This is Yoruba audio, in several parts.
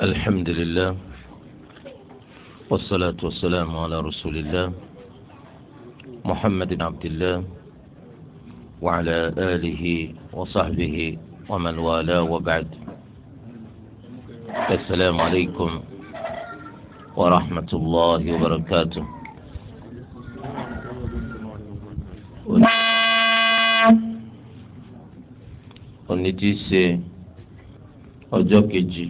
الحمد لله والصلاة والسلام على رسول الله محمد بن عبد الله وعلى آله وصحبه ومن والاه وبعد السلام عليكم ورحمة الله وبركاته onídìí ṣe ọjọ́ kejì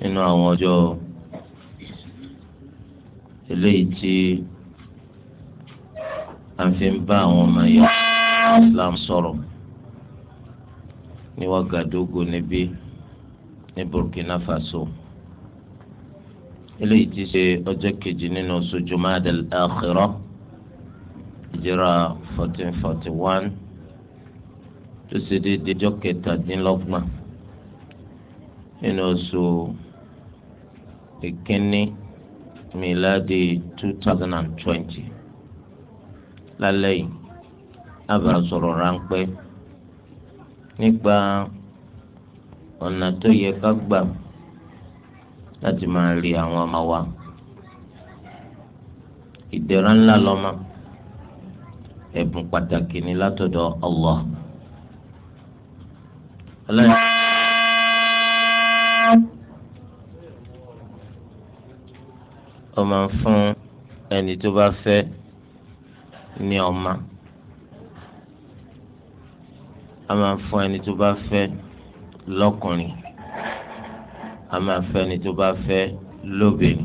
nínú àwọn ọjọ́ eléyìí tí a fi ń bá àwọn ọmọ ìyá Islam sọ̀rọ̀ ní Wagadugu níbí ní Burkina Faso eléyìí ti ṣe ọjọ́ kejì nínú oṣù Jumada al-Akhira ìjìra 1441 forty one tó ṣe déédéé ọjọ́ kẹtàdínlọ́gbọ̀n nínú oṣù. ìkíní miladi two thousand and twenty lálẹ́ yìí àbá sọ̀rọ̀ ráńpẹ́ nípa ọ̀nà tó yẹ ká gbà láti wa ìdẹ̀ra ńlá lọ́mọ ẹ̀bùn pàtàkì ni látọ̀dọ̀ Allah. ó máa ń fún ẹni tó bá fẹ́ ní ọmọ a máa ń fún ẹni tó bá fẹ́ lọ́kùnrin a máa fẹ́ ẹni tó bá fẹ́ lóbìnrin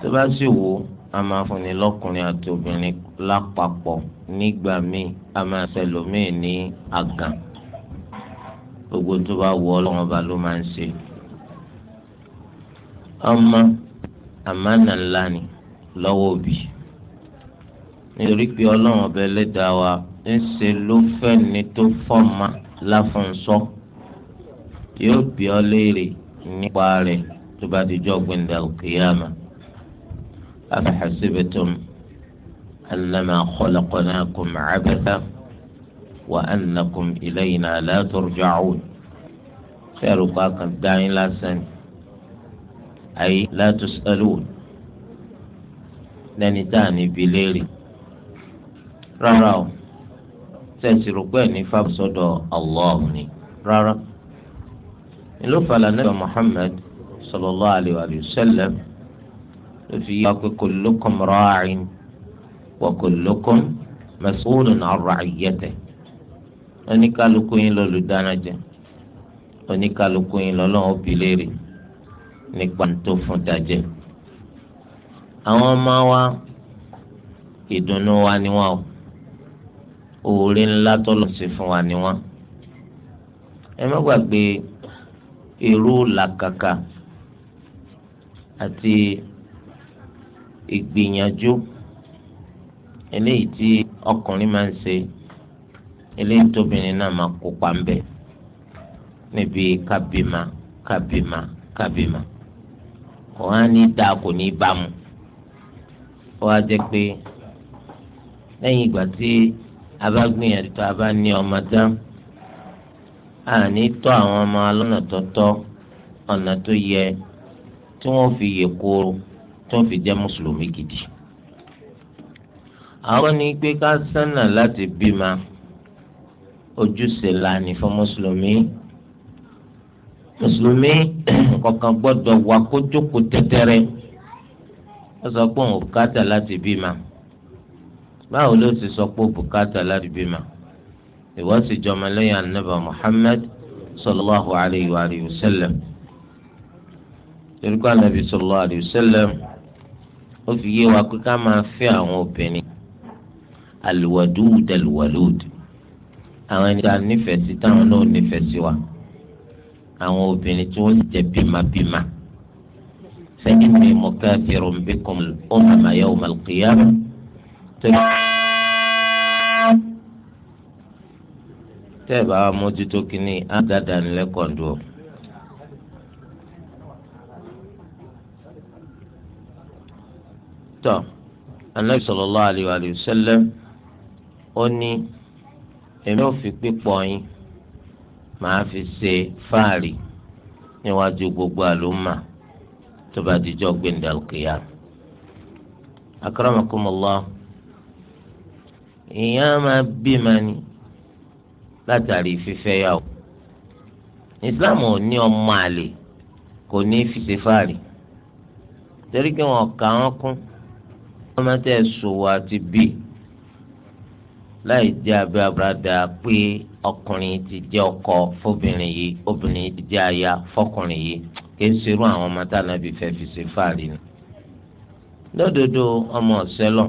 tó bá sì wò a máa fún ni lọ́kùnrin àti obìnrin lápapọ̀ nígbà míì a máa fẹ́ lòmíì ní àgàn gbogbo tó bá wù Ọlọ́run ọba ló máa ń ṣe ọmọ àmánà ńlá ni lọ́wọ́ òbí nítorí pé ọlọ́run ọba ẹlẹ́dàá wa ńṣe ló fẹ́ni tó fọ́ọ̀mà láfúnṣọ́ yóò bí ọ léèrè nípa rẹ̀ tó bá di jọ́ gbẹ̀ndà òkèèyàmà afahasibetum annama khalaqnakum abatha wa annakum ilayna la turja'un ṣẹ́ẹ̀rù pa kàn dáyín lásán ni àyè látúnṣẹ́lùwò lẹ́ni tá à níbi léèrè rárá o tẹ̀sí rògbẹ́ ní fábùsọ̀dọ̀ Allah ni rárá ìlú falanabi Muhammad sallallahu alayhi wa sallam ló fi yí wákò kullukum ra'in wa kullukum mas'ulun 'an ra'iyyatihi oníkálukú yín lọ́lùdáná jẹ oníkálukú yín lọ́lọ́wọ́ bi léèrè nípa tó fún tajẹ àwọn ọmọ wa ìdùnnú wa ni wọn o oore ńlá tọlọ sí fún wa ni wọn ẹ má gbàgbé èrò làkàkà àti ìgbìyànjú eléyìí tí ọkùnrin máa ń ṣe eléyìí tóbìnrin náà máa kópa ń bẹ níbi kábìmà kábìmà kábìmà wọn á ní dá kò ní bá mu ó wá jẹ́ pé lẹ́yìn ìgbà tí a bá gbìyànjú tó a bá ní ọmọ dán a ní tọ́ àwọn ọmọ lọ́nà tó ọ̀nà tó yẹ tí wọ́n fi yè kóró tí wọ́n fi jẹ́ mùsùlùmí gidi àwọn ní pé ká sánà láti bímọ ojúṣe la fún mùsùlùmí mùsùlùmí kọ̀ọ̀kan gbọ́dọ̀ wà kó jókòó tẹ́tẹ́rẹ́ ó sọ pé òun bùkátà láti bímọ báwo ló ti sọ pé bùkátà láti bímọ ìwọ sì jọmọ lẹ́yìn anábà Muhammad sallallahu alayhi wa alihi wa sallam torí anabi sallallahu alayhi wa sallam ó fi yé wa pé ká máa fẹ́ àwọn obìnrin alùwàdúwùdàlùwàlúùd àwọn ẹni nífẹ̀ẹ́ sí táwọn náà nífẹ̀ẹ́ sí wa àwọn obìnrin tí wọ́n jẹ́ bímabíma fa inni mukafirun bikum al-umama yawma al-qiyamah tẹ́ ẹ̀ bá wa mójútó kínní á dáadáa nílẹ̀ kọ̀ǹdọ̀. tọ́ anabi sallallahu alayhi wa sallam ó ní èmi ò fi pípọ̀ yín màá fi ṣe fáàrí níwájú gbogbo àlùmà tó bá dijọ́ gbẹ̀ndàlùkìyà. akramakumullah ìyá máa bímọ ni látàrí fífẹ́ yà ó islam ò ní ọmọ àlè kò ní fi ṣe fáàrí torí kí wọn kà wọn kún ọmọ tẹ sòwò àti bíi láì jẹ́ abẹ́ abúradà pé ọkùnrin ti jẹ́ ọkọ fóbìnrin yìí obìnrin ti jẹ́ aya fọkùnrin yìí kì í ṣerú àwọn ọmọ tá ànábì fẹ́ fi ṣe fàárì ni. lódodo ọmọ ọ̀sẹ́lọ̀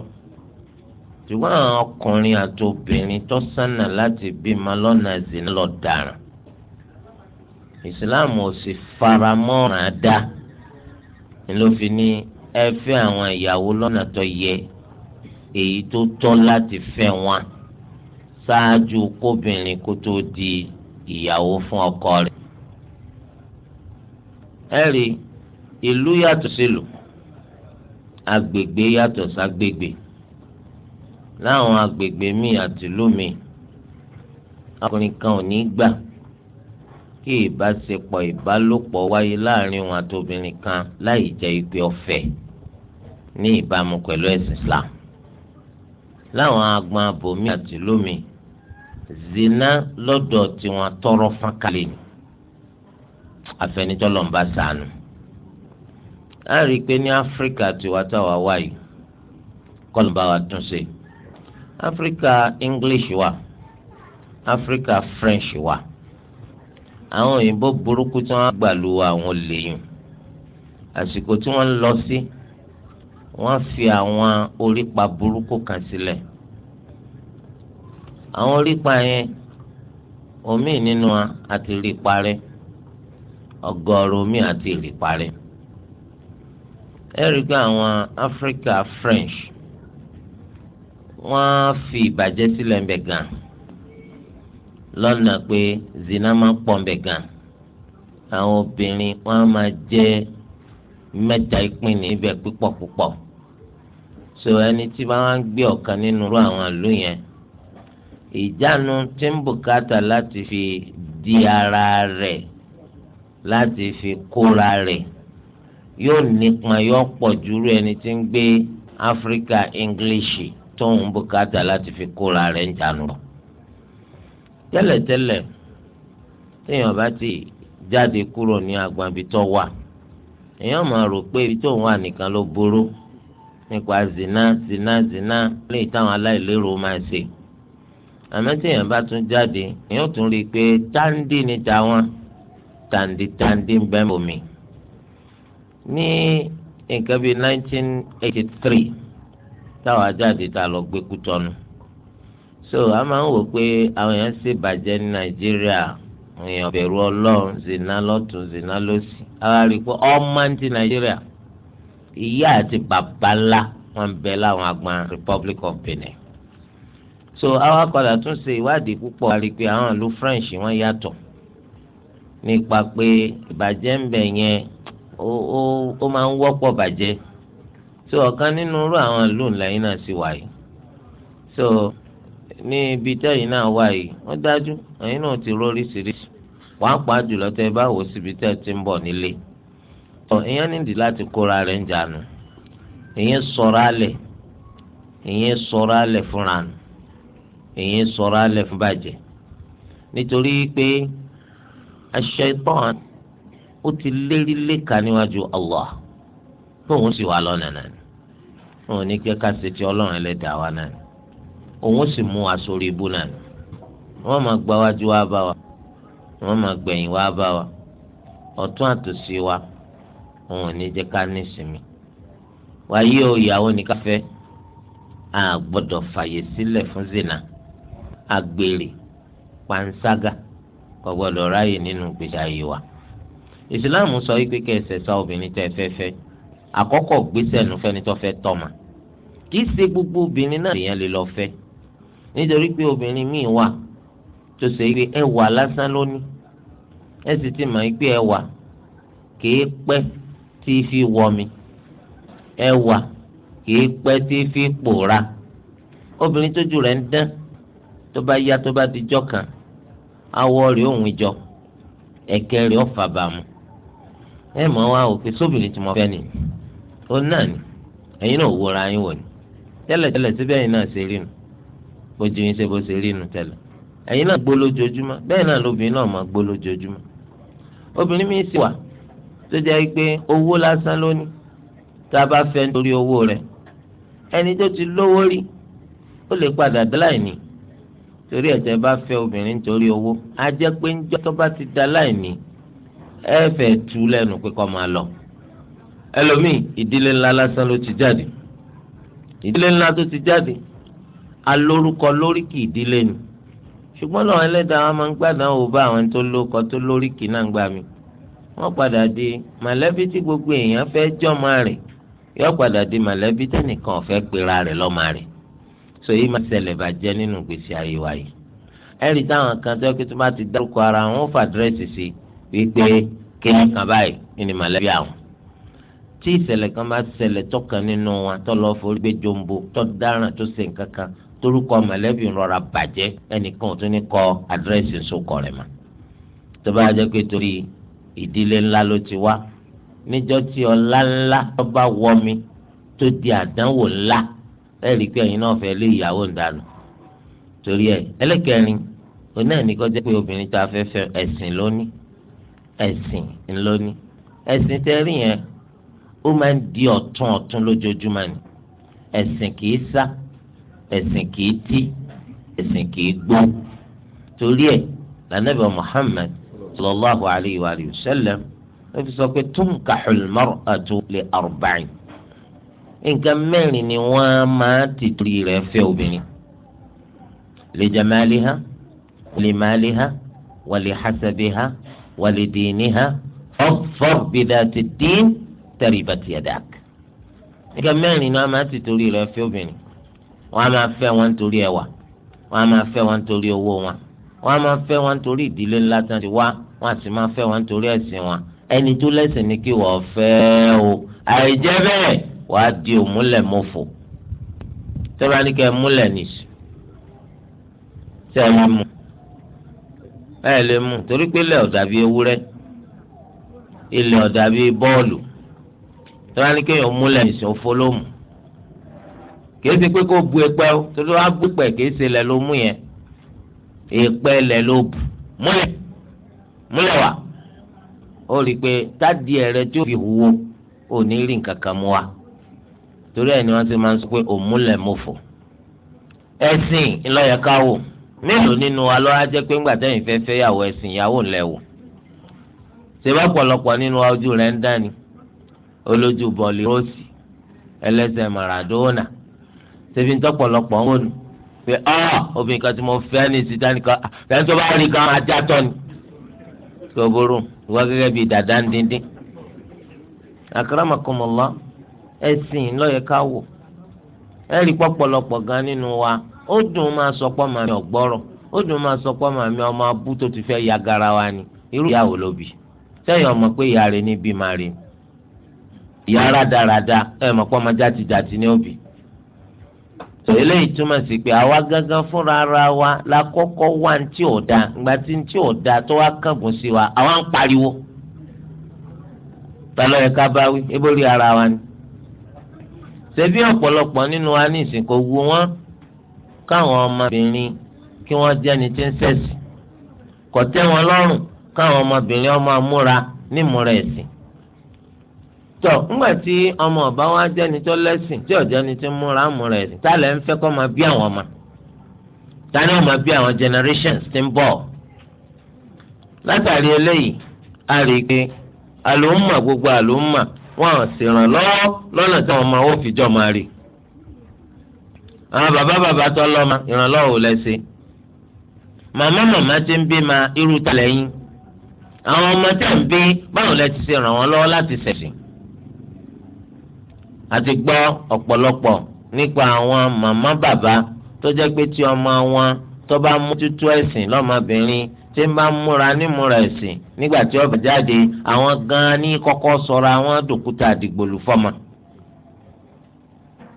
ṣùgbọ́n àwọn ọkùnrin àti obìnrin tó sànà láti bímọ lọ́nà zina lọ dàrán ìsìláàmù ò sì faramọ́ràn dá ni ló fi ní ẹ fẹ́ àwọn ìyàwó lọ́nà tó yẹ èyí tó tọ́ láti fẹ́ wọn ṣáájú kóbìnrin kó tó di ìyàwó fún ọkọ rẹ̀. ẹ rí ìlú yàtọ̀ sílù agbègbè yàtọ̀ ságbègbè láwọn agbègbè míì àti ìlú míì ọkùnrin kan ò ní gbà kí ìbáṣepọ̀ ìbálòpọ̀ wáyé láàrin òun àti obìnrin kan láì jẹ́ ìpè ọ̀fẹ́ ní ìbámu pẹ̀lú ẹ̀sìn Islam láwọn agbọn abòmí àti lómi zina lọ́dọ̀ tiwọn tọrọ fankalẹ̀ ni afẹnitọ́lọ̀ ń bá sànù a rí i pé ní áfíríkà tiwa táwa wà yìí kọ́ni bá wa tún ṣe áfíríkà english wa áfíríkà french wà àwọn òyìnbó burúkú tí wọ́n gbà lu àwọn lèyìn àsìkò tí wọ́n lọ sí wọ́n fi àwọn orípa burúkú kan sílẹ̀. Si àwọn orípa yẹn omi nínú àti rí parẹ́ ọgọ́rùn omi àti rí parẹ́ ẹ rí pé àwọn Africa French wọ́n fi ìbàjẹ́ sílẹ̀ ń bẹ̀ gan lọ́nà pé zina máa pọ̀ ń bẹ̀ gan àwọn obìnrin wọ́n máa jẹ́ mẹ́ta ìpín níbẹ̀ púpọ̀ púpọ̀ so ẹni tí bá ń gbé ọ̀kan nínú irú àwọn ìlú yẹn ìjánu tí ń bùkátà láti fi di ara rẹ̀ láti fi kóra rẹ̀ yóò nípa yóò pọ̀ jùlọ ẹni tí ń gbé Africa English tó ń bùkátà láti fi kóra rẹ̀ ń jánu lọ. tẹ́lẹ̀tẹ́lẹ̀ téèyàn bá ti jáde kúrò ní agbábi wà èèyàn máa rò pé ibi tó ń wà nìkan ló burú nípa zina zina zina lè táwọn aláìlérò máa ṣe àmọ́ tí èèyàn bá tún jáde èèyàn tún rí i pé táǹdì ni tàwọn táǹdì táǹdì ń bẹ́ omi. ní nǹkan bíi 1983 táwa jáde tá lọ gbé Kútọ́nù so a máa ń wò pé àwọn èèyàn ṣe bàjẹ́ ní Nàìjíríà àwọn èèyàn bẹ̀rù Ọlọ́run zina lọ́tún zina lọ́sì àwa pé ọmọ ti Nàìjíríà ìyá àti bàbá ńlá wọn bẹ láwọn agbọn Republic of Benin so àwa padà tún ṣe ìwádìí púpọ̀ wá rí i pé àwọn ìlú French wọ́n yàtọ̀ nípa pé ìbàjẹ́ ń bẹ̀ yẹn ó ó ó máa ń wọ́pọ̀ bàjẹ́ so ọ̀kan nínú irú àwọn ìlú ńlẹ́yìn náà sì wà yìí so ní ibi tẹ́yìn náà wà yìí wọ́n dájú ẹ̀yin náà ti rórí síríṣi wàá pa jùlọ tẹ́ bá wò síbi tẹ́ ti ń bọ̀ nílé ọ̀ ìyẹn nídìí láti kóra rẹ̀ ń jànú ìyẹn sọ̀rọ̀ alẹ̀ ìyẹn sọ̀rọ̀ fúnra nù èyí ń sọ̀rọ̀ alẹ́ fún bàjẹ́ nítorí pé aṣ-ṣaitan ó ti lérí léka níwájú Allah fóun sì wà lọ́nà náà ni òun ní kí ká ṣe ti ọlọ́run ẹlẹ́dàá wa náà ni òun sì mú wa sórí ibú náà ni wọ́n máa gba wájú wa bá wa wọ́n máa gbẹ̀yìn wa bá wa ọ̀tún àtòsí wa òun ní jẹ́ ká ní ìsinmi wáyé o ìyàwó ni ká fẹ́ fàyè sílẹ̀ fún zina. Si àgbèrè panṣágà kò gbọdọ̀ ráàyè nínú gbèsè ayé wa. Islam sọ wípé kẹsẹ̀ sá obìnrin tẹ́ fẹ́ fẹ́ àkọ́kọ́ gbèsè ẹnu fẹ́ni tó fẹ́ tọ́mà kì í ṣe gbogbo obìnrin náà lèèyàn lè lọ fẹ́ nítorí pé obìnrin míì wà tó ṣe pé ẹwà lásán lónìí ẹ sì ti mọ̀ pé ẹwà kìí pẹ́ tí fi wọmi ẹwà kìí pẹ́ tí fi pòórá obìnrin tójú rẹ̀ ń dán tó bá yá tó bá ti jọ kan awọ rẹ̀ òun jọ ẹ̀kẹ́ rẹ̀ ọ̀fà bàmú ẹ mọ̀ wá òfin sóbìnrin tí mo fẹ́ ni ó náà ni ẹ̀yin náà wúra yín wọ̀ ni tẹ́lẹ̀tẹ́lẹ̀ síbẹ̀ yín náà ṣe rí nu bójú yín ṣe bó ṣe rí nu tẹ́lẹ̀ ẹ̀yin náà gbó lójoojúmọ́ bẹ́ẹ̀ náà lóbìnrin náà máa gbó lójoojúmọ́ obìnrin mi sì wà tó jẹ́ pé owó lásán lónìí tá a bá fẹ́ nítorí owó rẹ̀ ẹni tó ti lówó rí ó lè padà dáláì ní torí ẹ̀jẹ̀ bá fẹ́ obìnrin torí owó ajẹ́ jẹ́ pé tó ti da láìní ẹ fẹ́ lẹ́nu pé kọ́ máa lọ. ẹlòmíì ìdílé ńlá lásán ló ti jáde ìdílé ńlá tó ti jáde alórúkọ lóríkì ìdílé ni ṣùgbọ́n ẹlẹ́dàá wọn máa ń náà gbà gbogbo èèyàn fẹ́ padà di pera so yìí máa ṣẹlẹ̀ bàjẹ́ nínú gbèsè ayé wa yìí ẹ̀rí táwọn kan tó kí tó bá ti dárúkọ ara wọn ó fà dírẹ́sì sí wípé kéèyàn kan báyìí ní mọ̀lẹ́bí àwọn tí ìṣẹ̀lẹ̀ kan bá ṣẹlẹ̀ tọkàn nínú wọn tó lọ́ọ́ forí gbé jombo tó dáràn tó ṣe nǹkan kan torúkọ mọ̀lẹ́bí rọra bàjẹ́ ẹnìkan ò tún ní kọ àdírẹ́sì sókọ rẹ̀ mọ́ tó bá jẹ́ pé torí ìdílé ńlá ló ti wá níjọ́ tí ọlá ńlá tó bá wọ mi tó di àdánwò ńlá ẹ rí i pé ẹ̀yin náà fẹ́ lé ìyàwó ńdànù torí ẹ̀ ẹlẹ́kẹrin oní ẹ̀ní kọjá pé obìnrin tá a fẹ́ fẹ́ ẹ̀sìn lónìí ẹ̀sìn ńlónìí ẹ̀sìn tẹ́ rí yẹn ó máa ń di ọ̀tún ọ̀tún lójoojúmọ́ ni ẹ̀sìn kìí sá ẹ̀sìn kìí tí ẹ̀sìn kìí gbó torí ẹ̀ lànàbẹ̀ Muhammad sallallahu alayhi wa sallam ó fi sọ pé tunkahul mar'atu li arba'in nǹkan mẹ́rin ni wọ́n máa ti torí rẹ̀ fẹ́ obìnrin li jamaliha li maliha wa li hasabiha wa li diniha fadfar bi dhati ddin taribat yadak nǹkan mẹ́rin ni wọ́n máa ti torí rẹ̀ fẹ́ obìnrin wọ́n á máa fẹ́ wọn torí ẹwà wọ́n á máa fẹ́ wọn torí owó wọn wọ́n á máa fẹ́ wọn torí ìdílé ńlá tán ti wá wọ́n á sì máa fẹ́ wọn torí ẹ̀sìn wọn ẹni tó lẹ́sìn ni kí wọ́n fẹ́ o àìjẹ́ bẹ́ẹ̀ wàá di òmúlẹ̀ mọ́fò tẹ́lá ní kẹ́ múlẹ̀ nìsí tẹ́ ẹ mú ẹ lè mú torí pé ilẹ̀ ọ̀dà bíi ewúrẹ́ ilẹ̀ ọ̀dà bíi bọ́ọ̀lù tẹ́lá ní kẹ́yìn múlẹ̀ nìsí òfolómù kìí ṣe pé kó bu ẹ̀pẹ̀ o torí wàá bu ẹ̀pẹ̀ kìí ṣe lẹ̀ ló mú yẹn ẹ̀pẹ̀ lẹ̀ ló bù múlẹ̀ múlẹ̀ wá ó rí i pé tádìí ẹ̀rẹ́ tí ó fi hùwọ́ ò ní rí nǹkan kan mú wa torí ẹ̀ ni wọ́n ti máa ń sọ pé òmùlẹ̀ mọ̀fò ẹ̀sìn ńlọ́yẹ̀ káwò mélòó nínú wa lọ́wọ́ á jẹ́ pé ńgbà tẹ́yìn fẹ́ fẹ́ yàwó ẹ̀sìn ìyàwó ńlẹ̀wò ṣèbá pọ̀lọpọ̀ nínú wa ojú rẹ̀ ń dání olójú bọ̀ọ̀lì róòsì ẹlẹ́sẹ̀ Maradona ṣèbí ń tọ́pọ̀lọpọ̀ ń wònú pé ọ́ obìnrin kan tí mo fẹ́ ní ìsìtá nìkan fẹ́ẹ́ ah, tó bá rí kan ajá tọ́ ni tó burú ìwọ gẹ́gẹ́ bíi dàda ń díndín akramakumullah ẹ̀sìn ló yẹ ká wò ẹ̀rí pọ̀pọ̀lọpọ̀ gan nínú wa ó dùn máa sọ màmí ọ̀gbọ́rọ̀ ó dùn máa màmí ọmọ abú tó ti fẹ́ ya gara wa ni irú ìyàwó ló bì ọmọ pé ìyá rẹ̀ níbi máa rè ìyá rádaràda ẹ̀ mọ̀ pọ́ jáde jáde ní òbí pé àwa gángan fúnra ara wa la kọ́kọ́ wá tí sí wa àwa ń pariwo ṣebí ọpọlọpọ nínú wa ní ìsìnkú wu wọn káwọn ọmọbìnrin kí wọ́n jẹ́ni tí ń ṣẹ̀sì kò tẹ́ wọn lọ́rùn káwọn ọmọbìnrin ọmọ amúra nímúra ẹ̀sìn. tọ ńgbà tí ọmọ ọba wa jẹ́ni tó lẹ́sìn tí ọ̀jẹ́ni tí ń múra amúra ẹ̀sìn tálẹ̀ ń fẹ́ kọ́ máa bí àwọn ọmọ tani ọmọ bí àwọn generations ti ń bọ̀ látàrí eléyìí a rí i pé àlòmà gbogbo àlòmà wọn à ṣèrànlọ́wọ́ lọ́nà tí àwọn ọmọ wọn fi jọ máa rí àwọn bàbá bàbá tó lọ́mọ ìrànlọ́wọ́ ò lẹ́sẹ̀ màmá màmá ti ń bí ma irú ta lẹ́yìn àwọn ọmọ tí à ń bí báwo lẹ ti ṣe ràn wọ́n lọ́wọ́ láti ṣẹ̀sìn àti gbọ́ ọ̀pọ̀lọpọ̀ nípa àwọn màmá bàbá tó jẹ́ pé tí ọmọ wọn tó bá mójútó ẹ̀sìn lọ́mọbìnrin tí ń bá ń múra nímúra ẹ̀sìn nígbà tí ọba jáde àwọn gan-an ní kọ́kọ́ sọ̀rọ̀ àwọn dòkúta àdìgbòlù fọ́mọ.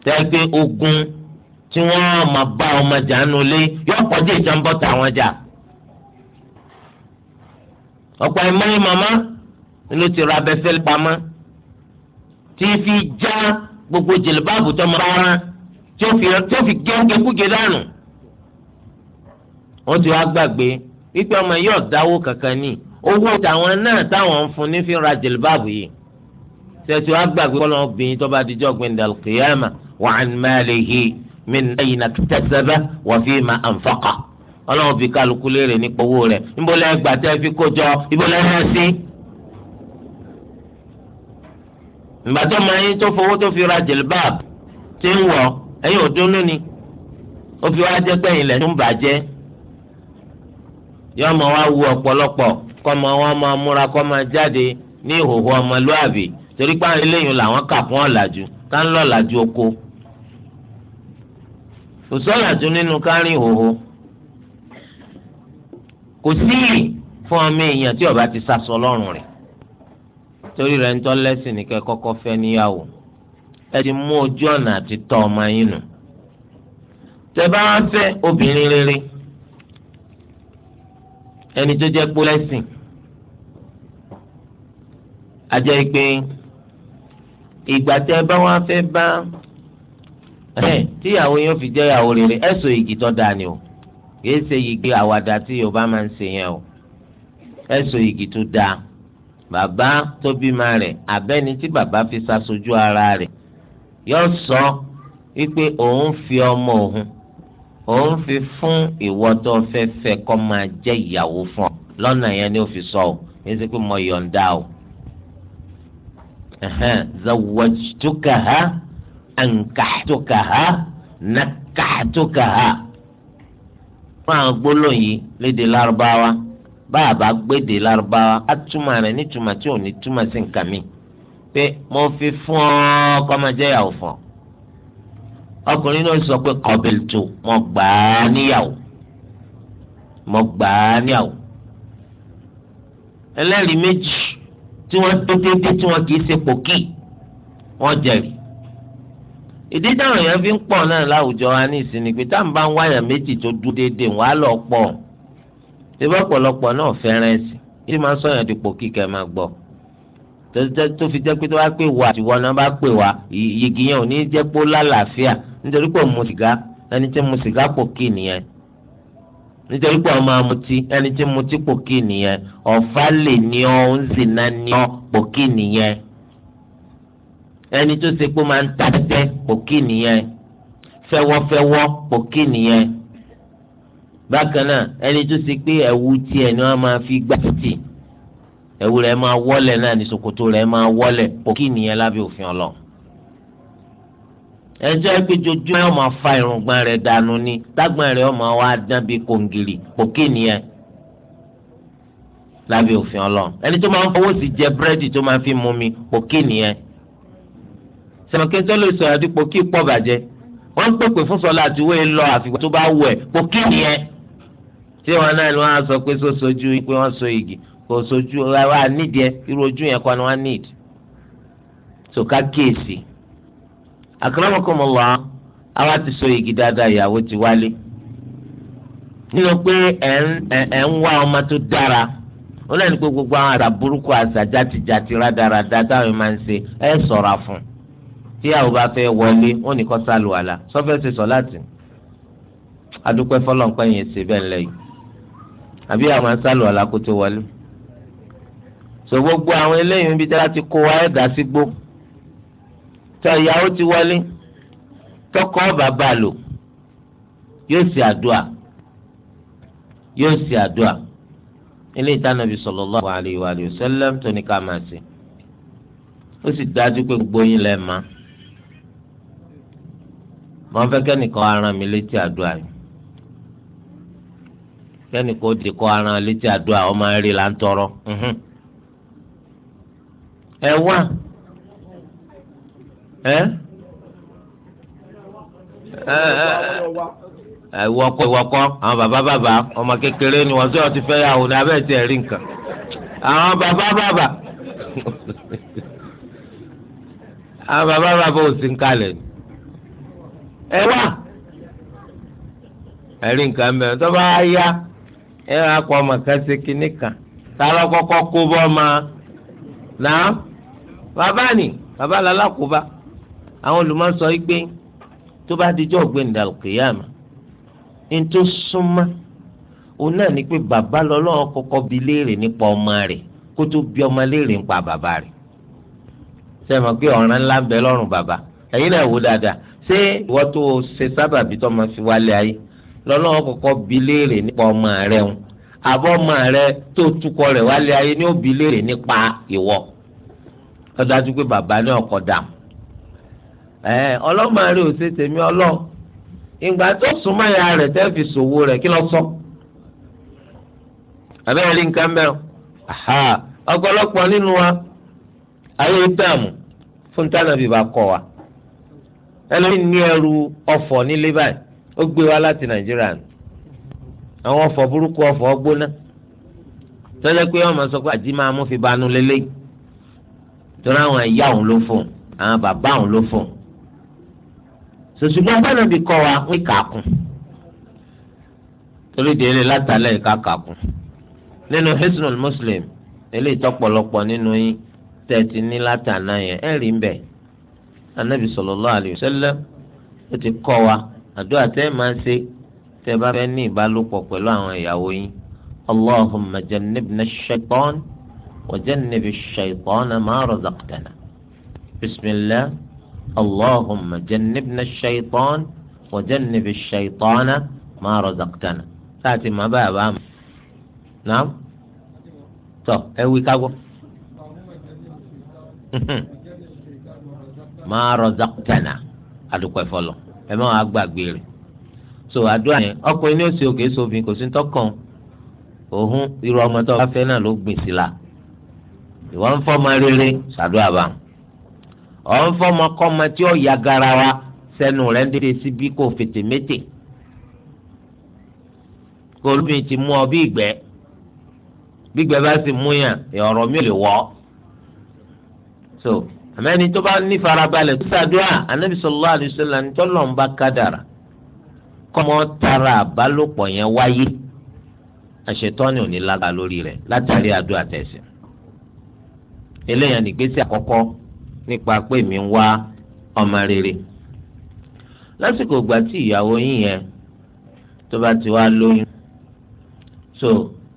tẹ́gbẹ́ ogun tí wọ́n máa bá ọmọ jàánu lé yóò kọjá ìjàmbọ́ta àwọn jà. ọ̀pọ̀ ẹ̀mọ́ yìí màmá ló ti ra abẹ́fẹ́ pamọ́ tí fi já gbogbo jìlìbáàbù tó máa rán tí ó fi gé oúnjẹ kújẹ dànù. wọ́n ti wá gbàgbé wípé ọmọ yóò dáwó kankan ní owó tàwọn náà táwọn ń fún ní fi ra jìlbáàbù yìí tẹ̀sí wàá gbàgbé kọ́lọ́ obìnrin tó bá dijọ́ gbẹ̀ndàl kìyàmà wà á mẹ́lẹ̀ yìí mí nàyí nà wà fi mà ànfàkà ọlọ́run fi kálukú léèrè nípa owó rẹ̀ níbo lẹ́yìn fi kójọ sí. tó yóò mọ wá wu ọ̀pọ̀lọpọ̀ kọ́mọ wọn máa múra kọ́mọ jáde ní ìhòòhò ọmọlúàbí torí pé àwọn eléyìí làwọn kà fún ọ̀làjú ká ń lọ ọ̀làjú oko kò sọ̀làjú nínú ká rìn ìhòòhò kò síyì fún ọmọ èèyàn tí ọba ti sasọ lọ́rùn rẹ̀ torí rẹ̀ ń tọ́ lẹ́sìn ní kẹ́ kọ́kọ́ fẹ́ níyàwó ẹ ti mú ojú ọ̀nà àti tọ́ ọmọ yín nù tẹ bá wá fẹ́ obìnrin rere ẹni tó jẹ́ pólẹ́sìn ajẹ́ pé ìgbà tẹ́ ẹ bá wọn fẹ́ bá tíyàwó yóò fi jẹ́ ìyàwó rere ẹ̀sùn igi tó dáa ni o kìí ṣe igi àwàdà tí Yorùbá máa ń ṣe yẹn o ẹ̀sùn igi tó dáa bàbá tó bímọ rẹ̀ abẹ́ni tí bàbá fi ṣàṣojú ara rẹ̀ yóò sọ wípé òun fi ọmọ òun òun fi fún ìwọ tó kọ́ máa jẹ́ ìyàwó fún ọ lọ́nà yẹn ni ó fi sọ ọ yẹn ti pé mo yọ̀ǹda o zawajtukaha ankahtukaha nakahtukaha fún àwọn gbólóhùn yìí léde lárúbáwá bá a bá gbéde lárúbáwá á túmọ̀ rẹ̀ nítumọ̀ tí ò ní túmọ̀ sí nǹkan mi pé mo fi fún ọ kọ́ máa jẹ́ ìyàwó fún ọ ọkùnrin náà sọ pé kọbìlìtù mo gbà á níyàwó mo gbà á níyàwó ẹlẹ́rìí méjì tí wọ́n tó déédéé tí wọ́n kìí ṣe pòkì wọ́n jẹ̀rì ìdí táwọn èèyàn fi ń pọ̀ náà láwùjọ wa ní ìsinmi pé táwọn bá ń wáyà méjì tó dúró déédéé wọ́n á lọ pọ̀ ìbá pọ̀lọpọ̀ náà fẹ́ràn ẹ̀sìn ìdí máa ń sọ̀yàn dípò kíkẹ́ máa gbọ́ tó fi jẹ́ pé tó bá pè wá àtiwọ́ náà bá pè wá yìgì ò ní jẹ́ pé ó lálàáfíà nítorí pé mu sìgá ẹni tí mu sìgá kò kí nìyẹn nítorí pé ọmọ amutí ẹni tí mutí kò kí nìyẹn ọ̀fà lè ní ọ ń zìnà ní ọ kò kí nìyẹn ẹni tó ṣe pé máa ń ta tẹ́tẹ́ kí nìyẹn fẹ́wọ́fẹ́wọ́ kò kí nìyẹn bákan náà ẹni tó ṣe pé ẹ̀wù tiẹ̀ ni wọ́n máa fi gbá títì ẹ̀wù rẹ̀ máa wọ́lẹ̀ náà ní ṣòkòtò rẹ̀ máa wọ́lẹ̀ kò kí nìyẹn lábẹ́ òfin ọlọ́run ẹjọ́ ẹ pé jojú ẹ ọmọ fa irùngbọ̀n rẹ̀ dànù ni tágbọ̀n rẹ̀ ọmọ wa dán bíi kòǹgìrì pòkè nìyẹn lábẹ́ òfin ọlọ́run ẹni tó máa ń fọwọ́ sí jẹ búrẹ́dì tó máa fi mú mi pòkè nìyẹn sẹ̀mọ̀kẹ́ tó lè sọ̀rọ̀ àti pòkè pọ̀ bàjẹ́ wọ́n ń pèpè fún sọ́lá àti wọ́n lọ àfìgbà tó bá wù ẹ̀ pòkè nìyẹn tí wọn náà ni wọ́n á sọ pé sọ pé wọ́n so igi kò sojú wa nídìí ẹ irú ojú yẹn kọ́ ni wọ́n nídìí sọ ká kíyèsí. So, akramakumullah àwa ti so igi dáadáa ìyàwó ti wálé nínú pé ẹ̀ ń wá ọmọ tó dára ó lẹ́nu pé gbogbo àwọn àṣà burúkú àṣà játijàti rádaràda táwọn máa ń ṣe ẹ̀ ṣọ́ra fún tíyàwó bá fẹ́ wọlé ó ní kó sálùwàlà sọ́fẹ́ ṣe sọ láti adúpẹ́ fọlọ́npẹ́ yẹn ṣe bẹ́ẹ̀ lẹ́yìn àbí àwọn sálùwàlà kó tó wọlé so gbogbo àwọn eléyìí ń bi dára ti kó wa ẹ̀ sígbó. Si tọ ìyàwó ti wọlé tọkọ bàbá lò yóò ṣe àdúà yóò ṣe àdúà ilé ìtànàbí sallallahu alayhi wa sallam tó ní ká máa ṣe ó sì dájú pé gbogbo yín lẹ́ẹ̀ máa mọ fẹ́ kẹ́nìkan ara mi létí àdúrà yìí kẹ́nìkan ó di kọ́ ara létí àdúrà ọmọ rẹ̀ là ń tọrọ ẹ wá. ìwọkọ ìwọkọ àwọn bàbá bàbá ọmọ kékeré ni wọn sọ ti fẹ yàwó ní abẹ́ ti ẹ̀rí nǹkan àwọn bàbá bàbá àwọn bàbá bàbá ò sí ń ni ẹ wá ẹ̀rí nǹkan mẹ́rin tó bá yá ẹ wá kọ́ ọmọ ni bàbá àwọn olùmọ̀sọ yìí pé tó bá dijọ́ gbẹ̀ndà kìyàmà ní tó súnmọ́ òun náà ni pé bàbá lọ́lọ́run kọ́kọ́ bi léèrè nípa ọmọ rẹ̀ kó tó bi ọmọ léèrè nípa bàbá rẹ̀ sẹ́mi pé ọ̀ràn ńlá ń bẹ lọ́rùn bàbá ẹ̀yin náà wò dáadáa ṣé ìwọ tó ṣe sábàbí tó máa fi wálé ayé lọ́lọ́run kọ́kọ́ bi léèrè nípa ọmọ rẹ̀ ń àbọ̀ ọmọ rẹ̀ tó tukọ̀ rẹ̀ wálé ayé ni ó bi léèrè nípa ìwọ ó dájú pé bàbá náà kọ̀ dàmú ọlọ́mọrin ose temi tèmi ọlọ́ ìgbà tó súnmọ́ ya rẹ̀ tẹ́ fi ṣòwò rẹ̀ kí lọ sọ. àbẹ́rẹ́ nǹkan mẹ́rin ọ̀pọ̀lọpọ̀ nínú wa ayé dààmú fún tánàbí bá kọ wa ẹlẹ́rìí ní ẹrù ọ̀fọ̀ nílé báyìí ó gbé wa láti nàìjíríà nù àwọn ọ̀fọ̀ burúkú ọ̀fọ̀ gbóná tọ́jà pé ọmọ sọ pé àjí máa mú fi banú lélẹ́yìí torí àwọn ìyá òun ló fún àwọn bàbá òun ló fún un sòṣùgbọ́n bẹ́ẹ̀ bí kọ́ wa pé kàkùn torí délé látàlẹ́ ìka kàkùn nínú Hisnul Muslim eléyìí tọ́pọ̀lọpọ̀ nínú yín tẹ̀tí ní látàná yẹn ẹ̀ rí bẹ́ẹ̀ anabi sallallahu alayhi wa sallam ó ti kọ́ wa àdúrà tẹ́ ẹ máa ṣe tẹ́ ẹ bá fẹ́ ní ìbálòpọ̀ pẹ̀lú àwọn ìyàwó yín allahumma jannibna ash-shaytan wa jannibi ash-shaytana ma razaqtana اللهم جنبنا الشيطان وجنب الشيطان ما رزقتنا láti má bàa bá mi naam tọ ẹ wí kágbọ. ma razaqtana adùpẹ̀ fọlọ̀ ẹ má wàá gbàgbé rẹ̀ so àdúrà yẹn ọkùnrin ní òsì òkè sófin kò sí ń tọkàn òhun irú ọmọ tó bá fẹ́ náà ló gbìn sí la ìwọ ń fọ́ ọmọ rere ṣàdúrà bá wọn ọ̀n fọmọkọ́mọ tí ó ya garawa sẹ́nu rẹ̀ ń dédé síbi kò fètè mété kò lómi ti mú ọ bí ìgbẹ́ gbígbẹ́ bá sì mú yàn ọ̀rọ̀ mi ò lè wọ́ so àmẹ́ni tó bá ní farabalẹ̀ tó ṣàdúrà anábì sallallahu alaihi wasallam ní tọ́lọ̀ ń bá kádàrà kọ́mọ tara àbálòpọ̀ yẹn wáyé àṣetọ́ni ò ní lágbà lórí rẹ̀ látàrí àdúrà tẹ̀sí eléyàn nígbésí àkọ́kọ́ nípa pé mi ń wá ọmọ rere lásìkò ìgbà tí ìyàwó yín yẹn tó bá ti wá lóyún so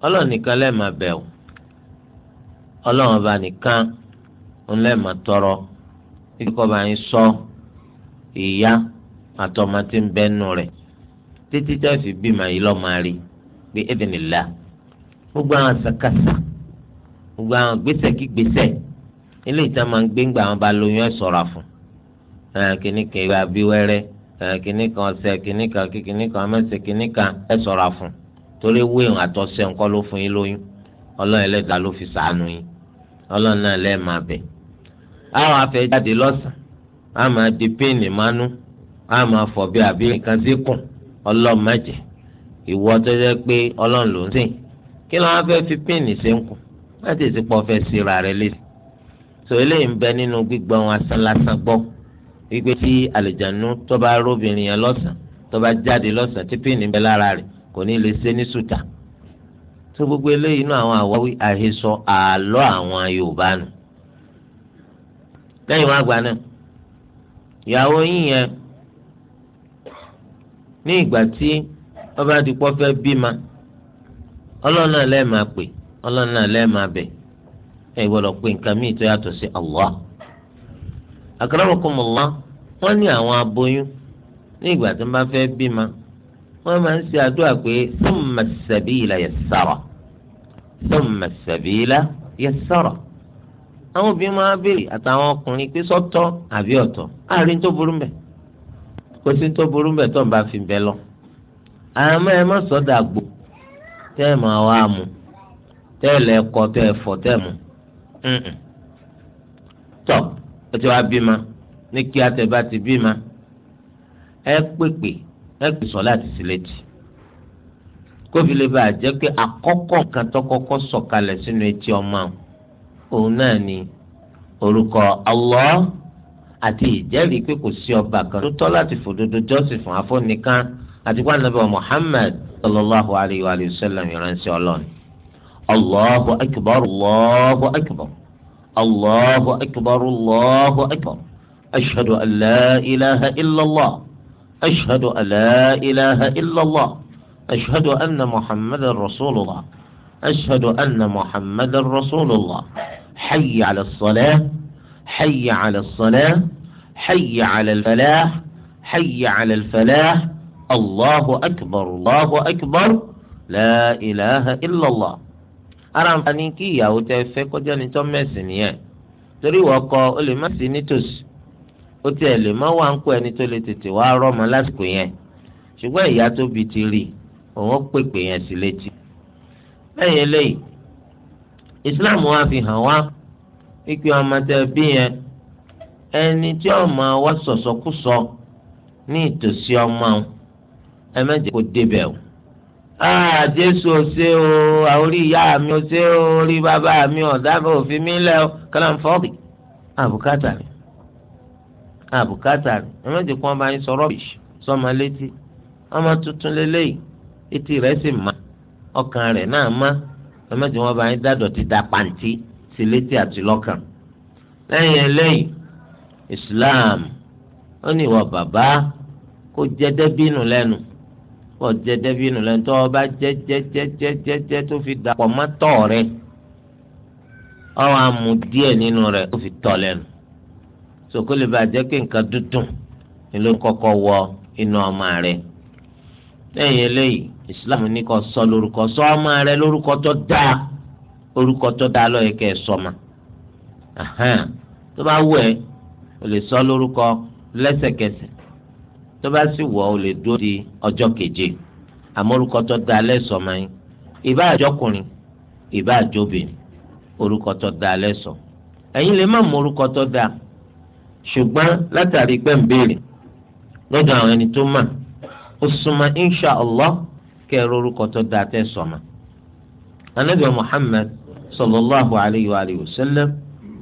ọlọ́run nìkan lẹ́ẹ̀ma bẹ̀wò ọlọ́run ọba nìkan ńlẹ́ẹ̀ma tọrọ kíkọ́ bá yín sọ ìyá àtọmọ tí ń bẹ́nu rẹ̀ títí tá fi bímọ yìí lọ́ọ́ máa rí bí ẹ̀dínlá gbogbo àwọn sàkàsà gbogbo àwọn gbèsè kí gbèsè ilé ìta máa ń gbé ńgbà wọn bá lóyún ẹ̀ sọ̀ra fún kínní kan ìwà bí wẹ́rẹ́ kínní kan ọ̀sẹ̀ kínní kan kínní kan mẹ́sẹ̀ kínní kan ẹ̀ sọ̀ra fún torí wíwọn àtọ̀sẹ̀ ńkọ́ ló fún yín lóyún ọlọ́run ẹlẹ́dàá ló fi sàánú yín ọlọ́run náà lẹ́ẹ̀ máa bẹ̀. àwọn afẹ́ jáde lọ́sàn á máa di péènì mánú á máa fọ̀ bí àbí nǹkan sí kùn ọlọ́run mẹ́jẹ̀ ìwọ tó jẹ́ pé ọlọ́run ló ń sìn kí ló wá fẹ́ fi péènì sí ń kùn láti ìsìnkú ọ̀fẹ́ síra rẹ létí. sọ eléyìí ń nínú gbígbọ́ wọn asán lásán gbọ́ wípé tí àlìjánu tó bá róbìnrin yẹn lọ́sàn tọba jáde tí píìnì bẹ lára rẹ̀ kò ní lè ṣe ní sùtà gbogbo eléyìí inú àwọn àwáwí àhesọ àwọn Yorùbá nù lẹ́yìn wọn àgbà náà ìyàwó yín yẹn ní ìgbà tí ọba àdìpọ̀ fẹ́ bímọ ọlọ́run náà lẹ́ẹ̀ máa pè náà lẹ́ẹ̀ ẹ gbọ́dọ̀ pé nǹkan míì tó yàtọ̀ sí Allah akramakumullah wọ́n ní àwọn aboyún ní ìgbà tó ń bá fẹ́ bímọ wọ́n máa ń ṣe àdúrà pé thumma as-sabila yassara thumma as-sabila yassara àwọn obìnrin máa béèrè àtàwọn ọkùnrin pé sọ́tọ̀ àbí ọ̀tọ̀ àárín tó burú mbẹ̀ kò sí tó burú mbẹ̀ tó ń bá fi bẹ́ lọ àmọ́ ẹ má mu ẹ tọ́ ẹ ti wá bímọ ní kí atẹ̀bá ti bímọ ẹ pèpè ẹ pè sọ láti sílẹ̀tì kófì lè bá a jẹ́ pé àkọ́kọ́ kan tó kọ́kọ́ sọ̀kalẹ̀ sínú etí ọmọ òun náà ni orúkọ Allah àti ìjẹ́rìí pé kò sí ọba kan tó tọ́ láti fòdodo jọ́sìn fún afọ́nìkan àti sallallahu alayhi wa ìránṣẹ́ الله أكبر الله أكبر الله أكبر الله أكبر أشهد أن لا إله إلا الله أشهد أن لا إله إلا الله أشهد أن محمد رسول الله أشهد أن محمد رسول الله حي على الصلاة حي على الصلاة حي على الفلاح حي على الفلاح الله أكبر الله أكبر لا إله إلا الله ara nfààní kí ìyàwó tẹ fẹ́ kọjá ní tọ́ mẹ́sìn nìyẹn torí ìwọ ọkọ o lè má sí nítòsí ó tiẹ̀ lè má wà ń kó ẹni tó lè tètè wá rọ́mọ lásìkò yẹn ṣùgbọ́n ìyá tó bi ti rí òun pèpè yẹn sí létí. lẹ́yìn eléyìí ìsìláàmù wa fi hàn wá pípé ọmọ tẹ bí yẹn ẹni tí ọmọ wa sọ̀sọ̀kúsọ ní ìtòsí ọmọ ẹ má kó débẹ̀ o. ah jésù ò ṣe o orí ìyá mi ò ṣe o orí bàbá mi ò dábàá òfin mi lẹ o kàlàm fọ́ọ̀bì àbùkátà rẹ̀ àbùkátà rẹ̀ ẹ̀mẹ́jì kan bá yín sọ rọ́bìṣì sọmọ létí ọmọ tuntun lélẹ́yìí etí rẹ̀ sì má ọkàn rẹ̀ náà má ẹ̀mẹ́jì wọn bá yín dádọ̀ ti da pàǹtí sí létí àti lọ́kàn lẹ́yìn eléyìí Islam ó ní ìwọ bàbá kó jẹ́ dẹ́bínú lẹ́nu ọ̀jẹ̀ dẹ́bínú lẹ́nu tó ọba jẹ́ tó fi dàpọ̀ mọ́ tọ̀ rẹ̀ ọ̀rọ̀ amú díẹ̀ nínú rẹ̀ tó fi tọ̀ lẹ́nu sòkò lè bàjẹ́ pé nǹkan dúdùn ni ló wọ inú ọmọ rẹ lẹ́yìn eléyìí Islam ní kò sọ lórúkọ sọ ọmọ rẹ lórúkọ tó dáa orúkọ tó dáa ló yẹ kẹ́ ẹ sọ ma tó bá wù ẹ́ o lè sọ lórúkọ tó bá sì wọ̀ ọ́ lè dúró di ọjọ́ keje àmọ́ orúkọ tó da alẹ́ sọmọ yín ìbá àjọkùnrin ìbá àjọbìnrin orúkọ tó da alẹ́ sọ ẹ̀yin lè má mọ orúkọ tó da ṣùgbọ́n látàrí gbẹ̀ǹbẹ̀rẹ̀ lọ́dọ̀ àwọn ẹni tó mà ó súnmọ́ insha allah kẹ́ẹ̀rọ orúkọ tó da tẹ́ sọmọ. anabi muhammad sallallahu alayhi wa sallam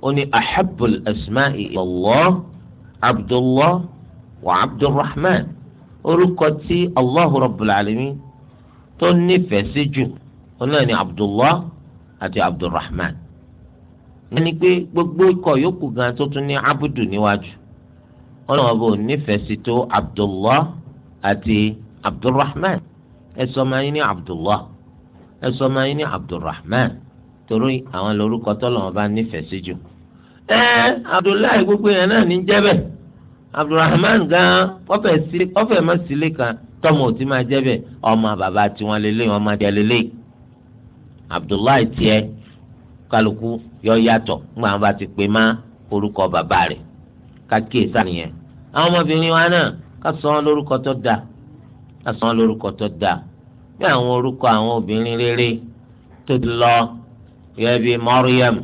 ó ahabul asma'i allah abdullah wa abdulrahman orúkọ tí allahu rabbul alamin tó nífẹ̀ẹ́ sí jù ọlọ́run ní abdullah àti abdulrahman wọ́n ní pé gbogbo ikọ̀ yòókù gan tó tún ní abudu níwájú ọlọ́run ọba ò nífẹ̀ẹ́ sí tó abdullah àti abdulrahman ẹ sọ ma yín ní abdullah ẹ sọ ma yín ní abdulrahman torí àwọn lórúkọ tọ́lọ́run ọba nífẹ̀ẹ́ sí jù ẹ abdullahi gbogbo yẹn náà ní jẹ́ bẹ́ẹ̀ abdulrahman gan ọfẹ ma sílé kan tọmọ ò ti máa jẹ bẹ ọmọ bàbá tiwọn lélẹ ọmọ adìẹ lélẹ abdullahi tiẹ kálukú yọ yàtọ̀ ńgbà wọn bá ti pè má orúkọ bàbá rẹ̀ kákìí sànìyẹn àwọn ọmọbìnrin wa náà ká sọ wọn lórúkọ tó dáa ká sọ wọn lórúkọ tó dáa bí àwọn orúkọ àwọn obìnrin rere tó ti lọ gẹ́gẹ́ bí Maryam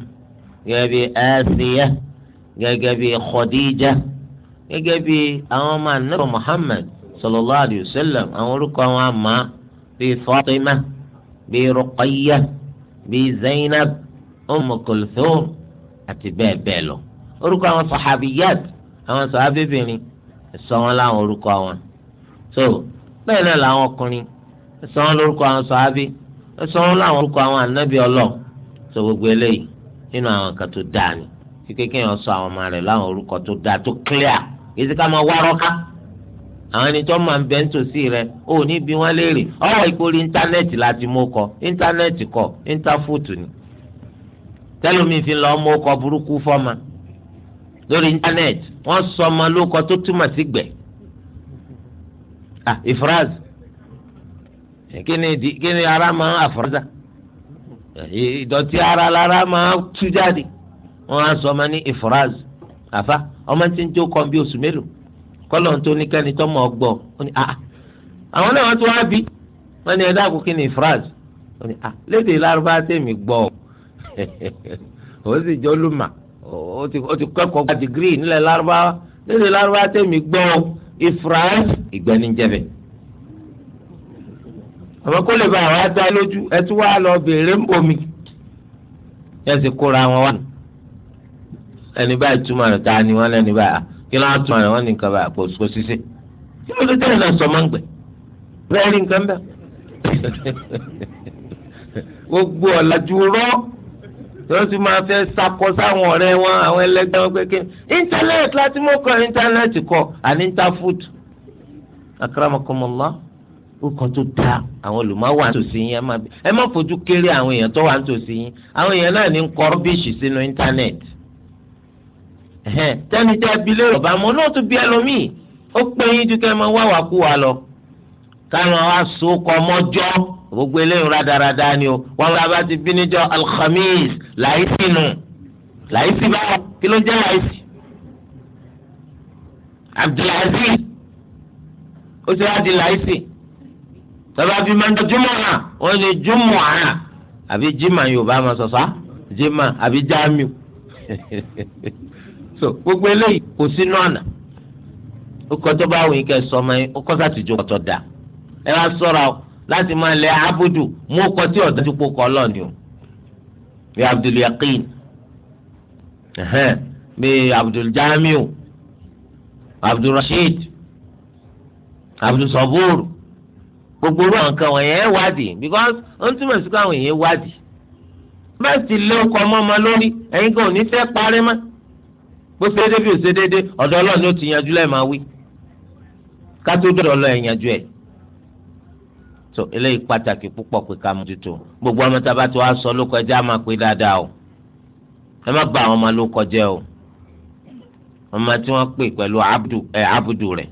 gẹ́gẹ́ bí Asiya gẹ́gẹ́ bí Khadija gẹ́gẹ́ bí àwọn ọmọ anábọ̀ Muhammad sallallahu alayhi wa sallam àwọn orúkọ àwọn àmà bíi Fatima bíi Ruqayya bíi Zainab Umm Kulthum àti bẹ́ẹ̀ bẹ́ẹ̀ lọ orúkọ àwọn sahabiyat àwọn sahabibìnrin sọ wọn láwọn orúkọ wọn so bẹ́ẹ̀ náà làwọn ọkùnrin sọ wọn lórúkọ àwọn sahabi sọ láwọn orúkọ àwọn anábì ọlọ sọ gbogbo eléyìí nínú àwọn kan tó dáa ni kíkékè yẹn sọ àwọn ọmọ rẹ láwọn orúkọ tó dáa tó clear. èsì ká máa wá rọ́ká àwọn ẹni tó máa ń bẹ nítòsí rẹ ò ní bí wọ́n léèrè ọ̀rọ̀ ìkórè íńtánẹ́ẹ̀tì láti mú kọ íńtánẹ́ẹ̀tì kọ íńtáfóòtù ni tẹ́lómi fi lọ́ọ́ mú kọ burúkú fọ́mà lórí íńtánẹ́ẹ̀tì wọ́n sọ ọmọ lóko tó túmọ̀ sí gbẹ̀ ah ifraz kíni ara máa ń àfúrásà ìdọ̀tí ara lára máa tú jáde wọ́n á sọ ọmọ ní àfa ọmọ tí ń jó kọ́ bí oṣù mélòó kọ́lọ̀ tó ní kẹ́ni tó mọ̀ ọgbọ́ ó ní ah, ah àwọn náà wọ́n ti wá bí wọ́n ní ẹ̀dá àkókò ní france ó ní ah lédè lárúbá tèmi gbọ́ ó sì jọ lùmà ó ti kẹ́kọ̀ọ́ gba dìgírì nílẹ̀ lárúbá lédè lárúbá tèmi gbọ́ france ìgbẹ́nijẹ́bẹ̀ àmọ́ kó lè ba àwọn adá lójú ẹ tún wá lọ bèèrè ń bomi ẹ sì kóra wọn wá nù ẹni báyìí túmọ̀ rẹ̀ ta ni wọ́n lẹ́ni báyìí kí ló ń túmọ̀ rẹ̀ wọ́n ní nǹkan báyìí kò sísè kí ló dé tẹ́lẹ̀ náà sọ máa bẹ́ẹ̀ rí nǹkan bẹ́ẹ̀ gbogbo ọ̀làjú rọ́ tó ti máa fẹ́ sakọ sáwọn ọ̀rẹ́ wọn àwọn ẹlẹgbẹ́ wọn kékeré internet láti mọ̀ kọ́ internet kọ́ àní interfood akramakumullah nǹkan tó da àwọn olùmọ̀wá àtòsí yín ẹ má fojú kéré àwọn èèyàn tó wà nítòsí yín àwọn èèyàn náà ní ń kọ́ rọ́bìṣì sínú íńtánẹ́ẹ̀tì tẹ́ni tẹ́ bi lérò bá mọ́ náà tún bí ẹlòmíì ó pé yín ju kẹ́ mọ́ wá wà kú wa lọ káwọn wa so kọ́ mọ́jọ́ gbogbo eléyìí rádaràda ni o wọn bá bá ti bí níjọ́ alhamis láìsí nù láìsí báwo kí ló jẹ́ láìsí abdulaziz ó ti wá di láìsí tọ́ba bí máa ń jùmọ̀ à wọ́n ní jùmọ̀ à àbí jimá yorùbá máa sọ̀sọ́ jimá àbí jamiu so gbogbo eléyìí kò sínú ọ̀nà ó kọ́ tó bá wọ̀nyí kẹ́ sọ ọmọ yín ó kọ́ sàtìjú ọ̀tọ̀ dà ẹ wá sọ́ra o láti máa lẹ abudu mú ọkọ̀ tí ọ̀dọ́ tó pọ̀ kọ́ lọ́ọ̀ni o bí Abdul Yaqin bí Abdul Jamiu Abdul Rashid Abdul Sabur gbogbo orú àwọn kan wọ̀nyẹn wádìí because ó ń túmọ̀ sí pé àwọn èèyàn wádìí bá ti lé ọkọ̀ ọmọ ọmọ lórí ẹ̀yin kan ò ní fẹ́ parí mọ́ bó ṣe déédéé bí ó ṣe déédéé ọ̀dọ̀ ọlọ́run ló ti yanjú lẹ́ẹ̀ máa wí ká tó dọ̀dọ̀ ọlọ́run yanjú ẹ̀ tó eléyìí pàtàkì púpọ̀ pé ká mójútó gbogbo ọmọ tá a bá tó wá sọ ló kọjá máa pé dáadáa o ẹ má gba àwọn ọmọ ló kọjá o ọmọ tí wọ́n pè pẹ̀lú abudu rẹ̀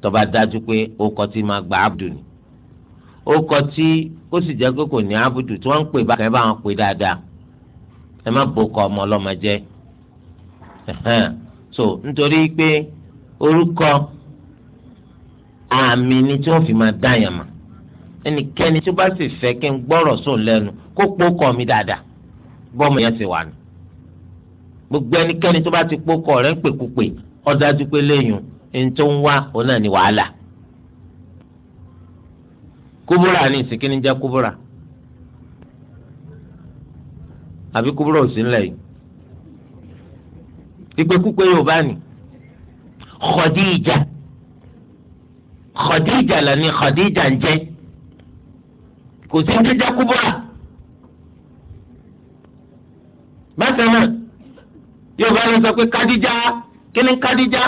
tó bá dájú pé ó kọ tí máa gba abudu ni ó kọ tí ó sì jẹ́ pé kò ní abudu tí wọ́n pè bákan ẹ bá wọn pè dáadáa ẹ má bò kọ ọmọ ọlọ́mọ jẹ́ so nítorí pé orúkọ àmì ni tí wọ́n fi máa dá yàn mà ẹnikẹ́ni ba bá sì ki kí n gbọ́rọ̀ sùn lẹ́nu kó pokọ̀ mi dáadáa bọ́ọ̀mù yẹn ti wà nù gbogbo enikeni tó bá ti pokọ̀ rẹ̀ ń pèkúpè ọ̀dájú pé lẹ́yìn ẹni tó ń wá òun náà ní wàhálà kúbúrà ní ìsìnkí ni jẹ́ kúbúrà àbí kúbúrà ò sí ńlẹ̀ yìí ìpèkúpè yorùbá ni Khadija Khadija lẹni Khadija ń jẹ kò sí ní jákúbọ̀rà bákan náà yorùbá ló sọ pé Kadija kí ni Kadija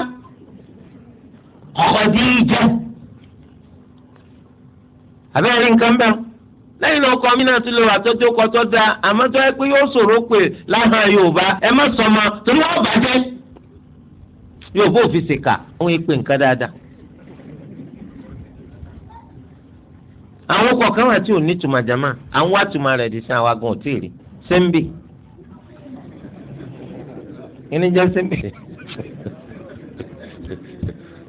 abẹ́rẹ́ nǹkan bẹ́ẹ̀. lẹ́yìn náà ọkọ mi náà ti lọ wà ọkọ tó da àmọ́ tó yẹ pé yóò sọ̀rọ̀ pé láhàn yorùbá ẹ má sọ ma torí wọ́n bàjẹ́ yorùbá ò fi ṣèkà wọ́n yẹ pé nǹkan dáadáa. àwọn ọkọ̀ kan wà tí ò ní tùmọ̀ àwọn tùmọ̀ rẹ̀ di sẹ́ńbì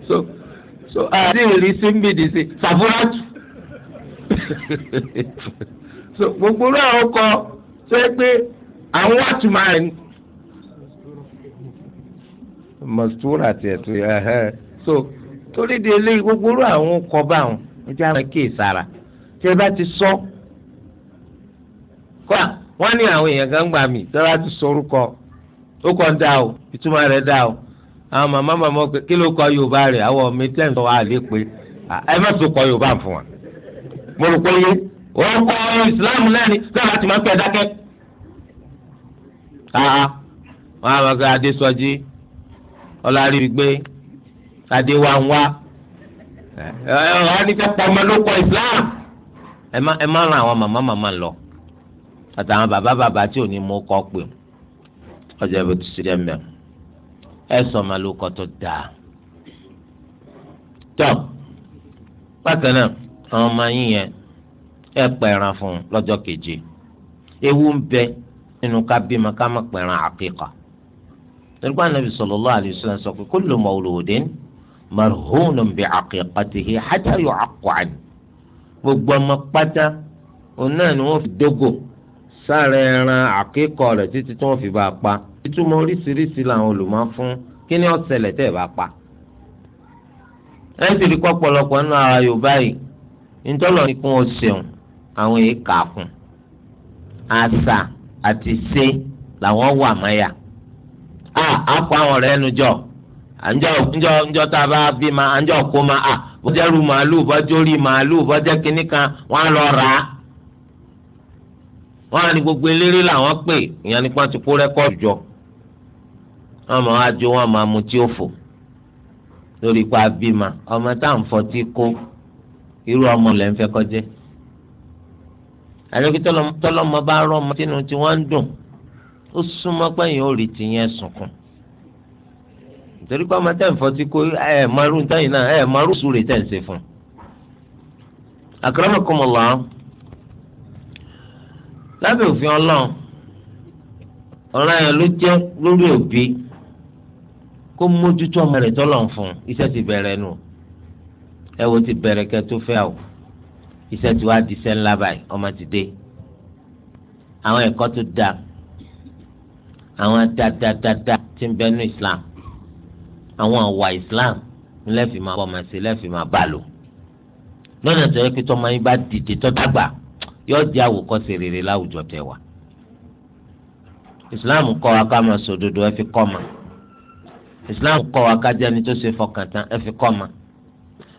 so so àti ìrísí ń dì sí sàfúrátù. so gbogbo rẹ àwọn ṣe pé àwọn àtúmọ̀ rẹ ni. mọ̀sítúrà tiẹ̀ tó yẹ so torí de eléyìí gbogbo rẹ àwọn kọ bá wọn a tí ẹ bá ti sọ kọ́ wọ́n ní àwọn èèyàn kan gbà mí tí o ìtumọ̀ rẹ̀ o àwọn màmá màmá kí ló yorùbá rẹ̀ àwọn wa lè pe ẹ má mo rò pé yé òun kọ́ ìsìláàmù náà ni sábà tí máa ń pẹ́ dákẹ́. àá wọn á máa gba adésọjí ọláríbi gbé adéwànwá ẹ ẹ wọn á ní fẹ́ pọ́nmọ́ ló kọ ìsìláàmù. ẹ má ẹ má ran àwọn màmá màmá lọ àtàwọn bàbá bàbá tí ò ní mú kọ́ pé ọjà ìbò ti ṣe jẹ́ mẹ́rin ẹ sọ ma ló kọ́ tó dáa. tọ́ bákan náà àwọn ọmọ yín yẹn ẹ pẹ̀ràn fún un lọ́jọ́ keje ewu ń bẹ nínú ká bímọ ká má pẹ̀ràn àkíkà tẹ̀lifà nàbì sallallahu alaihi wasallam sọ pé kullu mawludin marhunun bi aqiqatihi hatta yu'aqqa an gbogbo ọmọ pátá òun náà ni wọ́n fi dógò sáré ẹran àkíkọ rẹ̀ títí tí wọ́n fi bá a pa ìtumọ̀ oríṣiríṣi làwọn olùmọ̀ fún kí ni ó ṣẹlẹ̀ ẹ bá pa. ẹ sì rí pọ̀pọ̀lọpọ̀ nínú ara Yorùbá yìí ntọ́lọ̀ ni kí wọ́n ṣeun àwọn èyí kà fún àṣà àti ṣe làwọn wà máyà a akọ àwọn ọ̀rẹ́ ẹnu jọ àǹjọ ǹjọ ǹjọ tá a bá bí ma àǹjọ kó ma a bọ́jà ru màálù bọ́jà rí màálù bọ́jà kínní kan wọ́n á lọ rà á wọ́n á ní gbogbo eléré làwọn pè ìyẹn nípa ti kó rẹ́kọ̀dù jọ wọ́n máa wá jó wọ́n máa mutí òfò lórí ipa bí ma ọmọ tá à ń kó irú ọmọ lẹ́ ń fẹ́ kọjẹ́ àdókè tọ́lọ́mọ bá rọ́ ọmọ tínú tí wọ́n ń dùn ó súnmọ́ pẹ́yìn ó rí tìyẹn sùnkún torí pé ọmọ tẹ́ ń fọtí kó ẹ̀ mọ́rú tẹ́yìn náà ẹ̀ mọ́rú sùúrè tẹ́ ń ṣe fún un. akramakumullah lábẹ́ òfin ọlọ́run ọ̀ràn yẹn ló jẹ́ lórí òbí kó mójútó ọmọ rẹ̀ tọ́lọ̀ fún un iṣẹ́ ti bẹ̀rẹ̀ nù. No ẹ wo ti bẹ̀rẹ̀ kẹ́ tó fẹ́ o iṣẹ́ tí wàá di iṣẹ́ ńlá báyìí ọmọ ti dé àwọn ẹ̀kọ́ tó dáa àwọn dáadáa ti ń nu Islam àwọn àwa Islam lẹ́fì máa bọ́ máa ṣe lẹ́fì máa bá lò lọ́nà tó yẹ kí tọ́mọ yín bá dìde tó dàgbà yóò di àwòkọ́ṣe rere láwùjọ tẹ̀ wá Islam kọ́ wa ká máa sòdodo ẹ fi kọ́ ma Islam kọ́ wa ká jẹ́ni tó ṣe fọkàntán ẹ fi kọ́ ma.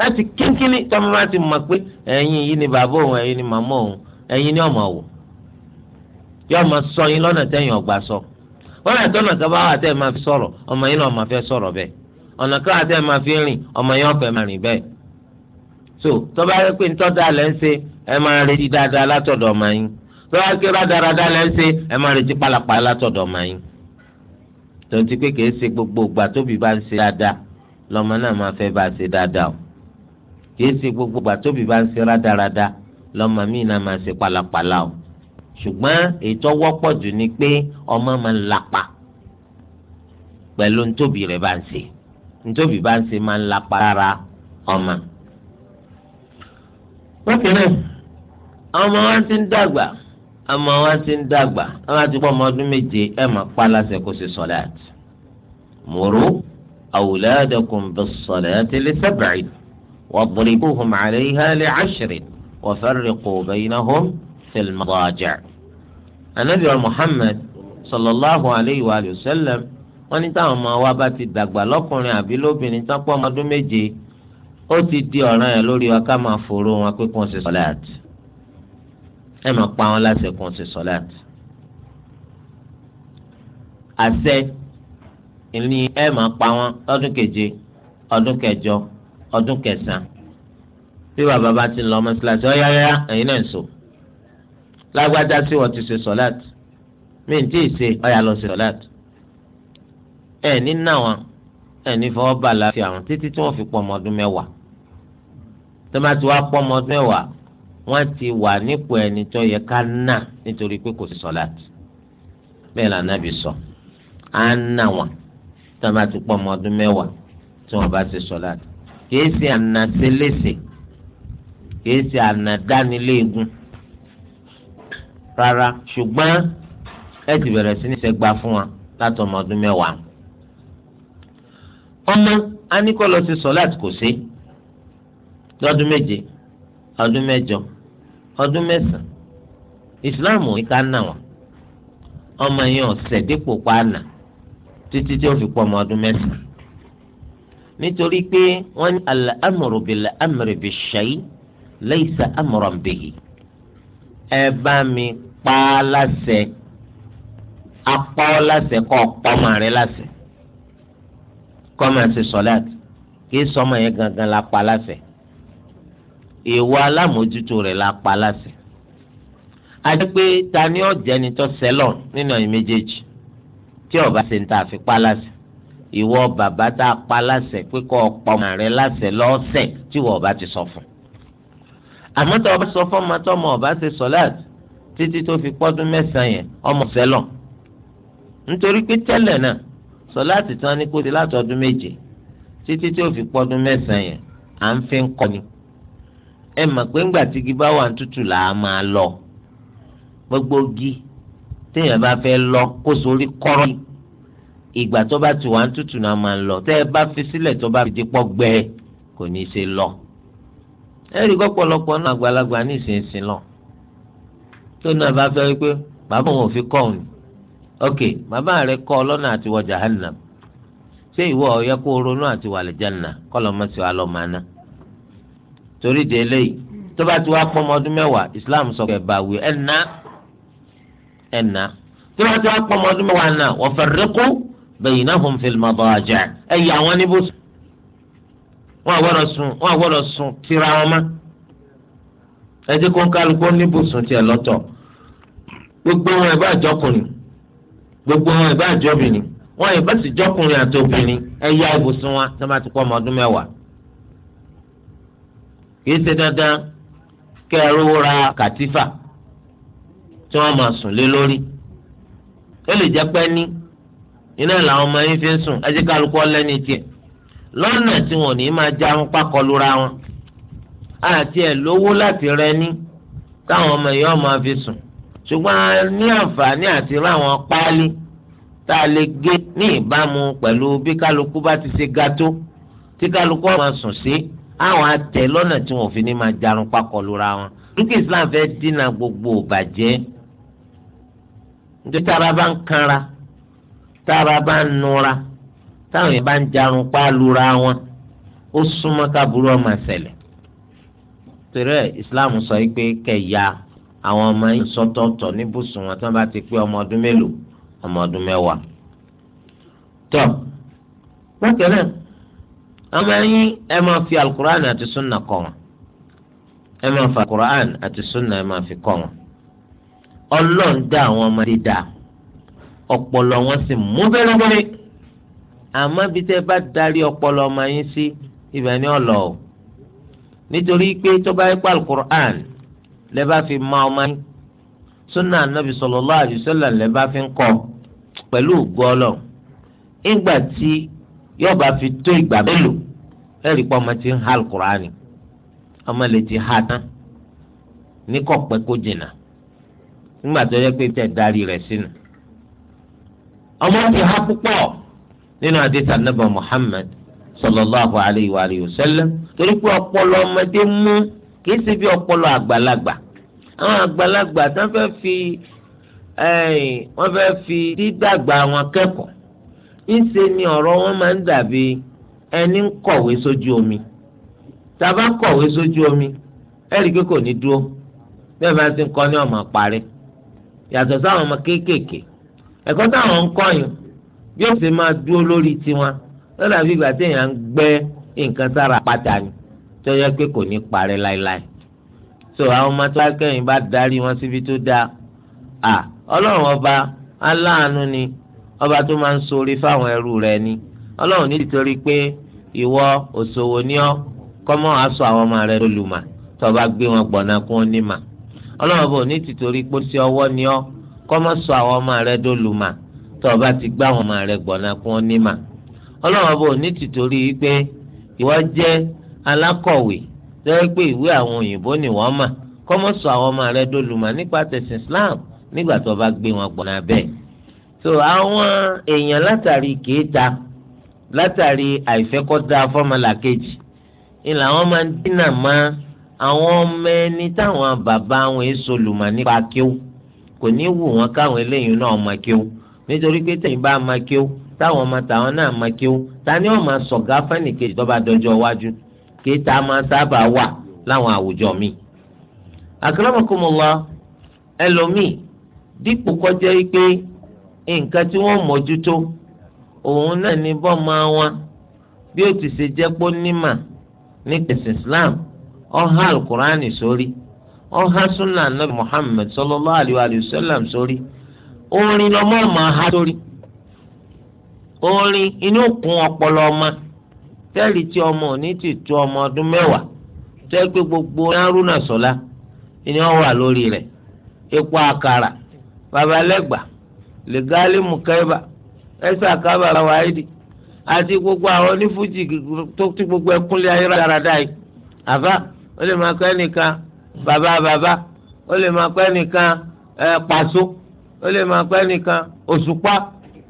láti kínkínní tọ́mọ bá ti mọ̀ pé ẹ̀yin yìí ni bàbá òun ẹ̀yin ni màmá òun ẹ̀yin ni ọmọ òun yóò máa sọ yín lọ́nà tẹ́yìn ọgbà sọ ọ̀nà tọ́nà kan bá wà tẹ́ ẹ máa fi sọ̀rọ̀ ọmọ yín náà máa fẹ́ sọ̀rọ̀ bẹ́ẹ̀ ọ̀nà kan tẹ́ ẹ máa fi rìn ọmọ yín ọ̀fẹ́ máa rìn bẹ́ẹ̀ so tó bá yẹ pé ntọ́da lẹ́ ń ṣe ẹ máa retí dáadáa látọ̀dọ̀ ọmọ yín tó bá ké rádaràdá lẹ́ ń ṣe ẹ máa retí pálapàla látọ̀dọ̀ ọmọ yín tó ń kìí ṣe gbogbo ìgbà tóbi bá ń ṣe dáadáa lọ́mọ náà máa fẹ́ bá ṣe dáadáa o kìí ṣe gbogbo ìgbà tóbi bá ń ṣe rádaràda lọ́mọ mi náà máa ṣe pàlàpàlà o ṣùgbọ́n ètò wọ́pọ̀ jù ni pé ọmọ máa ń lapa pẹ̀lú ntóbi rẹ̀ bá ń ṣe ntóbi bá ń ṣe máa ń lapa rárá ọmọ. bákan náà ọmọ wa ti ń dàgbà ọmọ wa ti ń dàgbà ọmọ àti pọ̀ ọmọ ọdún méje ẹ̀ máa pa láṣẹ kó ṣe sọ̀láàtì. muru awladakum bis-salati li sab'in. واضربوهم عليها لعشر وفرقوا بينهم في المضاجع النبي محمد صلى الله عليه وآله وسلم wọ́n ní táwọn ọmọ wa bá ti dàgbà lọ́kùnrin àbí lóbìnrin tán pọ́ ọmọdún méje ó ti di ọ̀ràn ẹ̀ lórí wa ká máa fòrò wọn pé kò ń ṣe sọ́láàtì ẹ̀ máa pa wọn láṣẹ kò ń ṣe sọ́láàtì. àṣẹ ìní ẹ̀ máa pa wọn lọ́dún keje ọdún kẹjọ ọdún kẹsàn-án bí bàbá bá ti lọ mọ́ṣáláṣí ọ yáyá ẹ̀yin náà ń sọ lágbájá tí wọ́n ti ṣe sọ́láàtì mí n tí ì ṣe ọ̀yà lọ ṣe sọ́láàtì ẹ̀ ní náwọn ẹ̀ ní fọwọ́ bá láfi àwọn títí tí wọ́n fi pọ̀ ọmọ ọdún mẹ́wàá tó bá ti wá pọ̀ ọmọ ọdún mẹ́wàá wọ́n ti wà nípò ẹni tó yẹ ká nà nítorí pé kò sí sọ́láàtì bẹ́ẹ̀ lànà bí sọ á náwọn tó bá ti pọ̀ ọmọ mẹ́wàá tí wọ́n bá ṣe kìí ṣe ànàṣeléṣe kìí rárá ṣùgbọ́n ẹ ti bẹ̀rẹ̀ sí ní sẹ́gbà fún wa láti ọmọ ọdún mẹ́wàá. ọmọ ti sọ láti kò sí lọ́dún méje ọdún mẹ́jọ ọdún mẹ́sàn-án Islam ò ní ká nà wọ́n ọmọ yẹn pa títí tí ó fi pọ̀ ọmọ ọdún mẹ́sàn nítorí pé wọ́n ní al-amru bil-amri bish-shay laysa amran bihi ẹ bá mi pa á láṣẹ apá ọ láṣẹ kọ́ ọmọ rẹ láṣẹ kọ́ máa ṣe sọ́láàtì kí sọmọ yẹn gangan la pa láṣẹ ìwọ alámòjútó rẹ̀ la pa láṣẹ àti pé ta ni ọ̀jẹ̀ni tó sẹ́lọ̀ nínú ẹ̀yìn méjèèjì tí ọba ṣe ń ta àfipá láṣẹ ìwọ bàbá tá a pa láṣẹ pé kọ́ ọ̀pọ̀ ọmọ rẹ láṣẹ lọ́sẹ̀ tí ìwọ ọba ti sọ fún. àmọ́ tó ọba sọ fún ọmọ tó ọmọ ọba ṣe sọ́láàt títí tó fi pọ́dún mẹ́sàn-án yẹn ọmọ sẹ́lọ̀ nítorí pé tẹ́lẹ̀ náà sọ́láàt tán ní kó di látọdún méje títí tó fi pọ́dún mẹ́sàn-án yẹn à ń fi ń kọ́ ni. ẹ mọ̀ pé ńgbà tí igi bá wà ń tútù là á máa lọ gbogbo igi téèyàn bá fẹ́ lọ kó sorí kọ́rọ́ yìí ìgbà tó bá ti wà ń tutù náà máa ń lọ tẹ́ ẹ bá fi sílẹ̀ tó bá fi di pọ́ gbẹ kò ní í ṣe lọ. ẹ rí gbọ́pọ̀lọpọ̀ náà àgbàlagbà ní ìsinsìn lọ tó náà bá fẹ́ pé bàbá òun ò fi kọ́ òun ok bàbá rẹ kọ́ ọ lọ́nà àti wọ jahannam ṣé ìwọ ọ̀yẹ́ kó ronú àti wà lẹ́jànnà kọ́ lọ́mọ sí wa lọ́mọ aná torí de eléyìí tó bá ti wá pọ́nmọ ọdún mẹ́wàá Islam sọ pé báwí ẹ̀ ná ẹ̀ ná tó bá ti wá pọ́nmọ bainahum fil madaji' ẹ yà wọ́n níbó sùn wọ́n àgbọ́dọ̀ sùn wọ́n àgbọ́dọ̀ sùn tìra wọn má ẹ jẹ́ kó ń kálukú níbó sùn tiẹ̀ lọ́tọ̀ gbogbo wọn ìbá àjọkùnrin gbogbo wọn ìbá àjọbìnrin wọn ìbá sì jọkùnrin àti obìnrin ẹ yà ibùsùn wọn tó bá ti pọ̀ ọmọ ọdún mẹ́wàá kì í ṣe dandan kẹrù ra kàtífà tí wọ́n máa sùn lé lórí ó lè jẹ́ pẹ́ ní iná làwọn ọmọ yín fi ń sùn ẹ jẹ́ kálukú ọlẹ́ni tiẹ̀ lọ́nà tí wọn ò ní máa já wọn pákọlura wọn àti ẹ̀ lówó láti rẹ ní táwọn ọmọ yìí ọmọ fi sùn ṣùgbọ́n a ní àǹfààní àti ráwọn páálí tá a lè gé ní ìbámu pẹ̀lú bí kálukú bá ti ṣe ga tó tí kálukú ọmọ sùn sí àwọn àtẹ lọ́nà tí wọn ò fi ní máa jarun pákọlura wọn dúkìá Islam fẹ́ dínà gbogbo ìbàjẹ́ nítorí tára bá ń kanra tára bá ń nura táwọn yẹn bá ń jarun pa lura wọn ó súnmọ́ kábúrò ọmọ ṣẹlẹ̀ torí ẹ̀ Islam sọ pé kẹ̀yà àwọn ọmọ yìí sọ́tọ̀ọ̀tọ̀ níbùsùn wọn tí wọ́n bá ti pé ọmọ ọdún mélòó ọmọ ọdún mẹ́wàá. tọ́ bákan náà ọmọ yín ẹ máa fi alukur'an àti sunna kọ́ wọn ẹ máa fa alukur'an àti sunna ẹ máa fi kọ́ wọn ọlọ́run dá àwọn ọmọdé dáa ọpọlọ wọn sì mú bẹ́rẹ́bẹ́rẹ́ àmọ́ bí bá darí ọpọlọ ọmọ yín sí ni ọlọ o nítorí pé tó bá yípa alukur'an fi ma ọmọ yín sunna anabi sallallahu alaihi wasallam bá fi ń kọ́ pẹ̀lú gbọ́lọ̀ ìgbà tí yọba fi tó ìgbà mélòó ẹ̀rí pé ọmọ ti ń ha alukur'an ọmọ lè ti ha tán ní kọ̀pẹ́ kó jìnnà tó yẹ pé ọmọ ti ha púpọ̀ nínú àdìsá nàbà Muhammad sallallahu alayhi wa alihi wa sallam torí pé ọpọlọ ọmọdé mú kìí ṣe bí ọpọlọ àgbàlagbà àwọn àgbàlagbà tán fẹ́ fi wọ́n fẹ́ fi dídàgbà wọn kẹ́kọ̀ọ́ ńṣe ni ọ̀rọ̀ wọn máa ń dàbí ẹni ń kọ̀wé sójú omi tàbá kọ̀wé sójú omi ẹ̀rí pé kò ní dúró bẹ́ẹ̀ bá ti ń kọ́ ní ọmọ parí yàtọ̀ sáwọn ọmọ kéékèèké ẹ̀kọ́ táwọn ń kọ́ yìí bí ó sì máa dúró lórí tiwọn lọ́dà bí ìgbà téèyàn ń gbẹ́ nǹkan sára pátá ni tó yẹ pé kò ní parẹ́ láéláé so àwọn ọmọ tó akẹ́yìn bá darí wọn síbi tó dáa à ọlọ́run ọba aláàánú ni ọba tó máa ń ṣoore fáwọn ẹrú rẹ̀ ni ọlọ́run nítorí pé ìwọ òṣòwò ni ọ́ kọ́mọ́ aṣọ àwọn ọmọ rẹ̀ lólùmọ̀ tó bá gbé wọn gbọ̀nà kún ó ní mà ọlọ́run ọba ò ní tìtorí pé ó sí ọwọ́ ni ọ́ kọ́mọ sọ àwọn ọmọ rẹ dólùmà tó o bá ti gbá àwọn ọmọ rẹ gbọ̀nà kún ó nímà ọlọ́run ọba ò ní tìtorí pé ìwọ jẹ́ alákọ̀wé tó pé ìwé àwọn òyìnbó ni wọ́n mà kọ́mọ sọ àwọn ọmọ rẹ dólùmà nípa tẹ̀sìn Islam nígbà tó o bá gbé wọn gbọ̀nà bẹ́ẹ̀ so àwọn èèyàn látàrí kéèta látàrí àìfẹ́kọ́dá fọ́mọlà kejì ni làwọn máa ń dínà máa àwọn ọmọ ẹni táwọn bàbá wọn èso lùmọ̀ nípa kíw kò ní wù wọn káwọn eléyìí náà máa kéwú nítorí pé tẹ̀yìn bá máa kéwú táwọn ọmọ tàwọn náà máa kéwú ta ni wọn máa sọ̀gá fẹ́nìkejì tó bá dọjọ́ iwájú kí tá máa sábà wà láwọn àwùjọ míì. akramakumullah ẹlòmíì dípò kọjá pé nǹkan tí wọ́n mójútó òun náà ní bọ́ọ̀mọ wọn bí ó ti ṣe jẹ́ pé ó nímà nípa ìsìn Islam ọ̀hán alukurani sórí ọha sunna anabi muhammed sallallahu aliyu aliyu sórí orin lọmọ ọmọ ha sórí orin inú ọpọlọ ọmọ tẹ́lì ọmọ òní ti tu ọmọ ọdún mẹ́wàá tẹ́ pé gbogbo arúnà sọ́lá ni wọ́n wà lórí rẹ̀ epo àkàrà babalẹ́gbà gbogbo àwọn tó ti gbogbo ayélujára dáì àbá ó lè máa Baba Baba, o lè máa pẹ́ nìkan pàṣọ ó lè máa pẹ́ nìkan òṣùpá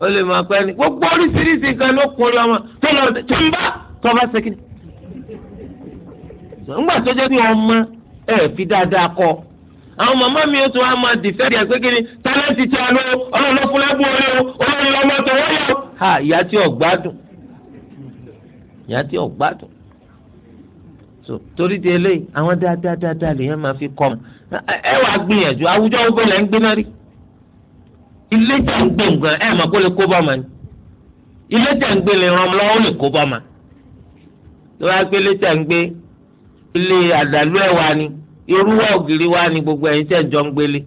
ó lè máa pẹ́ nìkan gbogbo oríṣiríṣi nǹkan ló kún ọmọ tó lọ tó ń bá tó bá ṣe kí. tó jẹ́ ọmọ fi dáadáa àwọn màmá mi tún máa dìfẹ́ díẹ̀ pé kí ni tálẹ́ǹtì tí a o ọmọ torí di eléyìí àwọn dáadáa dáadáa lèèyàn máa fi kọ́ ọ ẹ wàá gbìyànjú àwùjọ gbogbo lẹ́ ń gbé náà rí ilé tẹ̀ ń gbé nǹkan ẹ̀ máa kó lè kó bọ́ ọmọ ni ilé tẹ̀ ń gbé lè ràn lọ́wọ́ ó lè kó bọ́ ọmọ tó wáá gbé ilé tẹ̀ ń gbé ilé àdàlú ẹ̀ wá ni irúwọ́ ògiri wá ni gbogbo ẹ̀yin tẹ̀ ń jọ ń gbélé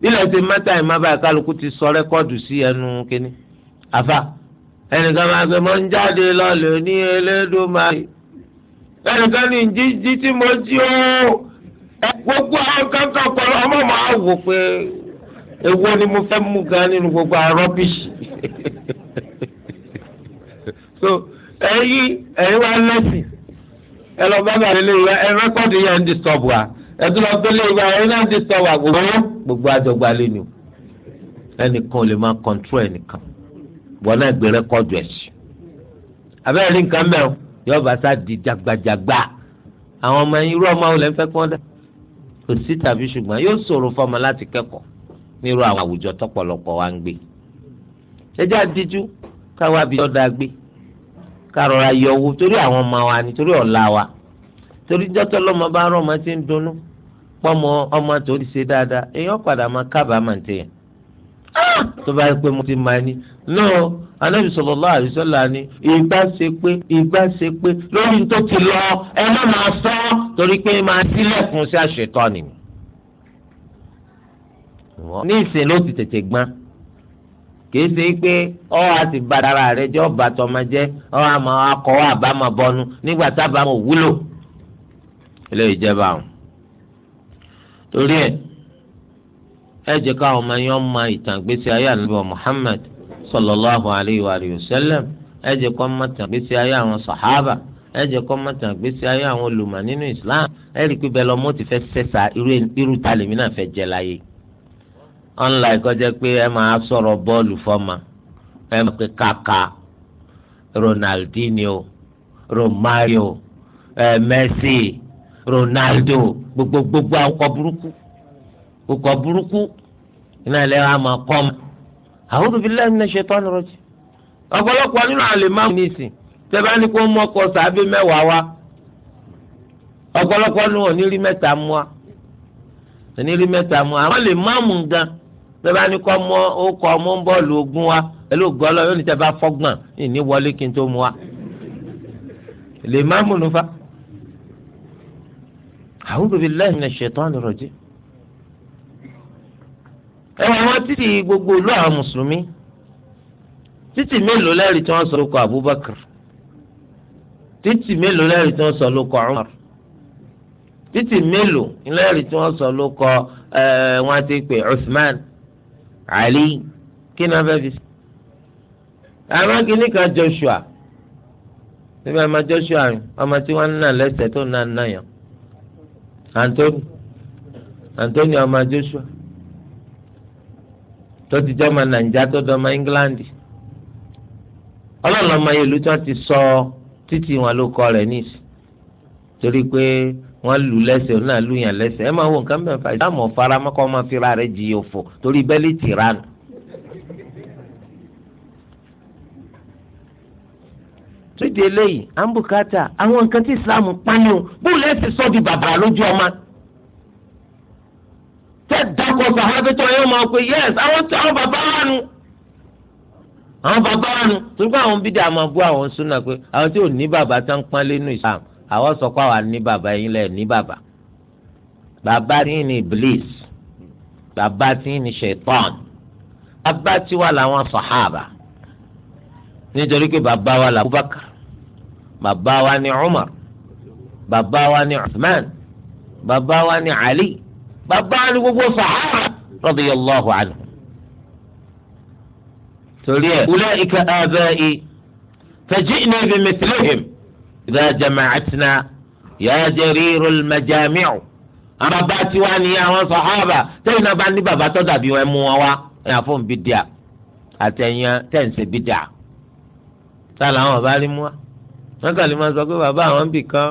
bílẹ̀ ṣe mẹ́ta ìmọ̀ báyìí kálukú ti sọ rẹ́kọ́ọ̀dù sí ẹnu kínní àfa ẹnìkan ẹnìkan ní jíjí tí mo jí ó gbogbo àwọn kankan pẹ̀lú ọmọ màá wò pé èwo ni mo fẹ́ mú gan nínú gbogbo àrọ́bìṣì so ẹ̀yin ẹ̀yin wa lẹ́sìn ẹ lọ bá bàrẹ̀ lè wá ẹ rẹ́kọ̀dì yẹn ń disturb wa ẹ tún lọ gbélé ìwà ẹ̀yin náà ń wa gbogbo gbogbo àjọgbá lé ni o ẹnìkan ò lè máa control ẹnìkan wọn náà gbé ẹ̀ sí abẹ́rẹ́ ní nǹkan mẹ́rin yọba sá di jagbajagba àwọn ọmọ irú ọmọ olè ń fẹ́ kí wọ́n dá kò sí tàbí ṣùgbọ́n yóò ṣòro fọmọ láti kẹ́kọ̀ọ́ nírú àwọn àwùjọ tọ́pọ̀lọpọ̀ wa ń gbé ẹjẹ́ àdíjú káwa bí ọ̀dà gbé kárọ̀ra yọwọ́ torí àwọn ọmọ wa ni torí ọ̀la wa torí jọ́tọ́ lọ́mọ bá rán ọmọ tí ń dunnú pọ́mọ ọmọ tó ti ṣe dáadáa èèyàn padà máa kábàámà tẹ̀yàn ah! tó bá yẹ pé mo ti máa ní náà. anabi sallallahu alaihi wasallam ni ìgbà ṣe pé ìgbà ṣe pé lórí tó ti lọ ẹ má máa sọ torí pé máa sílẹ̀kùn sí àṣetọ ni. ní ìsìn ló ti tètè gbọ́n kìí ṣe pé ọ àti bàdàrà rẹ jẹ ọba ma ọ àmọ́ akọ̀wé àbámọ̀ bọnu nígbà tábàámọ̀ wúlò ilé ìjẹba àwọn. torí ẹ ẹ káwọn ọmọ yẹn ìtàn ayé Muhammad sallallahu alayhi wa sallam ẹ jẹ́ kó mọ̀ tàn gbèsè ayé àwọn sàhábà ẹ jẹ́ kó mọ̀ tàn gbèsè ayé àwọn olùmọ̀ nínú islam ẹ rí pé bẹ́ẹ̀ lọ́mọ ti fẹ́ sẹ́sà irú ta náà fẹ́ jẹ láyé unlike kọjá pé ẹ máa sọ̀rọ̀ bọ́ọ̀lù fọ́ọ̀mà ẹ máa pé kàkà ronaldinho romario ẹ messi ronaldo gbogbo gbogbo àwọn ọkọ̀ burúkú ọkọ̀ burúkú iná ilẹ̀ wa máa kọ́ ọ́ a'udhu billahi minash shaitani rajim ọ̀pọ̀lọpọ̀ nínú àlè máa ń nísìn tẹ́bá ní kó mú ọkọ̀ sàábé mẹ́wàá wá ọ̀pọ̀lọpọ̀ nínú onírí mẹ́ta mú wa onírí mẹ́ta mú wa àwọn lè má mú gan tẹ́bá ní kó mú ọkọ̀ mú bọ́ọ̀lù ogun wa pẹ̀lú gọ́lọ́ yóò ní tẹ́bá fọ́gbọ̀n ìní wọlé kí n tó mú wa lè má mú nufa a'udhu billahi minash shaitani rajim ẹ̀wọ̀n wọn títì gbogbo ìlú àwọn mùsùlùmí títì mélòó lẹ́rìí tí wọ́n sọ lóko Abubakar títì mélòó lẹ́rìí tí wọ́n sọ lóko Umar títì mélòó lẹ́rìí tí wọ́n sọ lóko wọn ti pè Usman Ali kí ni wọ́n fẹ́ fi sí. àwọn kìíní kan Joshua níbi ọmọ Joshua ọmọ tí wọ́n ń nà lẹ́sẹ̀ tó ń nà yàn Anthony Anthony ọmọ Joshua. tó ti jọ́ ọmọ nàìjíríà tó dọ́ ọmọ england ọlọ́run ọmọ ìlú tí ti sọ títí wọn ló kọ rẹ̀ níìsì torí pé wọ́n lù lẹ́sẹ̀ òun náà lù yàn lẹ́sẹ̀ ẹ máa wo nǹkan mẹ́fà ìdáàmú ọ̀fara mọ́kọ́ máa fi ra rẹ̀ jì òfò torí bẹ́lí tìránù. tó di eléyìí à ń àwọn nǹkan tí islam pa ni o bóòlù ẹ̀ ti sọ́ di bàbá lójú ọmọ. tẹ́ dákọ̀ sàhábí tó yóò máa pe yẹ́sì àwọn tí àwọn bàbá wa nu àwọn bàbá wa nu torí pé àwọn bídà máa bú àwọn súnà pé àwọn tí ò ní bàbá tán pọ́n lẹ́nu Islam àwọn sọ pé àwa ní bàbá yín lẹ̀ ní bàbá bàbá yín ni Iblis bàbá tí ní ṣètọ́n bàbá tí wà láwọn sàhábà nítorí pé bàbá wa là Abubakar bàbá wa ni Umar bàbá wa ni Uthman bàbá wa ni Ali bàbá rí gbogbo sàhárà radiyallahu anhu. torí ẹ̀ ulaika aba'i faji'na bimithlihim idha jama'atna ya jarirul majami'u àwọn bàbá tiwa ni àwọn sàhábà tẹ́yìn náà bá ní bàbá tó dàbí wọn mú wọn wá ẹ̀ àfọ̀n bídíà àtẹ̀yìn tẹ̀sí bídíà tá làwọn bàbá rí mú wa wọn kàn lè máa sọ pé bàbá àwọn bì kan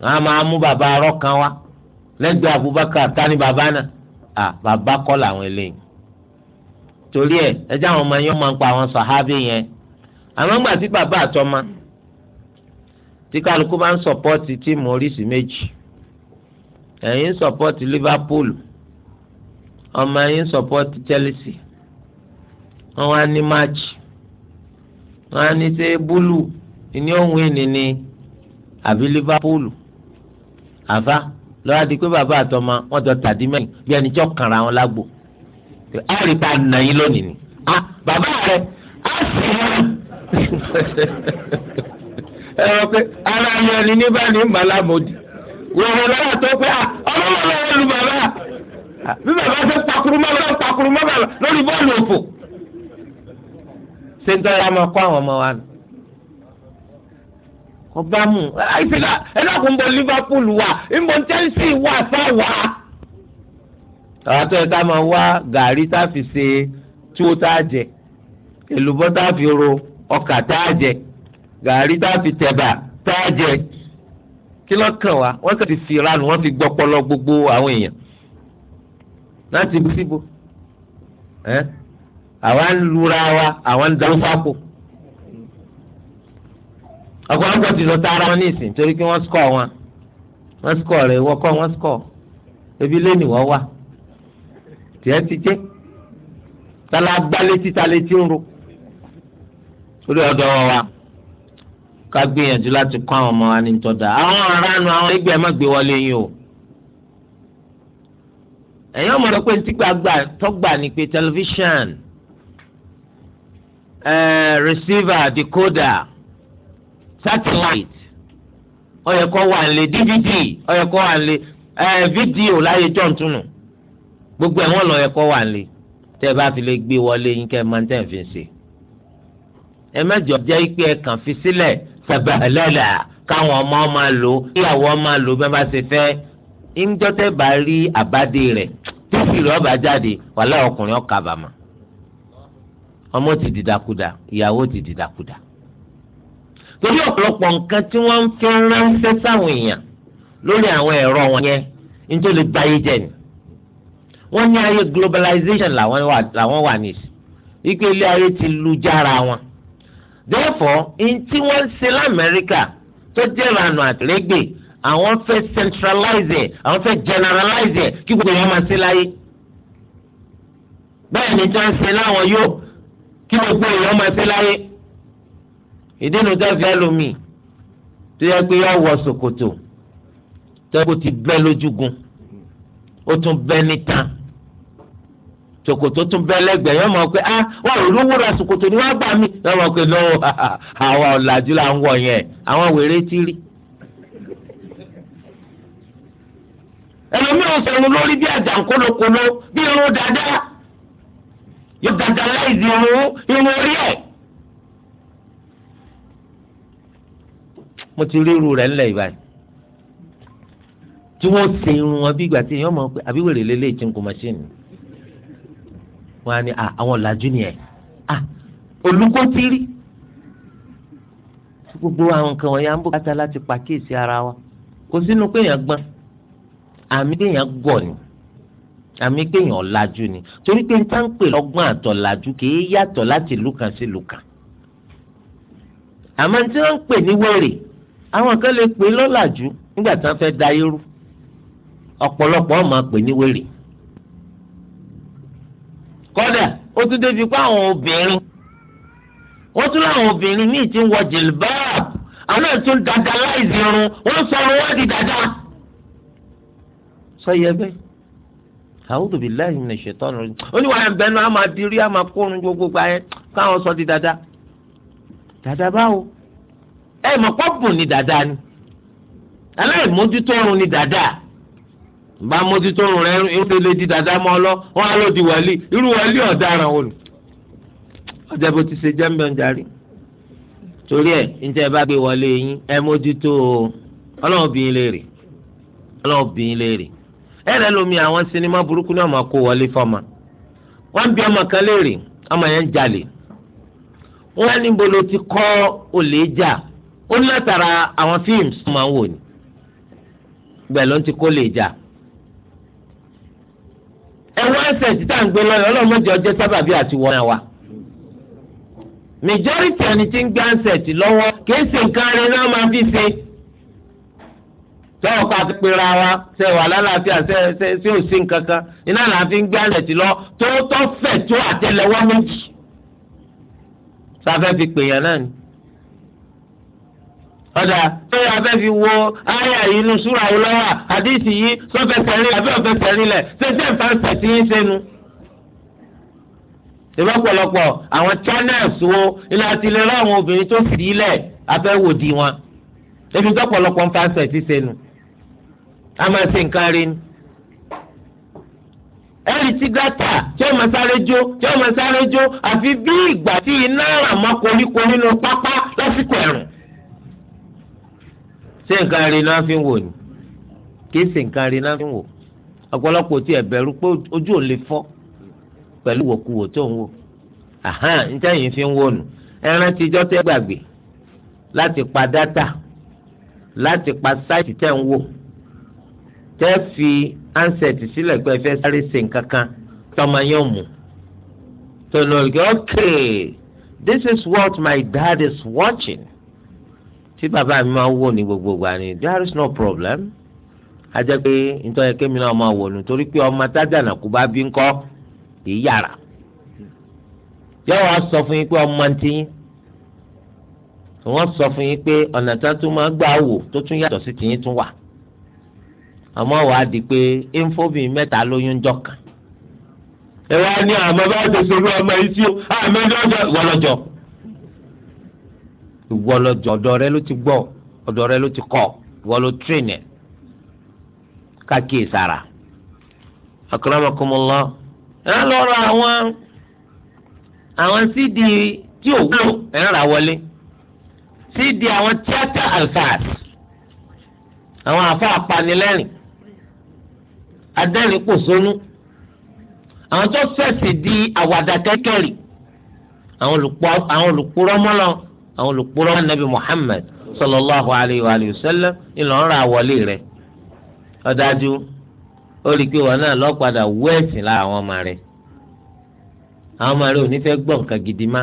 a máa mú bàbá arọ́ kan wá lẹ́gbẹ̀ẹ́ Abubakar tani bàbá náà à bàbá kọ́ làwọn eléyìí torí ẹ ẹjẹ àwọn ọmọ yẹn máa ń pa àwọn sàhábì yẹn àwọn gbà tí bàbá àtọmọ tí kálukú bá ń sọpọ́tì tíìmù oríṣi méjì ẹ̀yin sọpọ́tì Liverpool ọmọ ẹ̀yin ń sọpọ́tì Chelsea wọ́n wá ní match wọ́n á ní ṣe búlù ní òun ìní àbí Liverpool. Afa, lọ́wọ́ adi pé bàbá àtọmọ wọn jọ tàdí mẹ́rin bí ẹni jọ kànra wọn lágbo a rí pa nàyín lónìí ni a bàbá rẹ a sì rẹ ẹ wọ pé ara mi ẹni ní bá ní mbàlá mọ́jú wọ́n lọ́wọ́ tó pé ọlọ́wọ́ lọ́wọ́ lu bàbá bí bàbá ṣe pakuru mọ́ bàbá pakuru mọ́ bàbá lórí bọ́ọ̀lù òfò ṣé ń tọ́ ya máa kọ́ àwọn ọmọ wa nù ọba mu àìsíkà ẹlẹ́kùn ń bọ Liverpool wa, ń bọ wa wà wa, àwọn tó yẹ ká máa wá gàrí tá a fi ṣe tuwo tá a jẹ èlùbọ́ tá a fi ro ọkà tá a jẹ gàrí tá a fi tẹ̀bà tá a jẹ kí ló kàn wá wọ́n ti fi ìranù wọ́n fi gbọ́pọlọ gbogbo àwọn èèyàn láti síbo àwa ń lura wa àwa ń darúfákò ọ̀pọ̀lọpọ̀ ti lọ tààrà wọn ní ìsìn torí pé wọ́n score wọn wọ́n score rẹ̀ wọ́n kọ́ wọ́n score ebi lé nìwọ́ wà tiẹ́ ti jẹ́ tala gbá létí ta létí ń ro lórí ọ̀dọ̀ wọn wa ká gbìyànjú láti kọ́ àwọn ọmọ wa ní tọ́da àwọn aráàlú àwọn ẹgbẹ́ ẹ má gbé wọlé yín o ẹ̀yin ọmọ rẹ pé ní tígbà gbà tọ́gbà ni pé tẹlifíṣàn ẹ̀ẹ́d receiver decoder satellite ó yẹ kó wà lé dvd ó yẹ kó wà lé ẹ fídíò láyé jọ̀ǹtúnù gbogbo ẹ̀ wọ́n lọ yẹ kó wà lé tẹ́ ẹ bá fi lè gbé wọlé yín kẹ́ ẹ máa ń tẹ̀ fi ṣe ẹ mẹ́jọ jẹ́ pé ẹ kàn fi sílẹ̀ sàbàlẹ́là káwọn ọmọ máa lò kíyàwó máa lò bẹ́ẹ̀ bá ṣe fẹ́ ńjọ́tẹ́ bá rí àbádé rẹ̀ tẹ́sí rẹ̀ ọba jáde wàhálà ọkùnrin ọkàbàmà ọmọ ti dìdàkudà ìyàwó ti dìdàkudà torí ọ̀pọ̀lọpọ̀ nǹkan tí wọ́n ń fi ránṣẹ́ sáwọn èèyàn lórí àwọn ẹ̀rọ wọn yẹn ní tó lè gba ayé jẹ ni wọ́n ní ayé globalization làwọn wà nísì ike ilé ayé ti lu jára wọn therefore in tí wọ́n ń ṣe lamẹ́ríkà tó jẹ́ ìlànà àtìlẹ́gbẹ̀ àwọn fẹ́ centralize ẹ̀ àwọn fẹ́ generalize ẹ̀ kí gbogbo yẹn máa ṣe láyé bẹ́ẹ̀ ni tí wọ́n ń ṣe láwọn yóò kí gbogbo yẹn máa ṣe láyé ìdínú dáfíà lomi tó yẹ pé yọ wọ ṣòkòtò tó yẹ kó ti bẹ́ lójúgun ó tún bẹ́ níta ṣòkòtò tún bẹ́ lẹ́gbẹ̀ẹ́ yọ mọ pé ah wà olówó ra ni wọ́n gbà mí yọ mọ pé no àwọn ọ̀làjú là ń wọ̀ yẹn àwọn wèrè ti rí. ẹlòmíràn sọ̀rọ̀ lórí bí àjàǹkólokòló bí irun dada, yóò dáadáa láì di irun irun orí ẹ̀. mo ti rí irú rẹ̀ ńlẹ̀ ìbáyìí tí wọ́n ṣe irun wọn bí ìgbà tí èèyàn mọ̀ pé àbí wèrè lélẹ̀ ìjìnkù machine wọn á ní àwọn ọ̀làjú ni ẹ̀ olùkọ́ ti rí gbogbo àwọn nǹkan wọ̀nyí à ń bùkátà láti pàkíyèsí ara wa kò sínú pé èèyàn gbọ́n àmì pé èèyàn gọ̀ ni àmì pé èèyàn ọ̀làjú ni torí pé níta ń pè lọ́gbọ́n àtọ̀làjú kì í yàtọ̀ láti ìlú sí ìlú àmọ́ tí wọ́n ń pè ní wèrè àwọn kan lè pè lọ́làjú nígbà tí wọ́n fẹ́ da irú ọ̀pọ̀lọpọ̀ máa pè ní wèrè kọ́dà ó tún débi pé àwọn obìnrin wọ́n tún láwọn obìnrin míì ti ń wọ jìlbáàbù àwọn náà tún dada láìsí irun wọ́n sọ ọ́n wá di dada. sọ yẹ bẹ́ẹ̀ àwùjọ bíi láì ní ṣètọ́ nù. ó ní wàhálà bẹ́ẹ̀ náà dirí a kórun gbogbo gbà yẹn káwọn sọ di dada. dada báwo ẹ mọ̀ pọ́pù ni dada? ni aláìmójútó ọrùn ni dada? bá mójútó ọrùn rẹ ẹ lè di dáadáa mọ́ ọ lọ wọn á lọ di wàlí irú wàlí ọ̀daràn wọn. ọjà bó ti ṣe jẹ́ mbẹ́ njarí torí ẹ̀ níta ẹ bá gbé wọlé yín ẹ mójútó ọlọ́run bìín léèrè ọlọ́run bìín léèrè ẹ rẹ lómi àwọn sinimá burúkú náà máa kó wọlé fọmọ wọn bí ọmọ kan léèrè ọmọ yẹn jalè wọn ní bolo ti kọ́ olè jà ó ní látara àwọn fíìmù tó máa ń wò ní bẹ́ẹ̀ ló ń ti kó lè jà ẹwọ ẹsẹ tí ń gbé lọ́yọ̀ ọlọ́mọdé ọjọ́ sábàbí àti wọ́n wa. majority ẹni tí ń gbé ansẹ̀tì lọ́wọ́ kìí ṣe nǹkan rẹ náà máa fi ṣe. sọ́wọ́ ká pera wa ṣe wà lálàáfíà ṣe ṣe ṣe ò sí nǹkan kan iná là ń fi gbé ansẹ̀tì lọ tó tó fẹ̀ tó àtẹlẹwọ́ méjì. sáfẹ́ fi pèèyàn náà ni ọ̀dà sọ́yà abẹ́ fi wo ayà yìí nu súra yìí lọ́wọ́ àdìsí yìí sọ́fẹsẹ̀ rí abẹ́ ọ̀fẹsẹ̀ rí lẹ̀ ṣẹṣẹ́ nǹkan ṣẹ̀sí yín sẹ́nu. ìbá pọ̀lọpọ̀ àwọn channels wo ilé àti ilé ráwọn obìnrin tó sì ilẹ̀ abẹ́ wò di wọn. ebi tó pọ̀lọpọ̀ ń fa ṣẹ̀sí sẹ́nu. a máa ṣe nǹkan rí ni. ẹ̀rì tí gátà tí ó máa sáré jó tí ó máa sáré jó àfi bí ìgbà tí iná ràmọ́ koríko nínú pápá lásìkò ẹ̀rùn ṣé nǹkan rí náà fi wò ni kì í nǹkan rí náà fi wò ọ̀pọ̀lọpọ̀ tí ẹ pé ojú ò lè fọ́ pẹ̀lú wòkuwò tó ń wò àhán níta yìí fi ń wò nù ẹran tijọ́ tẹ́ gbàgbé láti pa dátà láti pa sáìtì tẹ́ ń wò tẹ́ fi ánsẹ̀tì sílẹ̀ pé ẹ fẹ́ sáré ṣe nǹkan kan tọ́mọ yóò mú this is what my dad is watching. tí bàbá mi máa ń wò ní gbogbo ìgbà ni there is no problem a jẹ́ pé nítorí kémi náà máa wò nù torí pé ọmọ tájànà kú bá bí ń kì í sọ fún yín pé ọmọ ti yín sọ fún yín pé ọ̀nà tá tún máa gbà wò tó tún yàtọ̀ sí tún wà wàá di pé éńfóbì mẹ́ta lóyún ẹ ọmọ yìí tí ó àmọ́ ìwọ lọ́jọ́ ọ̀dọ̀ rẹ ló ti gbọ́ ọ̀dọ̀ rẹ ló ti kọ́ ìwọ ló tírìn ẹ̀ káàkiri sára. akramakumullah ẹ lọ ra àwọn àwọn sídi tí ò wúlò ẹ ń ra wọlé sídi àwọn tíátà alfaas àwọn àfa apanilẹ́rìn adẹ́rìn pòṣónú àwọn tó fẹ̀sì di àwàdà kẹ́kẹ́rì àwọn olùpurọ́ mọ́lọ́ àwọn olùkpọ́rọ́ anabi muhammed sallallahu alayhi wa sallam ìlànà àwọlé rẹ̀ ọ̀dájú ó rí i pé wọn náà lọ́padà wẹ́ẹ̀sì lára àwọn ọmọ rẹ̀ àwọn ọmọ rẹ̀ ò ní fẹ́ gbọ́ nǹkan gidi má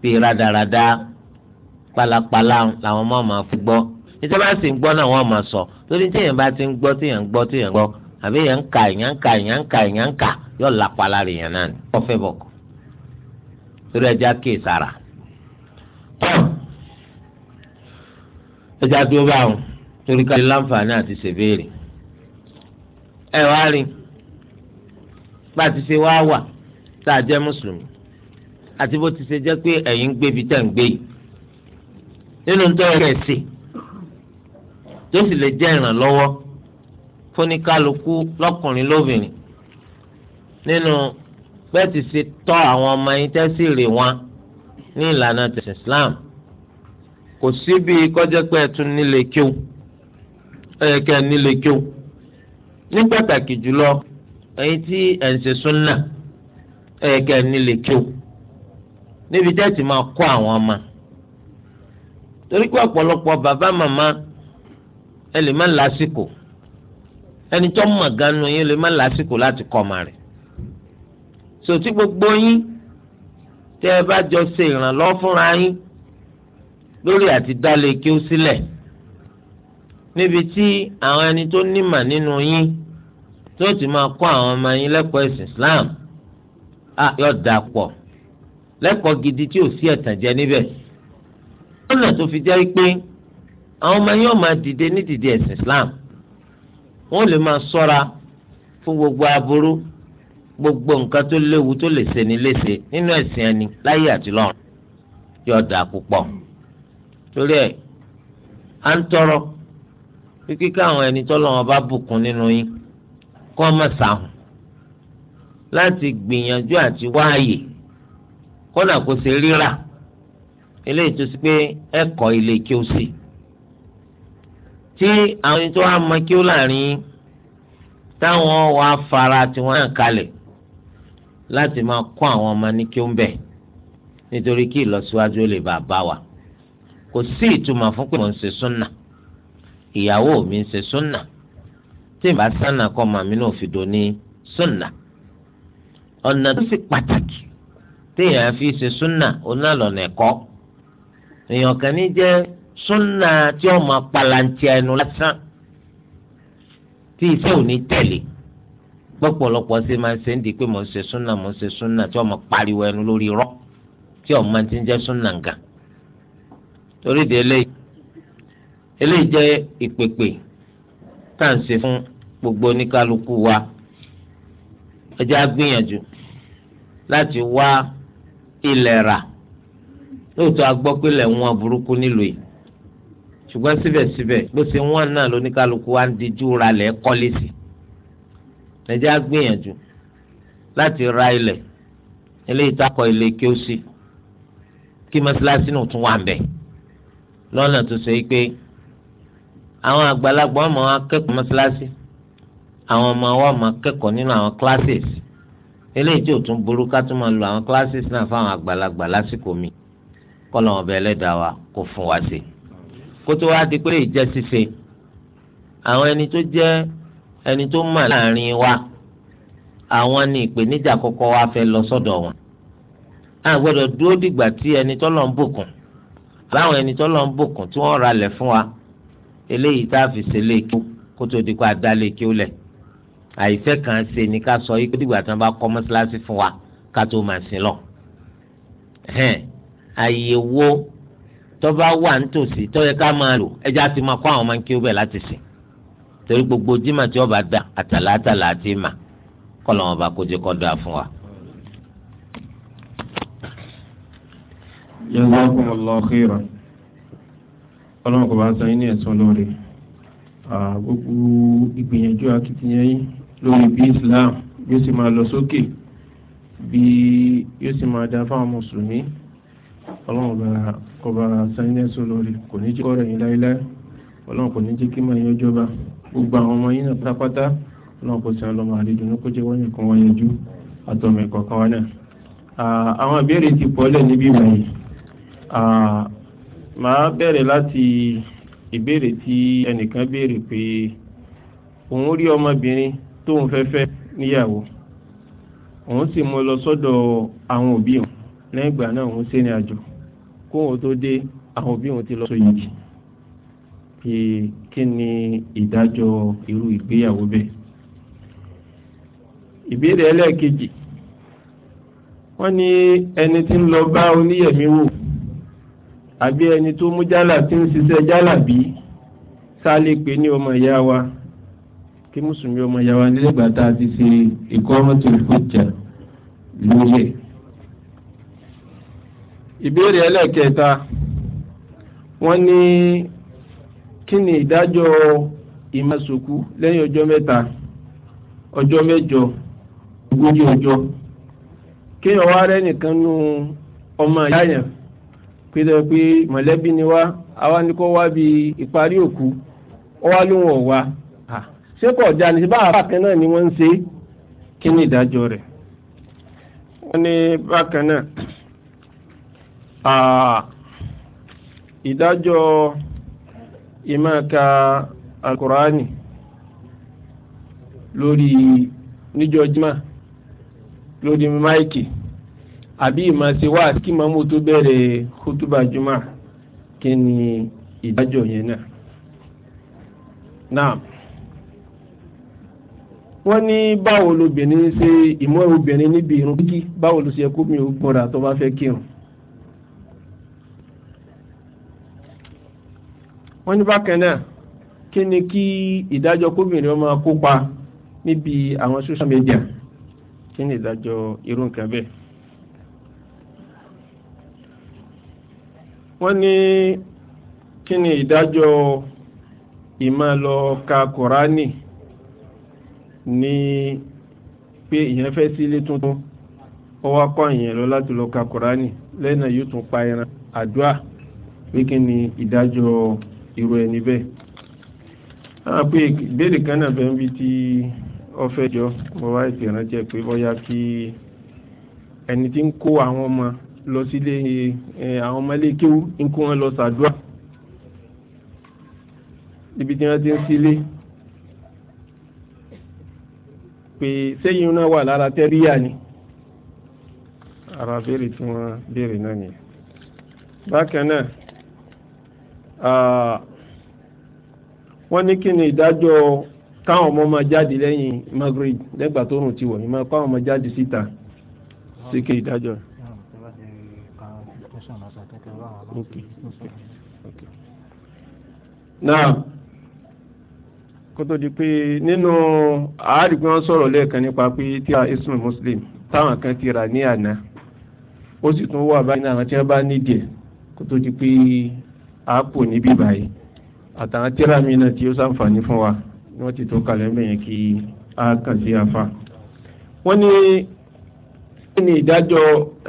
bíi rádaràda pálapàla làwọn ọmọ máa fi gbọ́ nítorí bá sì ń gbọ́ náà wọ́n máa sọ torí téèyàn bá ti ń gbọ́ téèyàn ń gbọ́ téèyàn ń gbọ́ àbí èèyàn ń ka èèyàn ń ka èèyàn ń ka èèyàn ń ka yóò lápá lára èèyàn náà ni wọ́n fẹ́ torí ẹja kéè sára tán ẹja dúró báwọn torí ká lè láǹfààní àti ṣèbéèrè ẹ wá rí bá a ti ṣe wá wà tá a jẹ́ mùsùlùmí àti bó ti ṣe jẹ́ pé ẹ̀yin ń gbébi tẹ̀ ń gbé yìí nínú tó yẹ sí tó sì lè jẹ́ ìrànlọ́wọ́ fúnikálukú lọ́kùnrin lóbìnrin nínú bẹ́ẹ̀ ti ṣe tọ́ àwọn ọmọ yín tẹ́sí rè wọn ní ìlànà tẹ̀sán Islam kò sí bí kọjá pé ẹtún nílé kíw ẹ yẹ kí ẹ nílé kíw ní pàtàkì jùlọ ẹ̀yin tí ẹ ń ṣe súnà ẹ yẹ kí ẹ nílé kíw níbi tẹ́ ti máa kọ́ àwọn ọmọ torí pé ọ̀pọ̀lọpọ̀ bàbá màmá ẹ lè má lásìkò ẹni tó mọ̀ ganu yín lè má lásìkò láti kọ́ ọmọ rẹ̀ sòtí gbogbo yín. So, tẹ́ ẹ bá jọ ṣe ìrànlọ́wọ́ fúnra yín lórí àti dálé kí ó sílẹ̀ níbi tí àwọn ẹni tó nímà nínú yín tó ti máa kọ́ àwọn ọmọ yín lẹ́kọ̀ọ́ ẹ̀sìn Islam á yọ dà pọ̀ lẹ́kọ̀ọ́ gidi tí ò sí ẹ̀tàn jẹ níbẹ̀ lọ́nà tó fi jẹ́ pé àwọn ọmọ yín ó máa dìde ní dìde ẹ̀sìn Islam wọ́n lè máa ṣọ́ra fún gbogbo aburú gbogbo nǹkan tó léwu tó lè ṣe ni léṣe nínú ẹ̀sìn ẹni láyé àti lọ́run yóò dáa púpọ̀ torí ẹ̀ à ń tọrọ kíkí káwọn ẹni tọ́lọ́run bá bùkún nínú yín kó má sàhùn láti gbìyànjú àti wáàyè kódà kó ṣe rírà eléyìí tó sì pé ẹ̀kọ́ ilé kí ó sì tí àwọn ẹni tó wá mọ kí ó láàrin táwọn wàá fara tiwọn hàn kalẹ̀ láti máa kọ́ àwọn ọmọ ní kí ó ń bẹ̀ nítorí kí ìlọsíwájú ó lè bá a bá wa kò sí ìtumọ̀ fún pé mo ń ṣe súnà ìyàwó mi ń ṣe súnà tí ìbá sànà kọ́ màmí náà fi dò ní súnà ọ̀nà tó sì pàtàkì téèyàn fi ṣe súnà onálọ̀nà ẹ̀kọ́ èèyàn kan ní jẹ́ súnà tí ó máa ẹnu lásán tí iṣẹ́ ò ní tẹ̀lé pọ̀pọ̀lọpọ̀ ṣe máa ń ṣe ń di pé mò ń ṣe súnà mò ń ṣe súnà tí ọmọ pariwo ẹnu lórí irọ́ tí ọmọ ti ń jẹ́ súnà nǹkan torí de eléyìí eléyìí jẹ́ ìpèpè tá à ń ṣe fún gbogbo oníkálukú wa ẹ jẹ́ á gbìyànjú láti wá ilẹ̀ rà lóòótọ́ a gbọ́ pé ilẹ̀ wọn burúkú nílùú yìí ṣùgbọ́n síbẹ̀síbẹ̀ bó ṣe náà lóníkálukú wa ń dijú ra lẹ̀ nàìjíríà gbìyànjú láti ra ilẹ̀ eléyìí tó akọ ilé kí ó sí kí mọ́sálásí nù tún wà ń bẹ̀ lọ́nà tó ṣe pé àwọn àgbàlagbà ọmọ akẹ́kọ̀ọ́ mọ́sálásí àwọn ọmọ wa ọmọ akẹ́kọ̀ọ́ nínú àwọn classes eléyìí tí ò tún burú ká tún máa lo àwọn classes náà fáwọn àgbàlagbà lásìkò mi kọ́ lọ́wọ́ bẹ́ẹ̀ wa kó fún wa ṣe kó tó di pé ìjẹ́ ṣíṣe àwọn ẹni tó jẹ́ ẹni tó mà láàrin wa àwọn ni ìpèníjà kọ́kọ́ wa fẹ́ lọ sọ́dọ̀ wọn a gbọ́dọ̀ dúró dìgbà tí ẹni tọ́lọ̀ ń bùkún báwọn ẹni tọ́lọ̀ ń bùkún tí wọ́n ralẹ̀ fún wa eléyìí tá a fi ṣe léèkí kó tó di kó a dá léèkí ó lẹ̀ àìfẹ́ kan ṣe ni ká sọ yìí dìgbà tí wọ́n bá kọ́ mọ́ṣáláṣí fún wa ká tó máa sin lọ. àyè wo tó bá wà nítòsí tó yẹ ká máa lò ẹja ti máa kó àwọn máa ń kí ó bẹ̀ láti sìn torí gbogbo jimá tí ọba da àtàlátà láti mà kọlọ̀ ọba kó jẹ́ kọ́ da fún wa. jazakumullahu khairan ọlọ́run kò bá san yín ní ẹ̀san lóore gbogbo ìgbìyànjú akitiyan yín lórí bí Islam yóò sì máa lọ sókè bí yóò sì máa da fáwọn mùsùlùmí ọlọ́run bá kọba san yín ní ẹ̀san lóore kò ní jẹ́ kọ́rọ̀ yín láéláé ọlọ́run kò ní jẹ́ kí máa yín bá gbogbo àwọn ọmọ yìí náà pátápátá náà kò sí ọlọ́mọ àrídùnú kó jẹ́ wọ́n nìkan wọ́n yanjú àtọmọ ìkọ̀kan wa náà àwọn ìbéèrè ti pọ̀lẹ̀ níbí wọ̀nyí màá bẹ̀rẹ̀ láti ìbéèrè tí ẹnìkan béèrè pé òun rí ọmọbìnrin tóun fẹ́ fẹ́ níyàwó òun sì mú lọ sọ́dọ̀ àwọn òbí òun lẹ́yìn ìgbà náà òun ṣe ní àjò kóun tó dé àwọn òbí òun ti lọ sọ pé kí ni ìdájọ́ irú ìgbéyàwó bẹ́ẹ̀. ìbéèrè ẹlẹ́ẹ̀kejì wọ́n ní ẹni tí ń lọ bá oníyẹ̀mí wò àbí ẹni tó mú jálà tí ń ṣiṣẹ́ jálà bí sálé pé ní ọmọ ìyá wa kí mùsùlùmí ọmọ ìyá wa nílẹ̀gbà tá a ti ṣe ìkọ́ ọmọ tó fi jà lórí ẹ̀. ìbéèrè ẹlẹ́ẹ̀kẹta wọ́n ní kí ìdájọ́ ìmọ̀sòkú lẹ́yìn ọjọ́ mẹ́ta ọjọ́ mẹ́jọ ogójì ọjọ́ kéèyàn wá rẹ nìkan nu ọmọ ìyá yẹn pé tẹ́ pé mọ̀lẹ́bí ni wá àwa ni kó wá bí ìparí òkú ó wá lóun ọ̀wá ṣé kò já ni bá àbákan náà ni wọ́n ń ṣe ìdájọ́ rẹ̀ wọ́n ní bákan náà ìdájọ́. ìmáka alkùránì lórí níjọ́ jímọ̀ lórí máìkì àbí ìmáṣe wá kí màmú tó bẹ̀rẹ̀ kútúbà jùmọ̀ kí ni ìdájọ́ yẹn náà. náà wọ́n ní báwo lobìnrin ṣe ìmọ̀ obìnrin níbi ìrun kíkí báwo ló ṣe kó mi ò gbọ́dọ̀ tó bá fẹ́ kírun. wọ́n ní bákan náà kí ni kí ìdájọ́ kóbìnrin ọmọ kópa níbi àwọn social media kí ni ìdájọ́ irú nǹkan bẹ́ẹ̀. wọ́n ní kí ni ìdájọ́ ìmọ̀ lọ ka kùránì ní pé ìyẹn fẹ́ sí ilé tuntun ó wá kọ́ ìyẹn lọ láti lọ ka kùránì lẹ́nà yóò tún pa ẹran àdúrà pé kí ni ìdájọ́ irú ẹni bẹ́ẹ̀ àpé ìbéèrè kan náà bẹ́ẹ̀ ń bí tí ọfẹ́ jọ mo wá ìpè ránṣẹ́ pé bóyá kí ẹni tí ń kó àwọn ọmọ lọ sílé àwọn ọmọ ilé kéwú ń kó wọn lọ sàdúrà ibi tí wọ́n ti ń sílé pé sẹ́yìn náà wà lára tẹ́ríyà ni ara béèrè tí wọ́n béèrè náà nìyẹn bákan náà wọ́n ní kí ni ìdájọ́ káwọn ọmọ máa jáde lẹ́yìn Maghrib lẹ́gbà tó rùn ti wọ̀ yìí káwọn ọmọ jáde síta sí kí ìdájọ́ rẹ̀. Okay. kó tó di pé nínú àádìgbọ́n wọn sọ̀rọ̀ lẹ́ẹ̀kan nípa pé tí a ismu muslim táwọn kan ti rà ní àná ó sì tún wà báyìí náà tí wọ́n bá nídìí kó tó di pé áàpù níbí báyìí àtàwọn tíra mi náà tí ó sàǹfààní fún wa ni wọ́n ti tó kalẹ̀ mẹ́yẹn kí a kàn sí afa. wọ́n ní ní ìdájọ́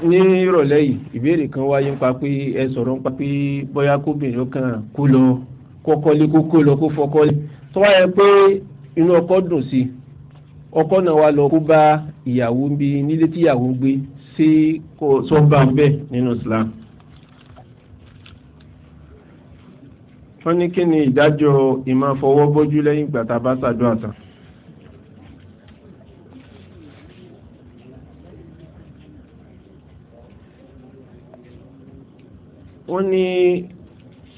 ní ìrọ̀lẹ́ yìí ìbéèrè kan wáyé ń pa pé ẹ sọ̀rọ̀ ń pa pé bóyá kóbìnrin kan kó lọ kọ́kọ́lé kó kó lọ kó fọkọ́lé tó wáyé pé inú ọkọ dùn sí ọkọ náà wá lọ kó bá ìyàwó ń bí nílé tíyàwó ń gbé sí kó bẹ́ẹ̀ nínú Islam. wọ́n ní kí ni ìdájọ́ ìmọ̀ fọwọ́ bójú lẹ́yìn ìgbà tá a bá ṣàdúrà tán. wọ́n ní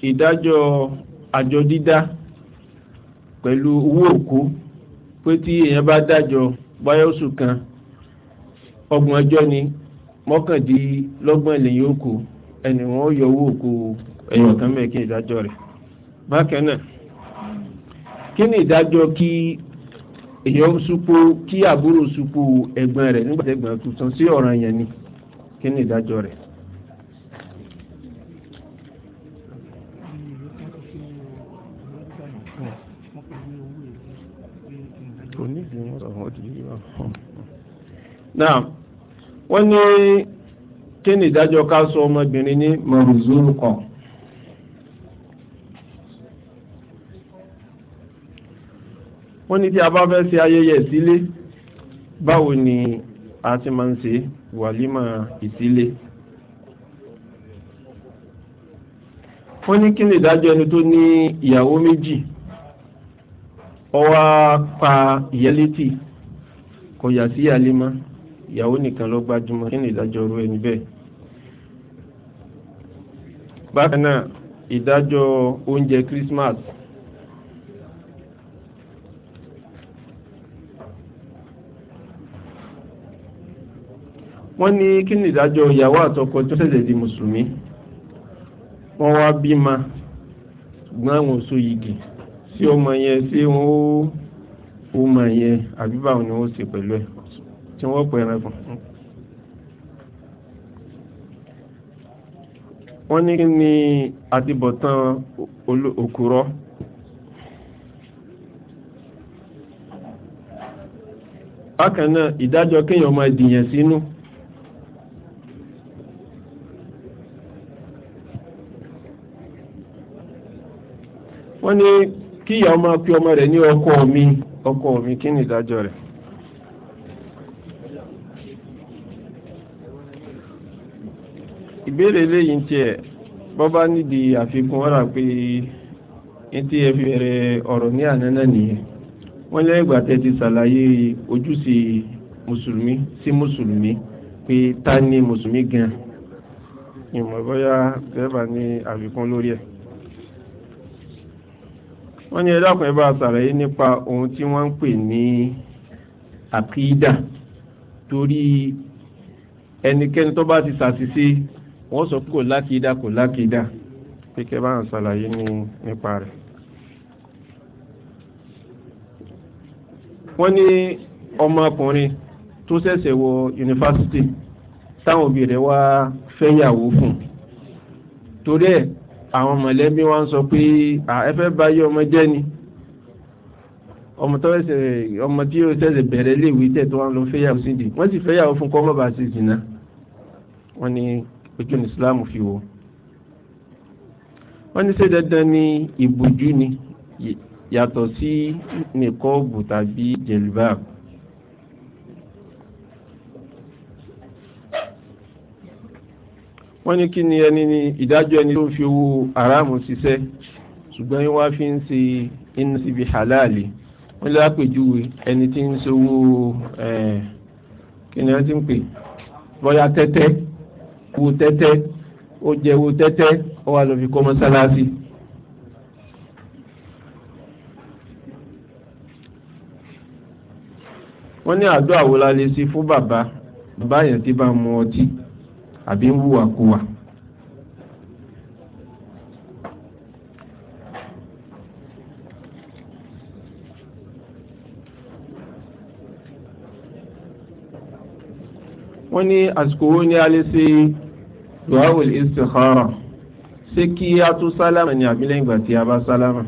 ìdájọ́ àjọ dídá pẹ̀lú owó òkú pé tí èèyàn bá dájọ báyọ̀ oṣù kan ọgbọ̀n ọjọ́ ni mọ́kàndínlọ́gbọ̀n lẹ́yìn òkú ẹni wọn ó yọ owó òkú ẹ̀yọ̀ kan mẹ́ẹ̀kí ìdájọ́ rẹ̀. bákan náà kí ni ìdájọ́ kí èèyàn supo kí àbúrò supo ẹ̀gbọ́n rẹ̀ nígbà tí tuntun sí ọ̀ràn ni kí ni ìdájọ́ rẹ̀. náà wọ́n ní kí ni ìdájọ́ ká sọ ọmọbìnrin ní mọ̀rùzú kan. wọ́n ní tí a bá fẹ́ ṣe ayẹyẹ ìsílé báwo ni a ti máa ń ṣe wàlímà ìsílé wọ́n ní kí ni ìdájọ́ ẹni tó ní ìyàwó méjì ó pa ìyẹ́létì kò yà sí àlímà ìyàwó nìkan ló gbájúmọ́ kí ni ìdájọ́ orú ẹni bẹ́ẹ̀ bákan ìdájọ́ oúnjẹ Christmas wọ́n ní kí ni ìdájọ́ ìyàwó àtọkọ tó ṣẹ̀ṣẹ̀ di mùsùlùmí wọ́n wá bímọ ṣùgbọ́n àwọn oṣù yìgì sí ọmọ yẹn sí wọn ó ọmọ yẹn àbí báwo ni wọ́n ṣe pẹ̀lú ẹ̀ tí wọ́n pẹ̀ ẹran fún. wọ́n ní kí ni àtibọ̀tán òkúrọ́ bákan náà ìdájọ́ kéèyàn máa dìyàn sínú. Si wọ́n ní kí ìyàwó máa pe ọmọ rẹ̀ ní ọkọ mi ọkọ mi kí ni ìdájọ́ rẹ̀ ìbéèrè lẹ́yìn tí ẹ̀ bọ́ bá nídìí àfikún wọ́n rà pé tí ẹ fi bẹ̀rẹ̀ ọ̀rọ̀ ní ànánà nìyẹn wọ́n lẹ́yìn ìgbà tẹ́ ti ṣàlàyé ojúṣe mùsùlùmí sí mùsùlùmí pé ta ni mùsùlùmí gan ìmọ̀ bóyá bẹ́ẹ̀ bá ní àfikún lórí ẹ̀ wọ́n ní ẹ̀dàkùn ẹ̀bá àṣàrẹ̀ yìí nípa ohun tí wọ́n ń pè ní àkídà torí ẹnikẹ́ni tó bá ti ṣàṣìṣe wọ́n sọ kò lákìídà kò lákìídà pé kẹ́ bá ń ṣàlàyé ní nípa rẹ̀ wọ́n ní ọmọkùnrin tó ṣẹ̀ṣẹ̀ wọ yunifásitì táwọn òbí rẹ̀ wá fẹ́yàwó fún torí ẹ̀ àwọn mọ̀lẹ́bí wá ń sọ pé ẹfẹ́ báyé ọmọ jẹ́ ni ọmọ tó ẹsẹ̀ ọmọ tí ó ṣẹ̀ṣẹ̀ bẹ̀rẹ̀ léèwé tẹ̀ tó wá lọ fẹ́yàwó sídìí wọ́n sì fẹ́yàwó fún kọ́mọ́ bá ṣe jìnnà wọ́n ní ojú ní Islam fi wò wọ́n ní ṣé dandan ni ìbòjú ni yàtọ̀ sí nìkọ́ọ̀bù tàbí jẹ̀lúbáàbù wọ́n ní kí ni ẹni ní ìdájọ́ ẹni tó ń fi owó aráàmù ṣiṣẹ́ ṣùgbọ́n wá fi ń ṣe inú síbi halali wọ́n lè lápèjúwe ẹni tí ń ṣòwò kí ni wọ́n ti ń pè bọ́yá tẹ́tẹ́ wo tẹ́tẹ́ ó jẹ wo tẹ́tẹ́ ó wà lọ fi kọ́ mọ́sálásí. wọ́n ní àdó àwòlálẹ́sí fún bàbá bàbá yẹn ti bá mu ọtí àbí ń wùwàkuwà wọ́n ní àsìkò wo ni a lè ṣe duawul istikhara ṣé kí a tún sálámà ní àbí ìgbà tí a bá sálámà.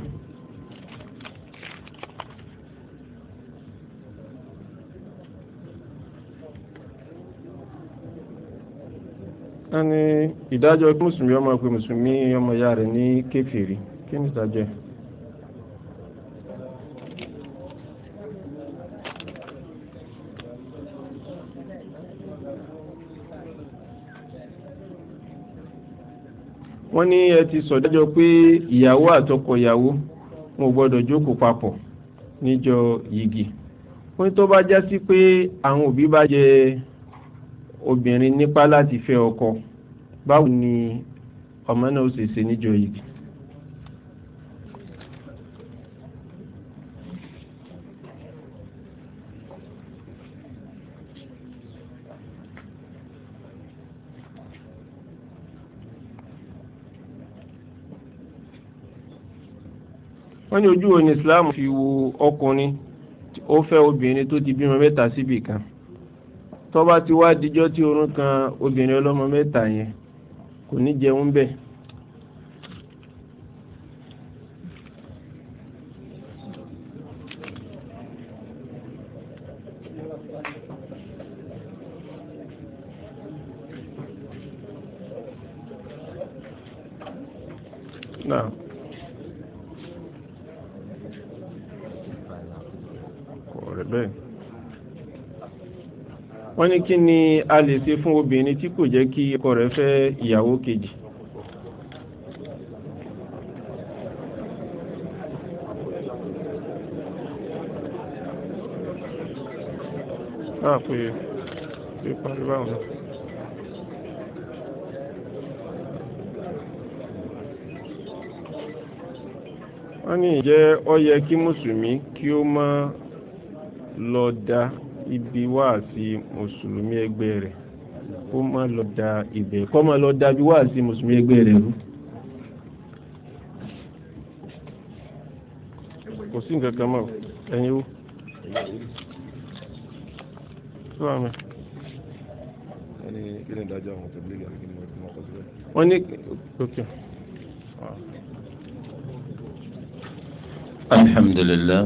a ní ìdájọ́ kí mùsùlùmí ọmọ pé mùsùlùmí ọmọ ìyá rẹ̀ ní kèfèrí kí ni ìdájọ́ wọ́n ní ẹ ti sọ̀dájọ́ pé ìyàwó àtọkọ ìyàwó wọn ò gbọ́dọ̀ jókòó papọ̀ níjọ́ yìgì wọ́n tó bá já pé àwọn òbí bá jẹ́ obìnrin nípa láti fẹ́ ọkọ báwo ni ọmọ náà ṣe ṣe níjọ yìí. wọ́n ní ojú wo ni Islam fi wo ọkùnrin ó fẹ́ obìnrin tó ti bímọ mẹ́ta síbì kan tó bá ti wá dijọ́ tí oorun kan obìnrin ọlọ́mọ mẹ́ta yẹn kò ní jẹun bẹ́ẹ̀ wọ́n ní kí ni a lè ṣe fún obìnrin tí kò jẹ́ kí ọkọ rẹ̀ fẹ́ ìyàwó kejì wọ́n ní ìjẹ́ ó kí mùsùlùmí kí ó máa lọ da ibi wáàsí mùsùlùmí ẹgbẹ́ rẹ̀ kó má lọ da ibẹ̀ kó má lọ da ibi wáàsí mùsùlùmí ẹgbẹ́ rẹ̀ rú. kò sí nǹkan kan mọ́ ẹ̀yin wò. wọ́n ní ok. alhamdulillah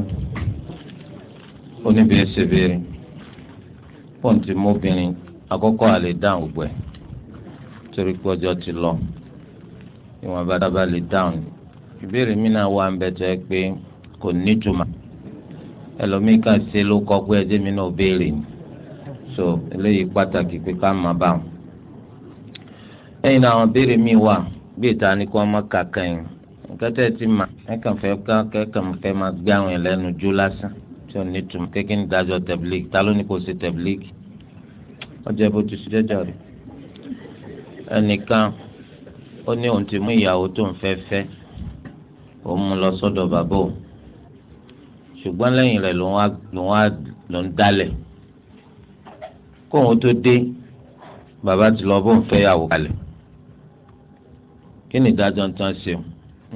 oníbẹ̀ẹ́sẹ̀ bẹ̀rẹ̀. pọ̀ ní ti àlè dáhùn gbẹ torí pé ọjọ́ ti lọ ìwọ̀n bá lè dáhùn ìbéèrè mi náà wà ń bẹ tó yẹ pé kò nítumọ̀ ẹlòmíì kà so eléyìí pàtàkì pé ká má wọn. náà àwọn béèrè mi wà bí ìta ni kí wọ́n ti mà fẹ́ fẹ́ tí ò ní tum kékin ní dájọ́ tẹ̀blík ta ló ní kó ṣe tẹ̀blík ọjọ́ ìbò ti ṣiṣẹ́ jà rẹ̀ ẹnìkan ó ní òun ti mú ìyàwó tó ń fẹ́ fẹ́ òun mú lọ sọ́dọ̀ bàbá òun ṣùgbọ́n lẹ́yìn rẹ̀ lòun á lòun dálẹ̀ kóun tó dé bàbá ti lọ bóun fẹ́ yàwó kalẹ̀ kí ni ìdájọ́ ń tán ṣe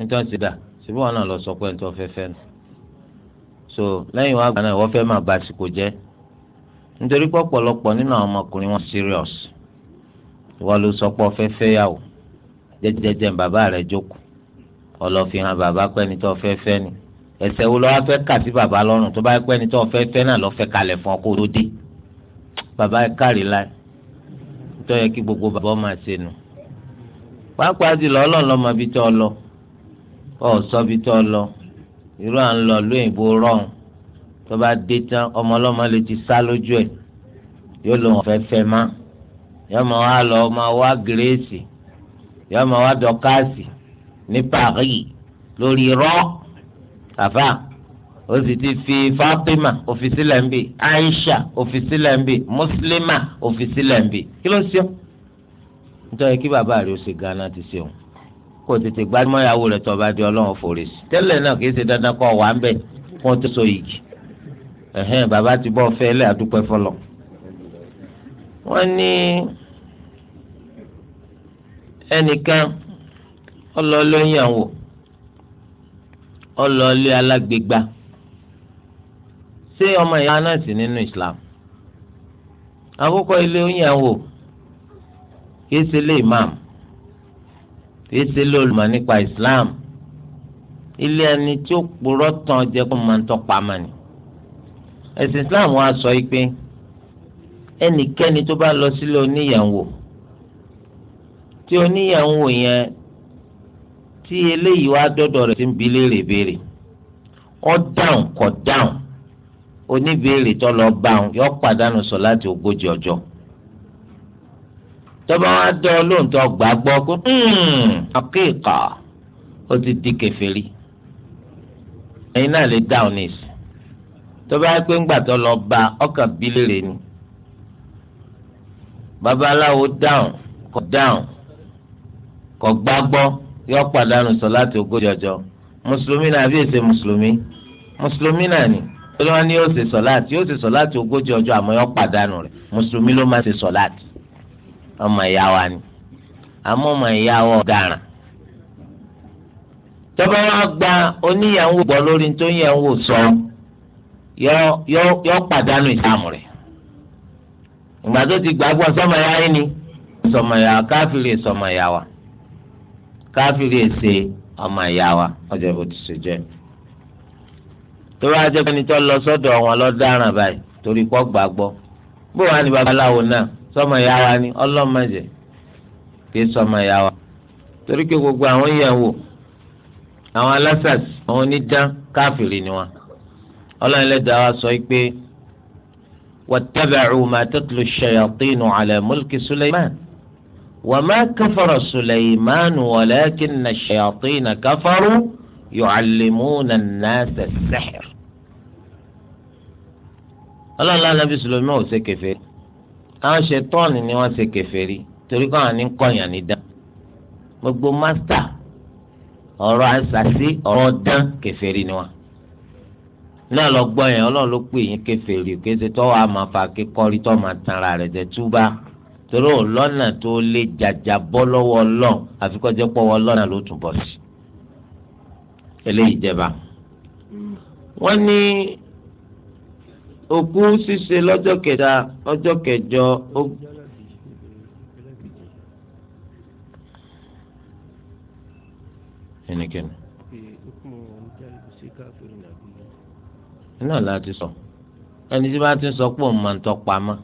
ń tán ṣe dà síbí wọn náà lọ sọ pé ń tán fẹ́ fẹ́ nù so lẹ́yìn wá gbaná ìwọ fẹ́ máa ba àsìkò jẹ́ nítorí pé ọ̀pọ̀lọpọ̀ nínú àwọn ọmọkùnrin wọn serious ìwọ ló sọ pé ọfẹ́ fẹ́yàwó jẹ́jẹ́jẹ́ bàbá rẹ̀ jókòó ọlọ́fi hàn bàbá pẹ́ni tó fẹ́ fẹ́ ni ẹ̀ṣẹ̀ wo lọ́wọ́ fẹ́ kà sí bàbá lọ́rùn tó bá pẹ́ni tó fẹ́ fẹ́ náà lọ́fẹ́ kalẹ̀ fún ọkọ tó dé bàbá kárí láì tó yẹ kí gbogbo bàbá ọmọ àṣẹ nù pàápàá jùlọ ọlọ́ọ̀lọ́mọbi tó lọ ọ̀ọ́sọ́bi tó lọ irú à ń lọ lóyìnbó rọrùn tó bá dé tán ọmọ ọlọ́mọ lè ti sá lójú ẹ̀ yóò lò wọ́n fẹ́ fẹ́ má yóò máa wá lọ máa wá gírèsì yóò máa wá dọ́kásì ní Paris lórí rọ́ àfà ó sì ti fi Fatima òfìsílẹ̀ ń bì Aisha òfìsílẹ̀ ń bì Muslima òfìsílẹ̀ ń bì kí ló ṣe ọ́ nítorí kí bàbá rẹ̀ ó ṣe gánà ti ṣe òun kó o tètè gbájúmọ́ ìyàwó rẹ̀ tó o bá di ọlọ́run forí sí tẹ́lẹ̀ náà kì í ṣe dandan kọ́ wà ń bẹ̀ kó o tó so yìí ẹ̀hẹ́n bàbá ti bọ́ fẹ́ lẹ́ àdúpẹ́ fọlọ́ wọ́n ní ẹnìkan ọlọ́ọ̀lọ́yìn àwọ̀ ọlọ́ọ̀lẹ́ alágbègbà ṣé ọmọ ìyá náà sì nínú Islam àkọ́kọ́ ilé oyin àwọ̀ kìí ṣe ilé imam èsì lọ́lùmọ̀ nípa Islam ilé ẹni tí ó purọ́ tán jẹ́ kó máa ń tọ́pa mà ní. ẹ̀sìn Islam wa sọ yìí pé ẹnikẹ́ni tó bá lọ sílé oníyàwó tí oníyàwó yẹn tí eléyìí wá dọ́dọ̀ rẹ̀ ti ń bi léèrè béèrè ó dáhùn kò dáhùn oníbèèrè tó lọ bá òun yọ pàdánù sọ láti ogójì ọjọ́ tọ́ba wa dọ́ ọ lóòótọ́ gbàgbọ́ kó àkíkà hmm, ó ti di kèfèrí ẹ̀yin náà lè dáhùn nísì tọ́ba wa pé ńgbà tó lọ ba ni babaláwo dáhùn dáhùn gbàgbọ́ yọ pàdánù ogójì ọjọ́ mùsùlùmí náà àbí èsè mùsùlùmí mùsùlùmí náà ni ni yóò ọmọ ìyá wa ni àmọ́ ọmọ ìyá wa ọ̀daràn tọ́ba wa gba oníyàwó gbọ́ lórí tó yàwó sọ yọ pàdánù ìsàmù rẹ̀ ìgbà tó ti gbàgbọ́ sọmọ ya yín ni sọmọ ya káfíìrì sọmọ ya wa káfíìrì èsè ọmọ ya wa ọjọ́ bó ti ṣe jẹ́ tọ́ba ajẹ́ tó lọ sọ́dọ̀ wọn lọ́ọ́ dáràn báyìí torí kọ́ gbàgbọ́ bó wà ní babaláwo náà sọmọ ìyá wa ni ọlọ́mọdé kì í sọmọ ìyá wa torí pé gbogbo àwọn yẹn wò àwọn alásàsì àwọn onídán káfìrí ni wọn ọlọ́run wa sọ pé واتبعوا ما تتلو الشياطين على ملك سليمان وما كفر سليمان ولكن الشياطين كفروا يعلمون الناس السحر ọlọ́run lánàá bí sùlọ́mọ́ ò ṣe kẹfẹ́ àwọn ṣètọ́ọ̀nì ni wọ́n ṣe kèfèrí torí kọ́ àwọn ní kọ́yàn ní dán gbogbo mástà ọ̀rọ̀ àṣàṣì ọ̀rọ̀ dán kèfèrí ni wọ́n náà lọ gbọ́ yẹn ọlọ́run ló pè yín kèfèrí kéde tọ́wọ́ àmàfà kíkọ́rí tọ́ máa tanra rẹ̀ jẹ́ túbá torí ò lọ́nà tó lè jàjà bọ́ lọ́wọ́ ọlọ́run àfikọ́jẹ́ pọ́wọ́ lọ́nà ló tún bọ̀ sí eléyìí jẹba wọ́n ní òkú ṣíṣe lọ́jọ́ kẹta lọ́jọ́ kẹjọ ẹnikẹ́ni. náà láti sọ ẹni tí bá ti ń sọ pé òun máa ń tọpa mọ́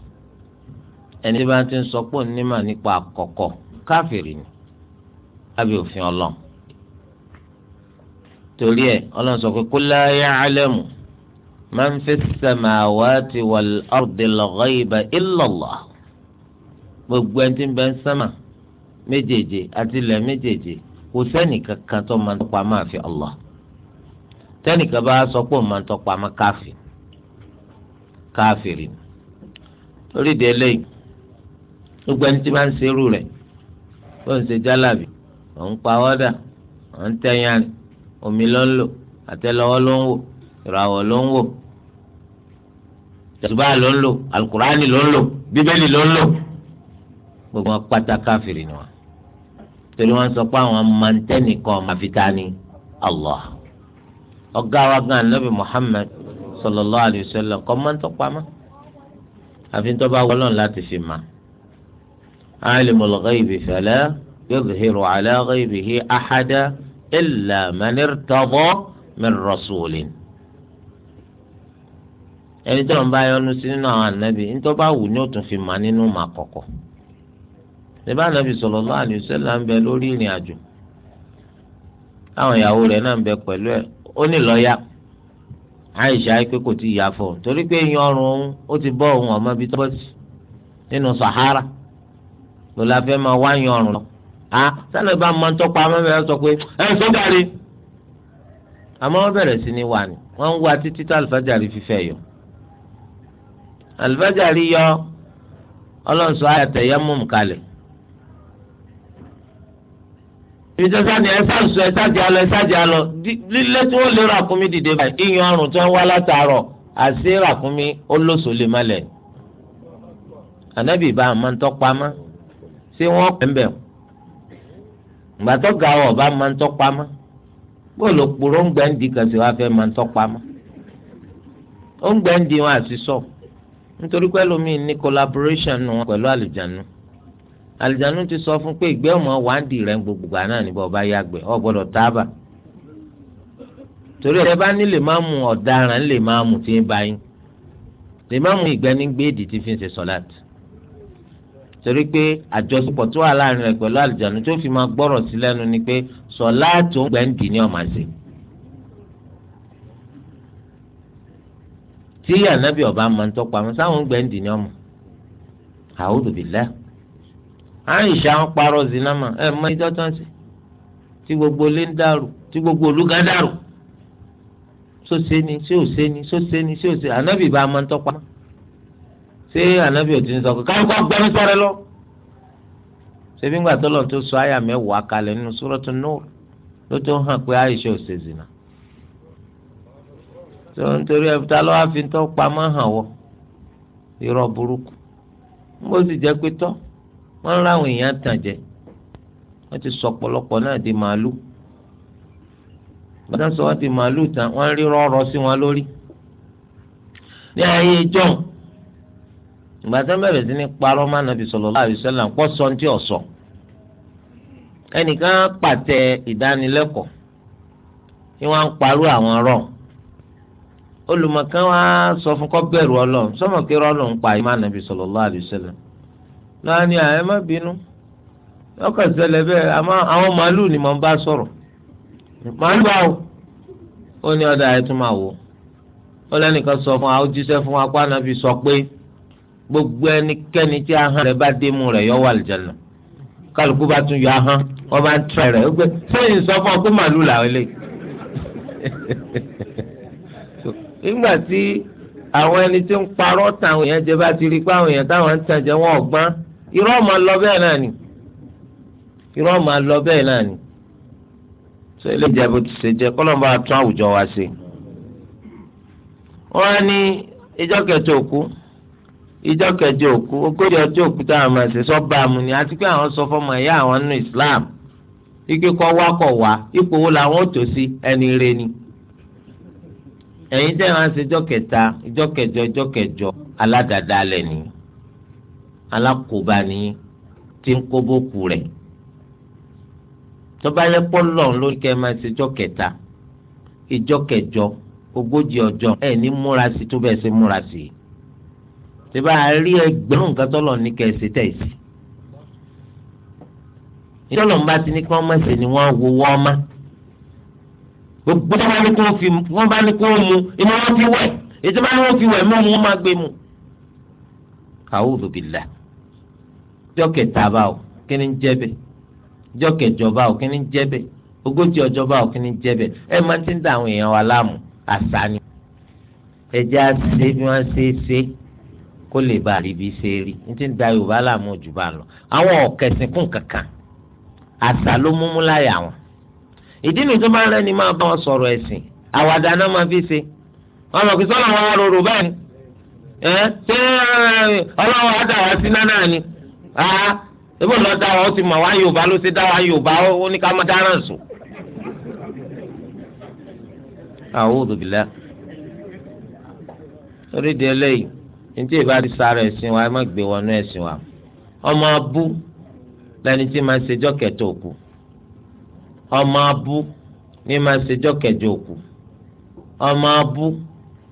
ẹni tí bá ti ń sọ pé òun ní mà nípa àkọ́kọ́ káfìrì ni lábẹ́ òfin ọlọ́run torí ẹ ọlọ́run sọ pé kó láyé alẹ́ mu man fi samawati wal ardi al-ghayba illa Allah gbogbo ẹni tí ń bẹ ń sánmà méjèèjì àti ilẹ̀ méjèèjì kò sẹ́nìkan kan tó máa ń tọpa máa fi Allah tẹ́nìkan bá sọ pé òun máa ń tọpa máa káfì káfìrì torí de eléyìí gbogbo ẹni tí máa ń serú rẹ̀ ó ń ṣe jálàbì ó ń pa ọ́dà ó ń tẹ́yàn omi ló ń lò àtẹ́lẹwọ́ ló ń wò ìràwọ̀ ló ń wò tẹ̀sùbá ló ń lò alukurani ló ń lò bíbélì ló ń lò gbogbo wọn pátá káfìrì ni wọn torí wọn sọ pé àwọn mantẹ́nì kan mafitani allah ọgá wa gan anabi muhammed sallallahu alayhi wa sallam kọ́ àfi tó bá wọlọ́n láti fi ma alimul ghaybi fala yuzhiru ala ghaybihi ahada illa man irtada min rasulin ẹni tó ń bá yọnu sí nínú àwọn ànábì nítorí bá wù ní òtún fi mà nínú mà kọ̀kọ̀ níbà ànábì sallallahu alaihi wasallam ń bẹ lórí ìrìn àjò táwọn ìyàwó rẹ̀ náà ń bẹ pẹ̀lú ẹ̀ ó ní lọ́ọ́yà Àìṣà pé kò tí ì yá fọ torí pé yan ọrùn òun ó ti bọ́ òun ọmọ bíi tọ́bọ̀tì nínú Sahara ló la fẹ́ máa wá yan ọrùn lọ à sálẹ̀ bá máa ń tọ́pa mẹ́mẹ́rin sọ pé ẹ̀ sọ́dà rí àmọ́ wọ́n bẹ̀rẹ̀ sí ní wà ní wọ́n ń wá títí tá àlùfáàjà rí fífẹ́ yọ alifajari yọ ọlọ́run sọ ayat tayammum kalẹ̀ ìjọba ni ẹ sáàsù ẹ sáàjì alọ ẹ sáàjì alọ lílé tí wọn lè ràkúnmí dìde báyìí iyan ọrùn tí wọn wá látàárọ̀ àti ràkúnmí olóṣò lè má lẹ ànábì bá máa ń tọpamọ ṣé wọn pẹmbẹ gbàtọ ga ọ bá máa ń tọpamọ bóòlù òpùrọ́ ń gbẹ́ndì kan sí wàá fẹ́ máa ń tọpamọ ó ń gbẹ́ndì wọn àti sọ. So nítorí pé ẹlòmíì ní collaboration nù wọn pẹ̀lú àlìjánu àlìjánu ti sọ fún pé ìgbẹ́ ọmọ wáńdì rẹ̀ ń gbogbo àná níbo ọba yàgbẹ́ ọ gbọ́dọ̀ tábà torí ẹ bá ní lè má ọ̀daràn lè má mu tí ń bá yín lè má mu ìgbẹ́ni tí fi ń ṣe sọ́láàtì torí pé àjọṣepọ̀ tó wà láàrin rẹ̀ pẹ̀lú àlìjánu tó fi máa gbọ́rọ̀ sí lẹ́nu ni pé sọ́láàtì òun gbẹ́ǹdì ni ọ̀ tí ànábì ọba máa ń tọpa mọ sáwọn gbẹ̀ǹdì ni ọmọ àwòrán bìlá àìsà ń parọ́ zina mà ẹ mọ ìjọ tán tí gbogbo ilé ń dàrú tí gbogbo olúga dàrú sóse ni sí òse ni sóse ni sí òse ànábì bá máa ń tọpa ṣé ànábì ò ti ń sọ kó káwọn kó gbẹmí sọ̀rọ̀ lọ ṣebí ńgbà tó lọ tó sọ àyà mẹ́wàá kalẹ̀ nínú Suratul Nur ló tó hàn pé àìsà òse zina. tó nítorí ẹ̀fúta ló wá fi tọ́ pamọ́ hàn wọ́ irọ́ burúkú mo sì jẹ́ pé tọ́ wọ́n ń ráwọn èèyàn tàn jẹ wọ́n ti sọ ọ̀pọ̀lọpọ̀ náà di màálù gbọ́dọ̀ sọ wọ́n ti màálù tán wọ́n ń rí rọ́ọ̀rọ̀ sí wọn lórí ní ayé john ìgbà bẹ̀rẹ̀ sí parọ́ má nàbì pọ́ sọ ní tí ò sọ ẹnìkan pàtẹ ìdánilẹ́kọ̀ọ́ olùmọ̀kan wá sọ fún kọ́ bẹ̀rù ọlọ́run sọ́mọ̀ pé rọ́ọ̀lù ń pa ìmọ̀ ànábì sallallahu alaihi wasallam náà ni àyẹ̀ má bínú ọkọ̀ ìṣẹ̀lẹ̀ bẹ́ẹ̀ àmọ́ àwọn màálù ni mò ń bá sọ̀rọ̀ màálù àwọ̀ ó ní ọ̀dà ẹ̀ tún máa wò ó lẹ́nìkan sọ fún àwọn jíṣẹ́ fún apá ànábì sọ pé gbogbo ẹnikẹ́ni tí ahọ́n rẹ̀ bá dé mu rẹ̀ yọ wọ́n bá ń tẹ̀ ó gbé sẹ́yìn sọ fún ọ pé màálù làwọn eléyìí nígbà tí àwọn ẹni tí ń parọ́ táwọn èèyàn jẹ bá ti rí pé àwọn èèyàn táwọn ń tàn jẹ wọn ọ̀gbọ́n irọ́ máa lọ bẹ́ẹ̀ náà ni irọ́ máa lọ bẹ́ẹ̀ náà ni ṣé ilé ìjẹ́bù ti ṣe jẹ́ kọ́lọ́mbà tún àwùjọ wa ṣe. wọ́n á ní ìjọ kẹjọ òkú ìjọ kẹjọ òkú ogójì ọjọ́ òkú táwọn máa ṣe sọ́ba mu ni àti pé àwọn sọ fọmọ ẹ̀yà àwọn nínú Islam ike kọ́ wá kọ̀ wá ipò wo làwọn ò tó sí ẹni rẹ ni ẹ̀yin tẹ́ máa ń ṣe ijọ́ kẹta ijọ́ kẹjọ ijọ́ kẹjọ aládàdalẹ̀ ni alákòóbá ni tí ń kóbókù rẹ̀ tọ́ba yẹ pọ́lọ́ ló ń kẹ́ máa ṣe ijọ́ kẹta ijọ́ kẹjọ ogójì ọjọ́ ẹ̀ ní múra sí tó bẹ́ẹ̀ ṣe múra sí tí bá a rí ẹgbẹ̀rún nǹkan tọ́lọ̀ ní kẹ́ ẹ ṣe tẹ̀ sí ìjọ́lọ́mbá ti ní kí wọ́n má ṣe ni wọ́n wo wọ́n má gbogbo wọn bá ní kó fi wọn bá ní kó mu inú wọn fi wẹ̀ ètò bá ní wọn fi wẹ̀ mú wọn máa gbé mu. a'udhu billah jọ́kẹ̀ta bá o kí ni ń jẹ́ bẹ́ẹ̀ jọ́kẹ̀jọ bá o kí ni ń jẹ́ bẹ́ẹ̀ ogójì ọjọ́ bá o kí ni ń jẹ́ bẹ́ẹ̀ ẹ máa ti ń da àwọn èèyàn wa láàmú àṣà ni. ẹja ṣe bí wọ́n ṣe ṣe kó lè bá àríbi ṣe rí ní ti ń da Yorùbá láàmú jù bá lọ àwọn ọ̀kẹ́sìnkún kankan àṣà ló múmú láyà wọn ìdí nìyí tó bá rẹ ni máa bá wọn àwàdà náà máa fi ṣe wọn kí wọn wá ẹ ṣé ọlọ́wọ́ á dà wá sí náà náà ni dá wa ó ti mọ̀ wá Yorùbá ló dá wa Yorùbá ó ní ká má dáná sùn. A'udhu lórí di eléyìí ìbá ti ẹ̀sìn wa ẹ má gbé wọnú ẹ̀sìn wa ọmọ abú lẹni tí máa ṣe jọ́kẹ̀tọ̀ òkú ọmọ abú ní máa ṣe jọkẹjọ òkú ọmọ abú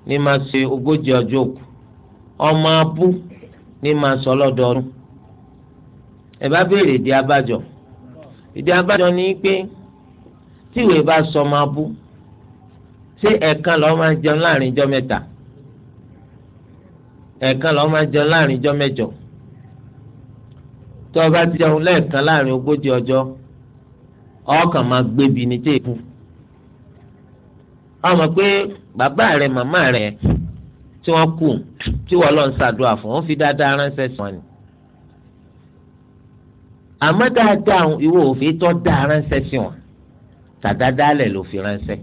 ní ṣe ogójì ọjọ́ òkú ọmọ abú ní ma sọ lọ́dọọdún ẹ bá béèrè ìdí abájọ ìdí abájọ pé tí ìwé bá sọ ọmọ abú ṣé ẹ̀ẹ̀kan máa jẹun láàrin ijọ́ mẹ́ta ẹ̀ẹ̀kan lọ́ọ́ máa jẹun láàrin ijọ́ mẹ́jọ bá jẹun lẹ́ẹ̀kan láàrin ogójì ọjọ́ ọkàn máa gbébi ní téèpù ọmọ pé bàbá rẹ màmá rẹ tí wọ́n kù tí wọ́n lọ ń ṣàdúrà fún wọn fi dáadáa ránṣẹ́ sí wọn ni àmọ́ dáadáa ìwọ òfin tó dáa ránṣẹ́ sí wọn tàdáadáa lẹ̀ ló fi ránṣẹ́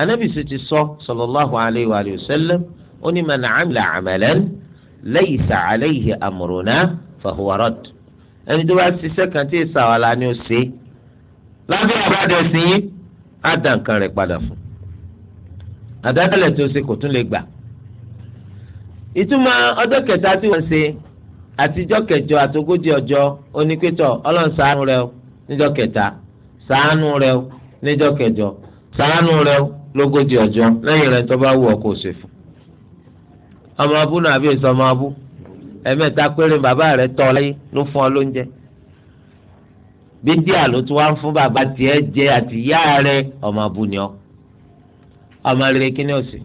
anabi sì ti sọ sallallahu alayhi wa sallam ó ní man amila amalan laysa alayhi amruna fahuwa ẹni tó bá ṣiṣẹ́ kan tí ì sàwálà ni ó ṣe é. lábẹ́ àbádẹ sí yín á dá nǹkan rẹ̀ padà fún àdádálẹ̀ tó ṣe kò tún lè gbà. ìtumọ̀ ọjọ́ kẹta tí wọ́n ṣe àtijọ́ kẹjọ àtogójì ọjọ́ ọlọ́run rẹ níjọ́ rẹ o níjọ́ kẹjọ rẹ lógójì ọjọ́ lẹ́yìn rẹ tó bá wù ọ́ kó ṣe fún. ọmọ abú àbí èso abú ẹ̀mẹ́ta péré bàbá rẹ tọ́ ló fún bíndí àló tí wọ́n fún bàbá tiẹ̀ jẹ àti ìyá rẹ̀ ọmọ abúni ọ ọmọ rere kí ni ó sì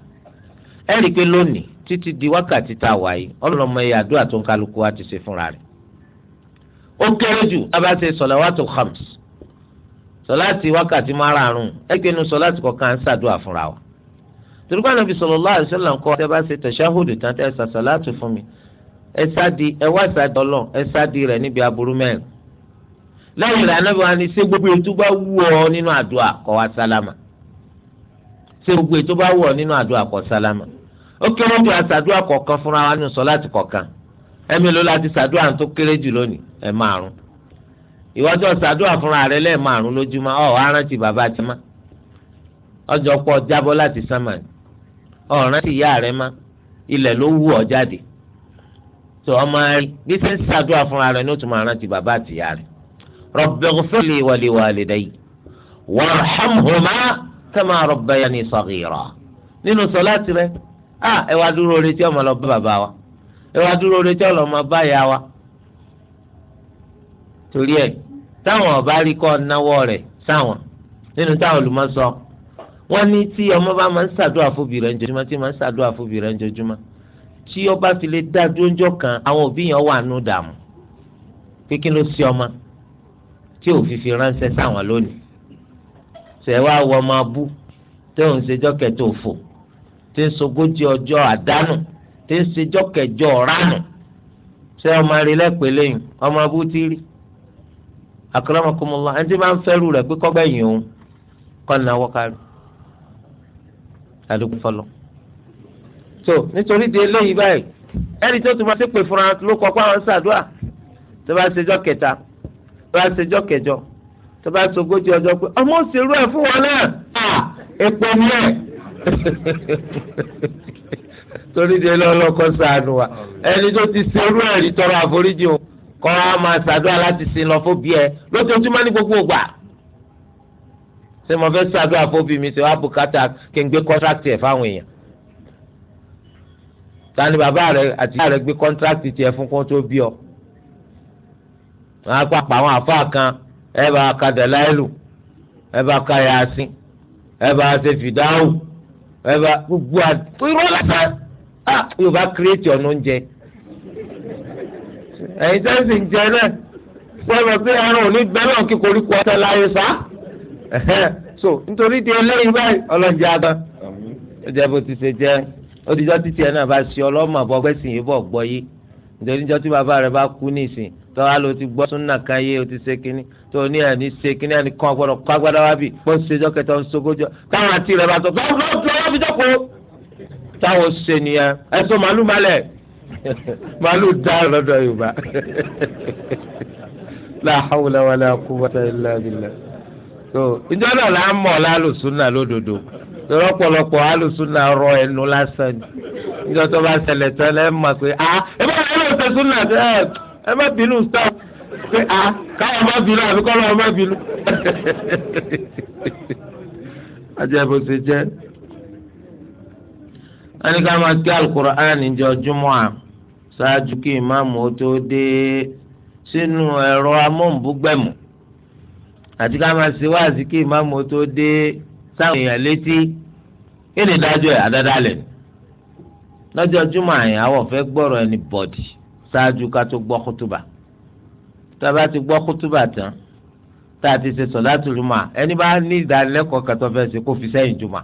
ẹ rí i pé lónìí títí di wákàtí tá a wà yìí ọlọ́mọ ẹ̀yà àdúrà tó ń kálukú wa ti ṣe fúnra rẹ̀ ó kéré jù abáṣe sọ̀làwátò khams sọ̀láàtì wákàtí márààrún ẹgbẹ́nu sọ̀láàtì kọ̀ọ̀kan ń ṣàdúrà fúnra wa torí pé Ànábì sallallahu alaihi wasallam ńkọ́ tẹ́ bá ṣe tẹ̀ṣáhùdù tán tẹ́ ṣàṣàlátù fún mi ẹ sáà di ẹ wá ìsáàdì ẹ sáà di rẹ̀ níbi aburú mẹ́rin lẹ́yìn rẹ̀ anábì wa gbogbo ètò bá wù ọ nínú àdúrà kọ́ wa sálámà ṣé gbogbo ètò bá wù nínú àdúrà kọ sálámà ó àṣàdúrà fúnra wa ní láti kọ̀ọ̀kan ẹ̀mí ló láti ṣàdúrà tó kéré jù lónìí ẹ̀ márùn ìwájú ọ̀ṣàdúrà fúnra rẹ̀ lẹ́ẹ̀ márùn lójúmọ́ ọ̀ arántí bàbá ti má ọjọ́ pọ̀ láti sánmà rántí ìyá má رب اغفر لي ولوالدي وارحمهما كما ربياني صغيرا nínú sọláàtì rẹ a ẹ wá dúró oore tí ọmọ lọ bá bàbá wa ẹ wá dúró oore tí ọlọmọ bá yá wa torí ẹ táwọn ọba rí kọ náwó rẹ sáwọn nínú táwọn olùmọ̀ sọ wọ́n ní tí ọmọ bá máa ń ṣàdúrà fóbi rẹ̀ ńjojúmọ́ tí máa ń ṣàdúrà fóbi rẹ̀ ńjojúmọ́ tí ọba fi lè dá dúnjọ́ kan àwọn òbí yẹn wà nù dààmú pé kí ló sí ọmọ tí òfin fi ránṣẹ́ sáwọn lónìí ṣe wá wọ ọmọ abú tó ń ṣejọ́ kẹtọ òfò tó ń sogójì ọjọ́ àdánù tó ń ṣejọ́ kẹjọ ọ̀ránù ṣé ọmọ rí lẹ́pẹ́ lẹ́yìn ọmọ abú ti rí akramakumullah ẹni tí máa ń fẹ́rù rẹ̀ pé kọ́gbẹ́yìn òun kọ́ ní awọ́ kárí àdúgbò fọlọ́ tó nítorí di eléyìí báyìí ẹni tó tún máa ṣépè fúnra ló kọ́ pé àwọn ń ṣàdúrà tó bá ṣejọ́ kẹta bá ṣèjọ́ kẹjọ tó bá ṣogójì ọjọ́ pé ọmọ òṣèlú ẹ̀ fún wọn náà epo ní ẹ̀ torí de lọ́lọ́kọ́ sànù wa ẹni tó ti ṣerú ẹ̀rí tọrọ àforíjì o kọ́ a máa ṣàdúrà láti sin lọ fóbi ẹ lójoojúmọ́ ní gbogbo ìgbà ṣé mo fẹ́ ṣàdúrà fóbi mi ṣe wá bùkátà kí n gbé kọ́ńtrákì ẹ̀ fáwọn èèyàn ta ni bàbá rẹ àti ìyá rẹ gbé kọ́ńtrákì tiẹ̀ fún kó tó bí ọ wọn á pàpà àwọn àfáà kan ẹ bá ka dàláìlù ẹ bá ka yasin ẹ bá ṣe fìdáwù ẹ bá gbogbo àti irọ́ lásán yóò bá kírètì ọ̀nà oúnjẹ ẹ̀yin tẹ́ ń jẹ náà sọ́dọ̀ sí ẹran òní bẹ́ẹ̀ náà koríko ọ̀tẹ̀ láyé sá so nítorí di eléyìí báyìí ọlọ́njẹ agan ó jẹ́ bó ti ṣe jẹ́ odijọ́ títí ẹ̀ náà bá ṣe ọlọ́mọ àbọ̀gbẹ́sìn yìí bọ̀ gbọ́ yìí nítorí níjọ́ tí bàbá rẹ̀ bá kú nísìn tọ́wá ló ti gbọ́ súnà kan yé o ti ṣe kínní tó ní àní ṣe kínní àní kan gbọ́dọ̀ kọ́ agbada wá bì bó ṣe jọ́ kẹta ń sogójọ́ táwọn àti rẹ̀ bá sọ bá bá tó wá bí dọ́kọ̀ táwọn ṣe nìyẹn ẹ̀sọ́ màálù malẹ̀ màálù dá lọ́dọ̀ Yorùbá la hawla wala quwwata illa billah tó ìjọ náà là ń mọ̀ lálù súnà lódodo lọ́pọ̀lọpọ̀ alùsùnà rọ ẹnu lásán ìjọ tó bá ṣẹlẹ̀ tẹ́lẹ̀ mọ̀ pé ah ẹ bá yẹ ẹ má bínú staff pé a káwọn má bínú àbí kọ́ lọ́wọ́ má bínú. ajẹ́ bó ṣe jẹ́ wọ́n ní ká máa gbé Al-Qur'ani jọ júmọ́ à ṣáájú kí ìmáàmù ó tó dé sínú ẹ̀rọ amóhùnbúgbẹ̀mù àti ká máa ṣe wáàsí kí ìmáàmù ó tó dé sáwọn èèyàn létí kí ni dájọ́ ẹ̀ àdádálẹ̀ lọ́jọ́ júmọ́ àyìn àwọ̀ fẹ́ gbọ́rọ̀ ẹni bọ̀dì ṣáájú ká tó gbọ́ kútúbà tá a bá ti gbọ́ kútúbà tán tá a ti ṣe sọ̀láàtù jùmọ̀ ẹni bá ní ìdánilẹ́kọ̀ọ́ kẹtọ́ fẹ́ ṣe kó fi sẹ́yìn jùmọ̀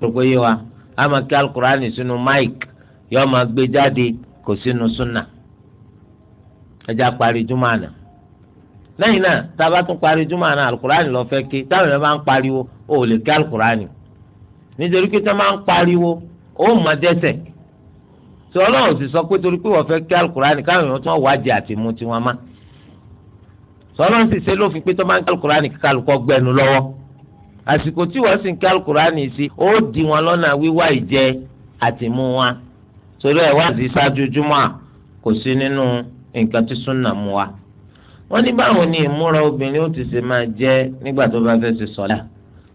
rògbò yé wa a máa kí alukurani sínú mike yóò máa gbé jáde kò sínú súnà ẹja parí jùmọ̀ àná lẹ́yìn náà tá a bá tún parí jùmọ̀ àná alukurani lọ fẹ́ ké táwọn èèyàn bá ń pariwo ó lè kí alukurani nítorí pé tá a máa ń pariwo ó mọ̀ dẹ́ṣẹ̀ sọ ọlọ́run sì sọ pé torí pé wọ́n fẹ́ kí alukurani káwọn èèyàn tún wájẹ àti mu tiwọn má sọ ọlọ́run sì ṣe lófin pé tó máa ń kí alukurani kí kálukọ́ gbẹnu lọ́wọ́ àsìkò tí wọ́n sì ń kí alukurani sí ó di wọn lọ́nà wíwá ìjẹ àti mu wọn torí ẹ̀ wá sí ṣáájú júmọ́ kò sí nínú nǹkan tí súnà mu wa wọ́n ní báwo ni ìmúra obìnrin ó ti ṣe máa jẹ́ nígbà tó bá fẹ́ ṣe sọ́lá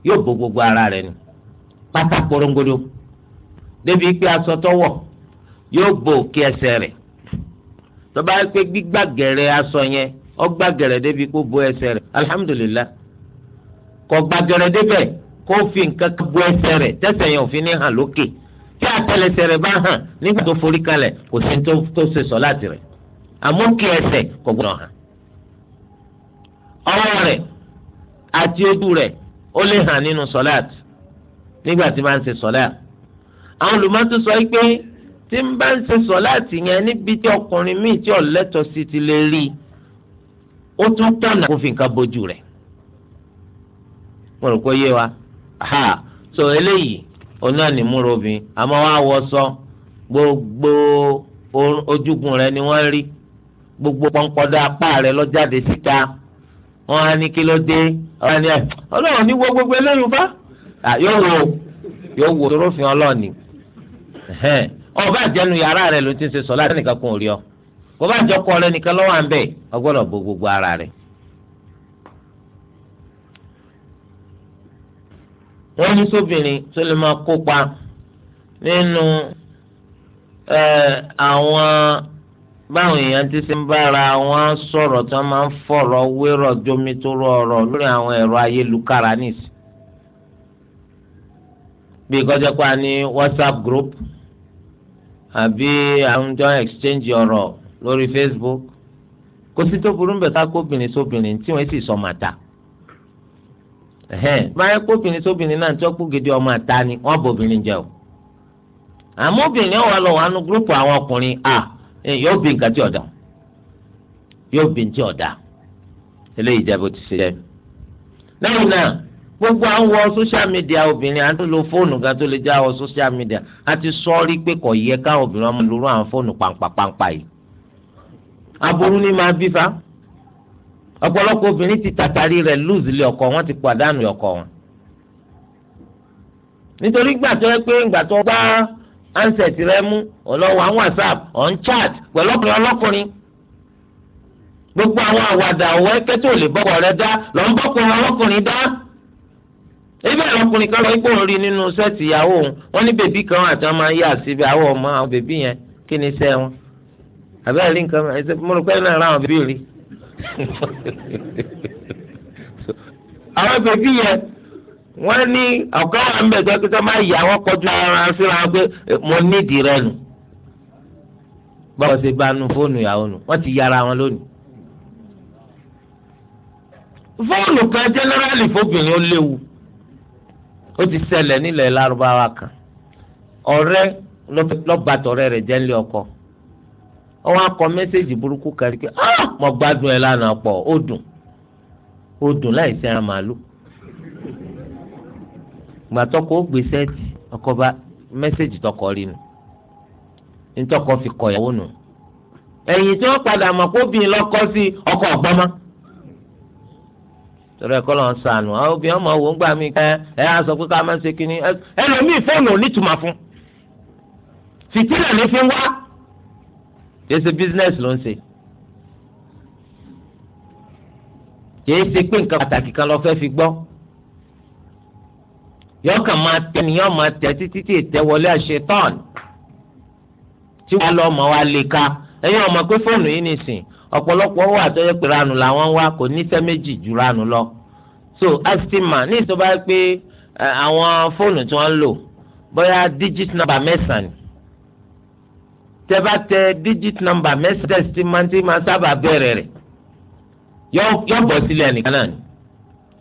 yóò bo gbogbo ara rẹ̀ nù pátákó yóò bo òkè ẹsẹ̀ rẹ̀ tó bá yẹ pé gbígbàgẹrẹ aṣọ yẹn ó gbàgẹrẹ débi kó bo ẹsẹ̀ rẹ̀ alihamudulilayi kò gbàgẹrẹ débẹ̀ kó fi nǹkan kan bo ẹsẹ̀ rẹ̀ tẹsẹ̀ yẹn ò fi ní hàn lókè tí àtẹ́lẹsẹ̀ rẹ̀ bá hàn nígbà tó forí kalẹ̀ kò sí tó ṣe sọ láti rẹ̀ àmókè ẹsẹ̀ kò gbọ́dọ̀ hàn ọwọ́ rẹ̀ àti ojú rẹ̀ ó lè hàn nínú sọláàt nígbà tí máa ń ṣe sọláàt àwọn olùmọ̀tò sọ pé tí ń bá ń ṣe sọ láti yẹn níbi tí ọkùnrin míì tí ọ̀lẹ́tọ̀ sí ti lè rí i ó tún tọ̀nà kó fi nǹkan bójú rẹ̀ mo rò pé yé wa ha so eléyìí òun ni ní múra obìnrin àmọ́ wọ́n á wọṣọ gbogbo ojúgun rẹ̀ ni wọ́n rí gbogbo pọ́npọ́dọ́ apá rẹ̀ ló jáde síta wọ́n á ní kí ló dé ọ̀rọ̀ ni ẹ̀ ọlọ́run ní wo gbogbo eléyìí bá yóò wo yóò wo torófin ọlọ́ọ̀ni ọba àjẹnu yàrá rẹ ló ti ń ṣe sọ láti nìkan kún orí ọ kò bá jọ kọ rẹ nìkan lọ́wọ́ à ń bẹ̀ ọ gbọ́dọ̀ bo gbogbo ara rẹ. wọ́n ní sóbìnrin tó lè máa kópa nínú àwọn báwọn èèyàn ti ṣe ń bára wọn sọ̀rọ̀ tí wọ́n máa ń fọ̀rọ̀ wérọ̀ jomitoro ọ̀rọ̀ lórí àwọn ẹ̀rọ ayélujára nìsí. bí kọjá pa ní WhatsApp group. àbí àwùjọ exchange ọ̀rọ̀ lórí Facebook kò sí tó burú bẹ̀ ká sóbìnrin tí wọ́n sì sọ màtà báyẹn kóbìnrin sóbìnrin náà tí wọ́n kú gidi ọmọ àta ni wọ́n bòbìnrin jẹ o àmọ́ obìnrin ọ̀wà lọ wà nù gúrúùpù àwọn ọkùnrin à yóò bí nǹkan tí ọ̀dà yóò bí nǹkan tí ọ̀dà eléyìí gbogbo à wọ social media obìnrin à ń lo fóònù gan tó lè já wọ social media a ti rí pé kò yẹ káwọn obìnrin ọmọ lóru àwọn fóònù yìí aburú ni máa bí fa ọ̀pọ̀lọpọ̀ obìnrin ti tàtàrí rẹ̀ lé ọkọ wọn ti pàdánù ọkọ wọn nítorí gbà tó yẹ pé ìgbà tó whatsapp on chat ọlọ́kùnrin gbogbo àwọn àwàdà ẹ̀kẹ́ tó lè ebi àwọn ọkùnrin kan lọ ipò orí nínú sẹ́ẹ̀tì ìyàwó òun wọ́n ní bèbí kan àti wọ́n máa ń yà síbi àwọn ọmọ àwọn bèbí yẹn kí ni sẹ́ wọn àbẹ́rẹ́ rí nǹkan ẹ̀sẹ̀ mo rò pé náà ra àwọn bèbí rí àwọn bèbí yẹn wọ́n ní ọ̀kan wà ń bẹ̀ jẹ́ pé sọ́mà yà wọ́n kọjú ara síra pé eh, mo nídìí rẹ nù báwo ṣe bá nu fóònù ìyàwó nù wọ́n ti yára wọn lónìí fóònù kan jẹ́nẹ́rálì fóbìnrin ó léwu. ó ti ṣẹlẹ̀ nílẹ̀ lárúbáwá kan ọ̀rẹ́ lọ́ba ọrẹ rẹ̀ jẹ́ nílé ọkọ ó wá kọ mẹ́sẹ̀gì burúkú kárí pé ah, mo gbádùn ẹ lánàá pọ̀ ó dùn ó dùn láì sẹ́ran màálù ọkọ bá tọkọ rí nu fi kọ ìyàwó nù ẹ̀yìn tí wọ́n padà mọ̀ ọkọ ọ̀gbọ́n tọrọ ẹkọ lọ sànù àwọn obìnrin ọmọ wò ń gbà mí kẹ ẹ á sọ pé ká máa ń ṣe kínní ẹ lọ mí fóònù onítùmọ̀ fún fìtílà ní fi wá kìí ṣe bísínẹ́sì ló ń ṣe kìí ṣe pé nǹkan pàtàkì kan lọ fẹ́ fi gbọ́ yọkàn máa tẹ nìyọ máa tẹ títí tí ètẹ àṣetán tí wọn lọ mọ wa lè ka ẹ̀yin ọmọ pé fóònù yìí nìsín ọ̀pọ̀lọpọ̀ wà tó yẹ pé ranù làwọn wá kò níṣẹ́ méjì ju ranù lọ so astima ní ìtọ́ba pé àwọn fóònù tí wọ́n ń lò bóyá digit number mẹ́sàn-án tẹ́ bá tẹ digit number mẹ́sàn-án tí máa ti máa sábà bẹ̀rẹ̀ rẹ̀ yọ bọ̀ sílẹ̀ ẹnìkan náà ni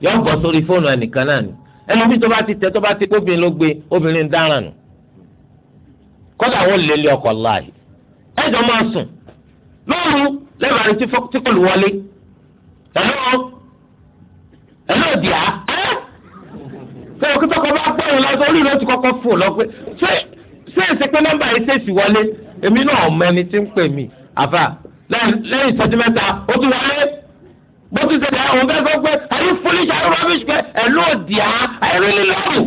yọ bọ̀ sórí fóònù ẹnìkan náà ni ẹlòmíì tó bá ti tẹ tó bá ti kóbìnrin ló gbé obìnrin dáràn nù wọn lè lé ọkọ̀ láàyè ẹjọ máa sùn lóru lẹ́bàá ní tí kò lù wọlé ẹ̀lọ́ ẹ̀lọ́ dìá ẹ́ o kíkọ́ bá gbọ́rùn lọ́sọ orí ló ti kọ́kọ́ fò lọ pé ṣé ṣé èsì pé nọ́mbà yìí ṣèṣì wọlé èmi náà mọ ẹni tí ń pè mí àfà lẹ́yìn ìṣẹ́jú mẹ́ta ó tún wọlé bó tún ṣe dà àwọn bẹ́ẹ̀ sọ pé àyè fúlíṣà àrùn rọ́bìṣì pé ẹ̀lọ́ dìá àìrílẹ̀ lọ́rùn.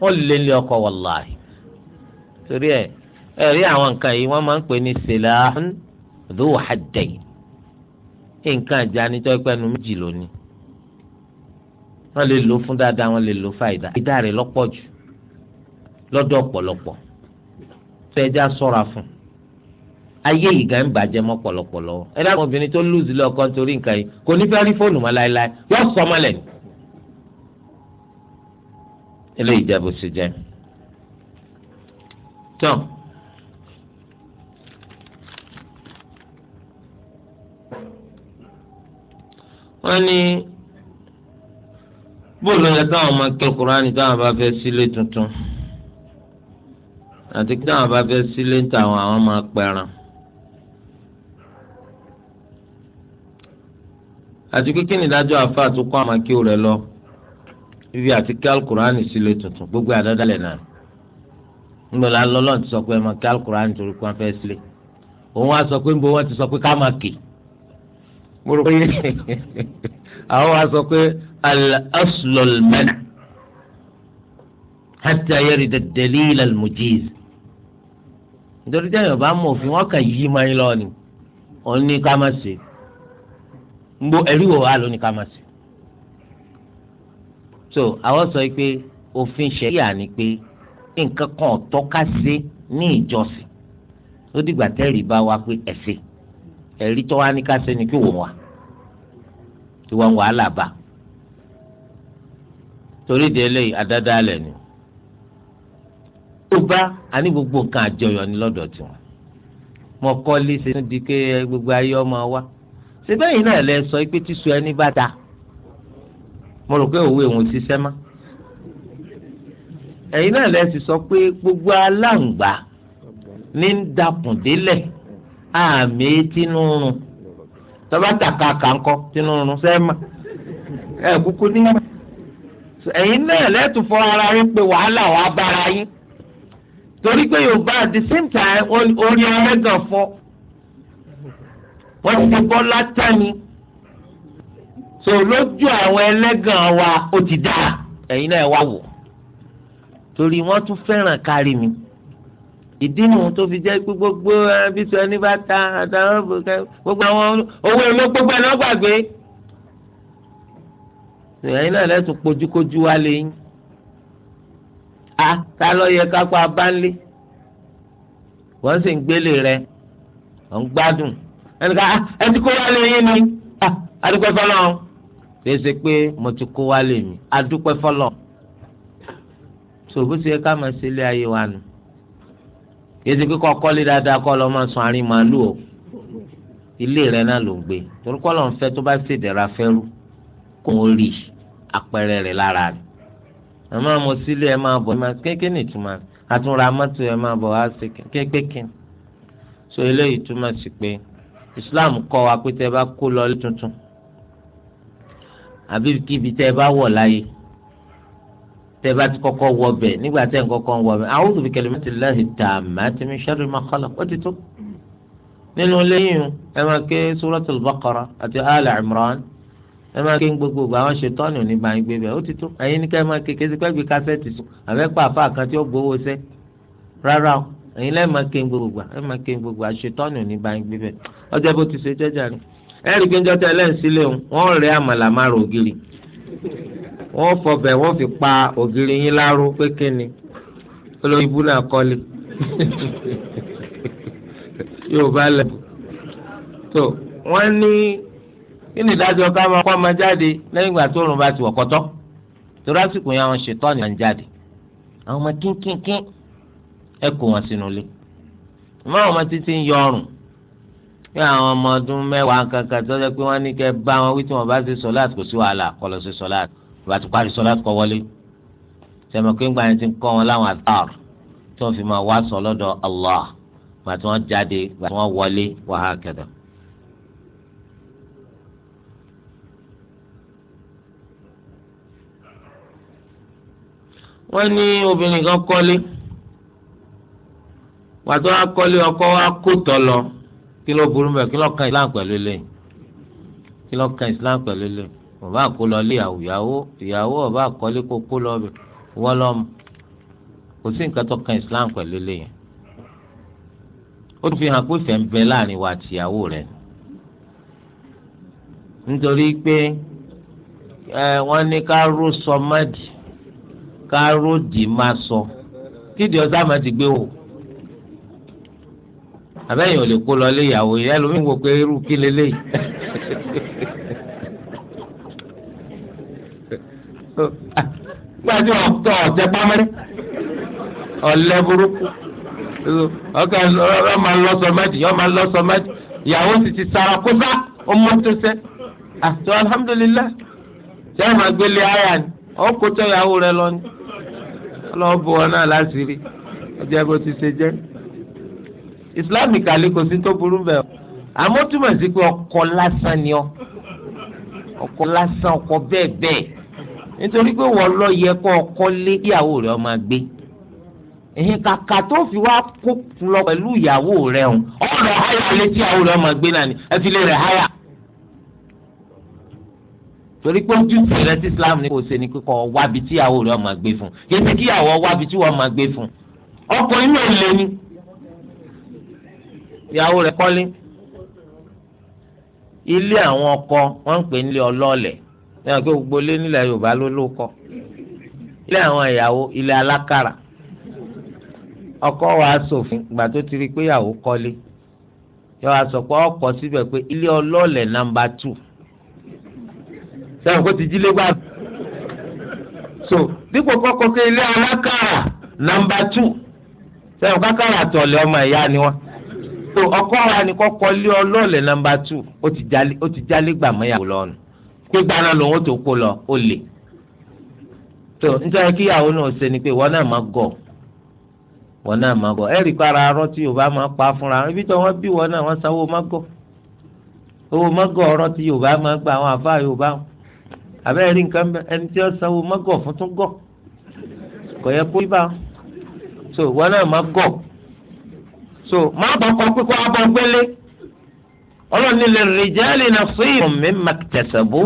wọ́n lé ní ọkọ̀ torí ẹ ẹ rí àwọn nǹkan yìí wọ́n máa ń pè ní silahun dhu haddayn nǹkan ìjà níjọ́ ìpẹ́nu méjì lónìí wọ́n lè lò fún dáadáa wọ́n lè lò fàyídà ìdá rẹ̀ lọpọ jù lọdọ ọ̀pọ̀lọpọ̀ tó ẹja sọ́ra fún ayé ìgà ń bàjẹ́ mọ́ pọ̀lọpọ̀lọ ẹ dáhùn obìnrin tó lùzì lọ́kọ́ nítorí nǹkan yìí kò ní fẹ́ rí fóònù mọ́ láéláé yọ sọ mọ́lẹ̀ ni eléyìí jẹ́ bó tọ́ wọ́n ní bóòlù yẹn táwọn máa kí kuraani táwọn bá fẹ́ sílé tuntun àti táwọn bá fẹ́ sílé táwọn àwọn máa pẹran. àti kíkín ìdájọ́ àfa àtúkọ́ àmàkíw rẹ̀ lọ ibi àti kí alukur'ani sílé tuntun gbogbo àdádálẹ̀ náà. ńgbọ́n la lọ́lọ́ ti sọ pé ẹ máa kí alukur'an torí kí wọ́n fẹ́ sílẹ̀ òun wá sọ pé ńgbọ́n wọ́n ti sọ pé ká máa kì mo rò pé àwọn wá sọ pé al-aslul-mana hatta yarida nítorí jẹ́ yorùbá mọ̀ òfin wọn kà yí máa lọ ni òun ní ká má ṣe ńgbọ́ ẹ̀rí wò wá lónìí ká má ṣe so àwọn sọ pé òfin ṣẹ̀ríà ni pé nǹkan kan ọ̀tọ́ ká ṣe ní ìjọsìn ó dìgbà tẹ́rì bá wa pé ẹ̀sìn ẹ̀rí tó wá ní ká ṣe ni kí wọ́n wà tí wọ́n wàhálà bá torí de eléyìí àdádálẹ̀ ni tó bá a ní gbogbo nǹkan àjọyọ̀ ni lọ́dọ̀ tiwọn mo kọ́ lé ṣe di pé gbogbo ayé ọmọ wa ṣe bẹ́ẹ̀ yìí náà lẹ sọ pé tíṣu ẹni bá ta mo rò pé òwe òun ti máa ẹ̀yin náà lẹ́sìn sọ pé gbogbo aláǹgbá ní ń dakùn délẹ̀ àmì tínúrun tọ́ba tàka kàńkọ́ tínúrun sẹ́ẹ̀mà ẹ̀ kúkú ní mà ẹ̀yin náà lẹ́tù fọ ara yín pé wàhálà wàá bára yín torí pé yorùbá at the same time orin ẹlẹ́gàn fọ́ wọ́n ti bọ́ látàní so lójú àwọn ẹlẹ́gàn wa ó ti dáa ẹ̀yin náà wá wò torí wọ́n tún fẹ́ràn kárí mi ìdí nu tó fi jẹ́ pé gbogbo eh, bí sọ ẹni bá ta àtàwọn gbogbo àwọn owó èlò gbogbo ẹ̀ náà gbàgbé náà lẹ́sùn kojúkojú wa lè a ta ló yẹ kápá abánlé wọ́n sì ń gbélé rẹ̀ ọ̀ ń gbádùn ẹnìká ah, ẹtí kó wá lè yín ni adúpẹ́ ah, fọlọ́ fèsì pé mo ti kó wá lè mí adúpẹ́ sòbó ṣe ká máa ṣe ilé ayé wa nù yéésì kíkọ́ kọ́lé dáadáa kọ́ lọ́ máa sun àárín màálù o ilé rẹ náà ló ń gbé torí kọ́ ló ń fẹ́ tó bá ṣèdẹ̀ra fẹ́rú kó o rí àpẹẹrẹ rẹ lára rẹ ẹ máa mọ sílé ẹ máa bọ̀ ẹ máa kéèké nìtumọ̀ àtúnra mọ́tò ẹ máa bọ̀ á ṣe kéèké kín so eléyìí túmọ̀ sí pé Islam kọ́ wa pé tẹ́ bá kó lọ tuntun àbí kíbi tẹ́ bá wọ̀ láyé tẹ́ bá ti kọ́kọ́ wọ bẹ̀ nígbà tẹ́ ń kọ́kọ́ wọ bẹ̀ a'udhu bi kalimatillahi tammati min sharri ma khalaq ó ti tó. nínú lẹ́yìn ẹ máa ké suratul baqara àti ali imran ẹ máa ké gbogbo àwọn ṣètọ́nù ní bá ń gbé bẹ̀ ó ti tó. ẹ̀yin ní ká ẹ máa ké kése pẹ́ gbé kásẹ̀tì sùn àbẹ́pà àfa kan tí ó gbowó sẹ́ rárá o ẹ̀yin lẹ́yìn máa ké gbogbo ẹ máa ké gbogbo àṣetọ́nù ní bá ń ọjọ́ wọ́n fọbẹ̀ wọ́n fi pa ògiri yín láró pé kíni olórí ibú náà kọ́lé yóò bá lẹ̀ tó wọ́n ní kíni ìdájọ́ ká máa kọ́ ọmọ jáde lẹ́yìn ìgbà tó rùn bá ti wọ̀kọ́tọ́ torí àsìkò yẹn àwọn ṣètọ́ ni wọ́n ń jáde àwọn ọmọ kínkínkín ẹ kó wọn sínú ilé ìmọ̀ àwọn ọmọ títí ń yọ ọrùn pé àwọn ọmọ ọdún mẹ́wàá kankan tó jẹ́ pé wọ́n ní kẹ́ bá wọn wí tí wọ́n bá ṣe sọ́láàtì kò sí wàhálà kọ́ lọ sí sọ́láàtì ìbá ti parí sọlá kọ wọlé sẹmọ pé ńgbà yẹn ti kọ́ wọn láwọn àtàr tí wọ́n fi máa wá sọ lọ́dọ̀ Allah ìgbà tí wọ́n jáde ìgbà tí wọ́n wọlé wàhálà kẹdà. wọ́n ní obìnrin kan kọ́lé wàtí wọ́n kọ́lé wa kó tọ́ lọ kí ló burú mẹ́ kí ló kan Islam pẹ̀lú lẹ́yìn kí ló kan Islam pẹ̀lú lẹ́yìn bàbá kó lọ lé ìyàwó ìyàwó ìyàwó ọba àkọlé kó kó lọ wọ́n lọ kò sí nǹkan tó kan Islam pẹ̀lú eléyìí ó fi hàn pé ìfẹ́ ń bẹ láàrin wa àti ìyàwó rẹ̀ nítorí pé wọ́n ní ká ró sọmọ́dì ká ró dì má sọ kídìí ọ̀sá máa ti gbé wò abẹ́yìn ò lè kó lọ lé ìyàwó yẹn lómi wò pé irú kí lélẹ́yìí. gbàdí ọ̀tọ̀ ọ̀tẹ̀ pamẹ́rẹ́ ọ̀lẹ́ burúkú ọkà ọmọ lọ́sọ̀ mẹ́tì ọmọ lọ́sọ̀ mẹ́tì ìyàwó sì ti sara kúsá ọmọ tó sẹ́ àti alhamdulilah ṣé ẹ máa gbélé àyà ni ọkọtọ ìyàwó rẹ lọ ni ọlọ́ọ̀bù wọn náà láṣìírí ọjọ́ ẹgbẹ́ ti ṣe jẹ́ ìsìláàmù kàlí kò sí tó burú bẹ́ẹ̀ àmọ́ túmọ̀ sí pé ọkọ lásán ni ọ ọkọ lásán ọkọ bẹ́ẹ̀ bẹ́ẹ̀ nítorí pé wọ́n lọ yẹ kó kọ́lé ìyàwó rẹ̀ ọmọ gbé èyàn kàkà tó fi wá kó lọ pẹ̀lú ìyàwó rẹ̀ ọ̀hún ọ̀rọ̀ háyà létí ìyàwó rẹ̀ ọmọ gbé náà ni ẹ fi lè rẹ̀ háyà. torí pé ojú ti rẹ tí Islam ní kò ṣe ni kíkọ wábi tí ìyàwó rẹ̀ ọmọ gbé fún kí kí ìyàwó wábi tí wọ́n máa gbé fún ọkọ inú ẹ̀ lé ní. ìyàwó rẹ̀ kọ́lé ilé àwọn ọkọ wọ́n ń pè ní ọlọ́ọ̀lẹ̀ ní àgbẹ̀ gbogbo lé nílẹ̀ Yorùbá ló ló kọ́ ilé àwọn ìyàwó ilé alákàrà ọkọ wa ṣòfin ìgbà tó ti ri pé ìyàwó kọ́lé yọ pé ọkọ síbẹ̀ pé ilé ọlọ́ọ̀lẹ̀ nàmbà tù sẹ́wọ̀n kó ti jílé gbà. so dípò kọ́kọ́ pé ilé alákàrà nàmbà tù sẹ́wọ̀n kákàrà ọmọ ìyá ni wọ́n so ọkọ wa ni kọ́kọ́ lé ọlọ́ọ̀lẹ̀ nàmbà tù ó ti jálé gbàmọ́ ìyàwó ké gbaná lòun tó kó lọ ó lè tó nítorí kíyàwó náà ṣe ni pé wọn náà máa gọ̀ wọn náà máa gọ̀ ẹ rí para arọ tí yorùbá máa pa fúnra ibi tí wọn bí wọn náà wọn sanwó máa gọ̀ owó máa gọ̀ ọ̀rọ̀ tí yorùbá máa gba àwọn àfa yorùbá àbẹ́rẹ́ rí nǹkan ẹni tí wọ́n sanwó máa gọ̀ fún tún gọ̀ kò yẹ kó bá so wọn náà máa gọ̀ so má bọ̀ kọ́ pé kó abọ́ gbélé ọlọ́ọ̀ni lè náà fún ìrùn mi màkìtẹ̀sẹ̀ bó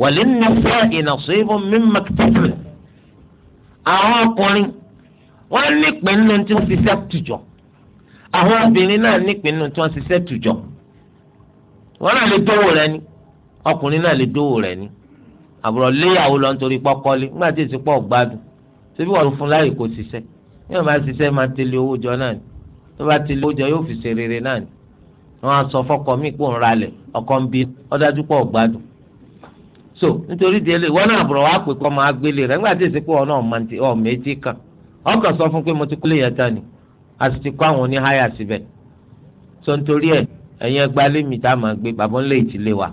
wàlẹ́ nífà ìnàṣọ ibò mímọ tẹ̀sán àwọn ọkùnrin wọ́n nípìn nínú tí wọ́n ṣiṣẹ́ tùjọ àwọn obìnrin náà nípìn nínú tí wọ́n ṣiṣẹ́ tùjọ wọ́n náà lè dówó rẹ̀ ni ọkùnrin náà lè dówó rẹ̀ ni àbúrò léyàwó lọ nítorí pọ́kọ́lé nígbà tí èsì pọ̀ gbádùn síbí wọ́n fún láyè kó ṣiṣẹ́ yóò máa ṣiṣẹ́ máa tẹ̀lé owó jọ náà ni tó bá tẹ̀lé owó jọ yóò fi ṣe rere náà ni wọ́n á sọ fọ́kọ mí kó ń ralẹ̀ ọkọ ń bí ọdájú pọ̀ gbádùn so nítorí di ẹlẹ ìwọ náà bọ̀rọ̀ wá pè kọ́ máa gbélé rẹ̀ nígbà tí kan ọkàn sọ fún pé mo ti kúlẹ̀ tán ni a sì ti kọ́ àwọn oníháyà so nítorí ẹ̀yin ẹgbàá lé mi tá a máa gbé bàbá ńlẹ̀ ìtìlẹ̀ wa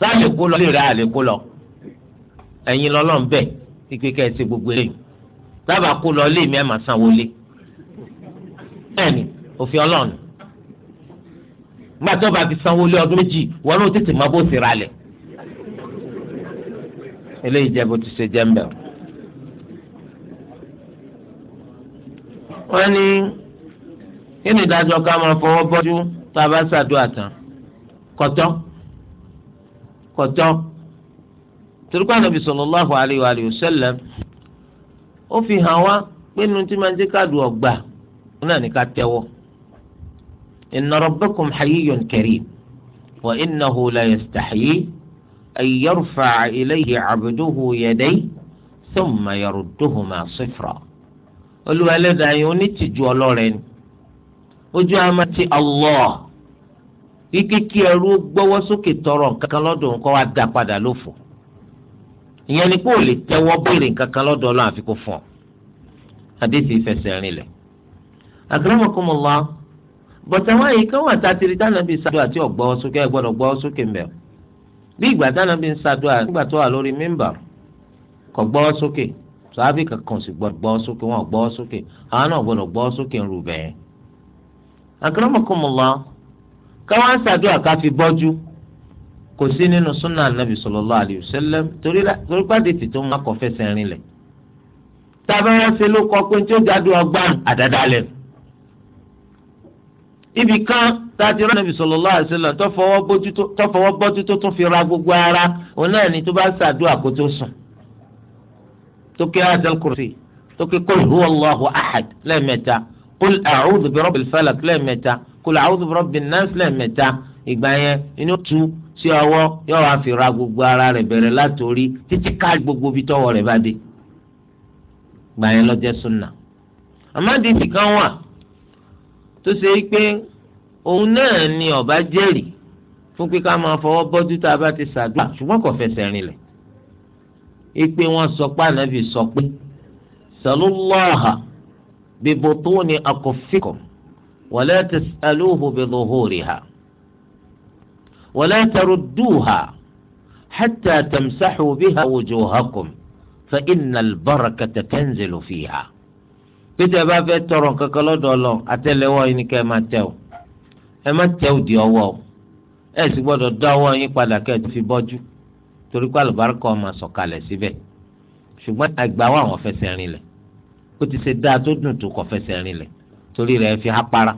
sáàlì kó lọ àlè kó gbogbo eléyìí dábà kó lọ lé mi máa sanwó lé òfin bá fi sanwó lé ọdún méjì wọn ra eléyìí jẹ́ bó ti ṣe jẹ́ mbẹ́. wọ́n ní kí ni ìdájọ́ ká máa fọwọ́ bọ́jú tá a bá ṣàdúrà tán kọ̀tọ́ kọ̀tọ́ tìrúkọ́ ànábì sallallahu alayhi wa sallam ó fi hàn wá pé nu tí máa ń jẹ́ káàdù ọ̀gbà náà ní ká tẹ́wọ́ inna rabbakum hayyun karim wa innahu la yastahyi. أن يرفع إليه عبده يديه ثم يردهما صفرا olúwa ẹlẹ́dàá yìí onítìjú ọlọ́rẹ̀ ni ojú àmà ẹrú a sókè tọrọ nǹkan kan nǹkan wá dá padà lófò ìyẹn ni pé ò lè tẹ́wọ́ béèrè nǹkan kan lọ́dọ̀ àfi kó fún ọ adéṣe a ti rí tánàbí sáadọ́ àti bí ìgbà dáná bí ń ṣàdúrà nígbà tó wà lórí mímbà kò gbọ́ sókè sàábì kankan sì gbọ́ sókè wọn gbọ́ sókè àwọn náà gbọ́dọ̀ gbọ́ sókè ń rù bẹ́ẹ̀. akramakumullah káwọn ń ṣàdúrà ká fi bọ́jú kò sí nínú súnà nàbì sallallahu alayhi wa sallam torí pàdé tìtò wọn kò fẹsẹ̀ rinlẹ̀ tàbí wọn ṣe ló kọ pé tí ó jáde ọgbà àdádálẹ̀ ibì kan tàti rán nàbì sallallahu alaihi wasallam tọ́fọwọ́ bọ́tú tó tún fi ra gbogbo ara òun náà ni tó bá ṣàdúrà kó tó sùn tó kí ayatul kursi tó kí qul huwallahu ahad lẹ́ẹ̀mẹ́ta qul a'udhu birabbil falaq lẹ́ẹ̀mẹ́ta qul a'udhu birabbin nas lẹ́ẹ̀mẹ́ta ìgbà yẹn inú tu sí ọwọ́ yóò wá fi ra gbogbo ara rẹ̀ bẹ̀rẹ̀ látòrí títí ká gbogbo bí tọwọ́ rẹ̀ bá dé ìgbà yẹn ló jẹ́ sunna àmọ́ òun náà ni ọba jẹ́rìí fún pé ká máa fọwọ́ bọ́jú tá a bá ti ṣàdúrà ṣùgbọ́n kò fẹsẹ̀ rinlẹ̀ ipe wọn sọ pé ànábì sọ pé sàlúlọ́ọ̀hà bíbo tó ní akọ̀fíkọ̀ wọlé tẹsàlúhù bíbo hóòrè ha wọlé tẹrùdúhà hàtà tẹmsáhù bíhà wòjò hàkùm fẹ iná bàràkà tẹkẹ́ńzẹ̀lù fìhà pété bá fẹ́ tọrọ kankan lọ́dọ̀ àtẹlẹwọ́ yìí ni kẹ́ máa tẹ́ o ẹ má tẹ òdì ọwọ́ o ẹ sì gbọ́dọ̀ dá ọwọ́ yín padà kẹ́ ẹ ti fi bọ́jú torí pé àlùbáríkà ọmọ sọ̀kalẹ̀ síbẹ̀ ṣùgbọ́n àgbà wa àwọn fẹsẹ̀ rin lẹ̀ ó ti ṣe dáa tó dùn tó kọ fẹsẹ̀ rin lẹ̀ torí rẹ̀ fi hápára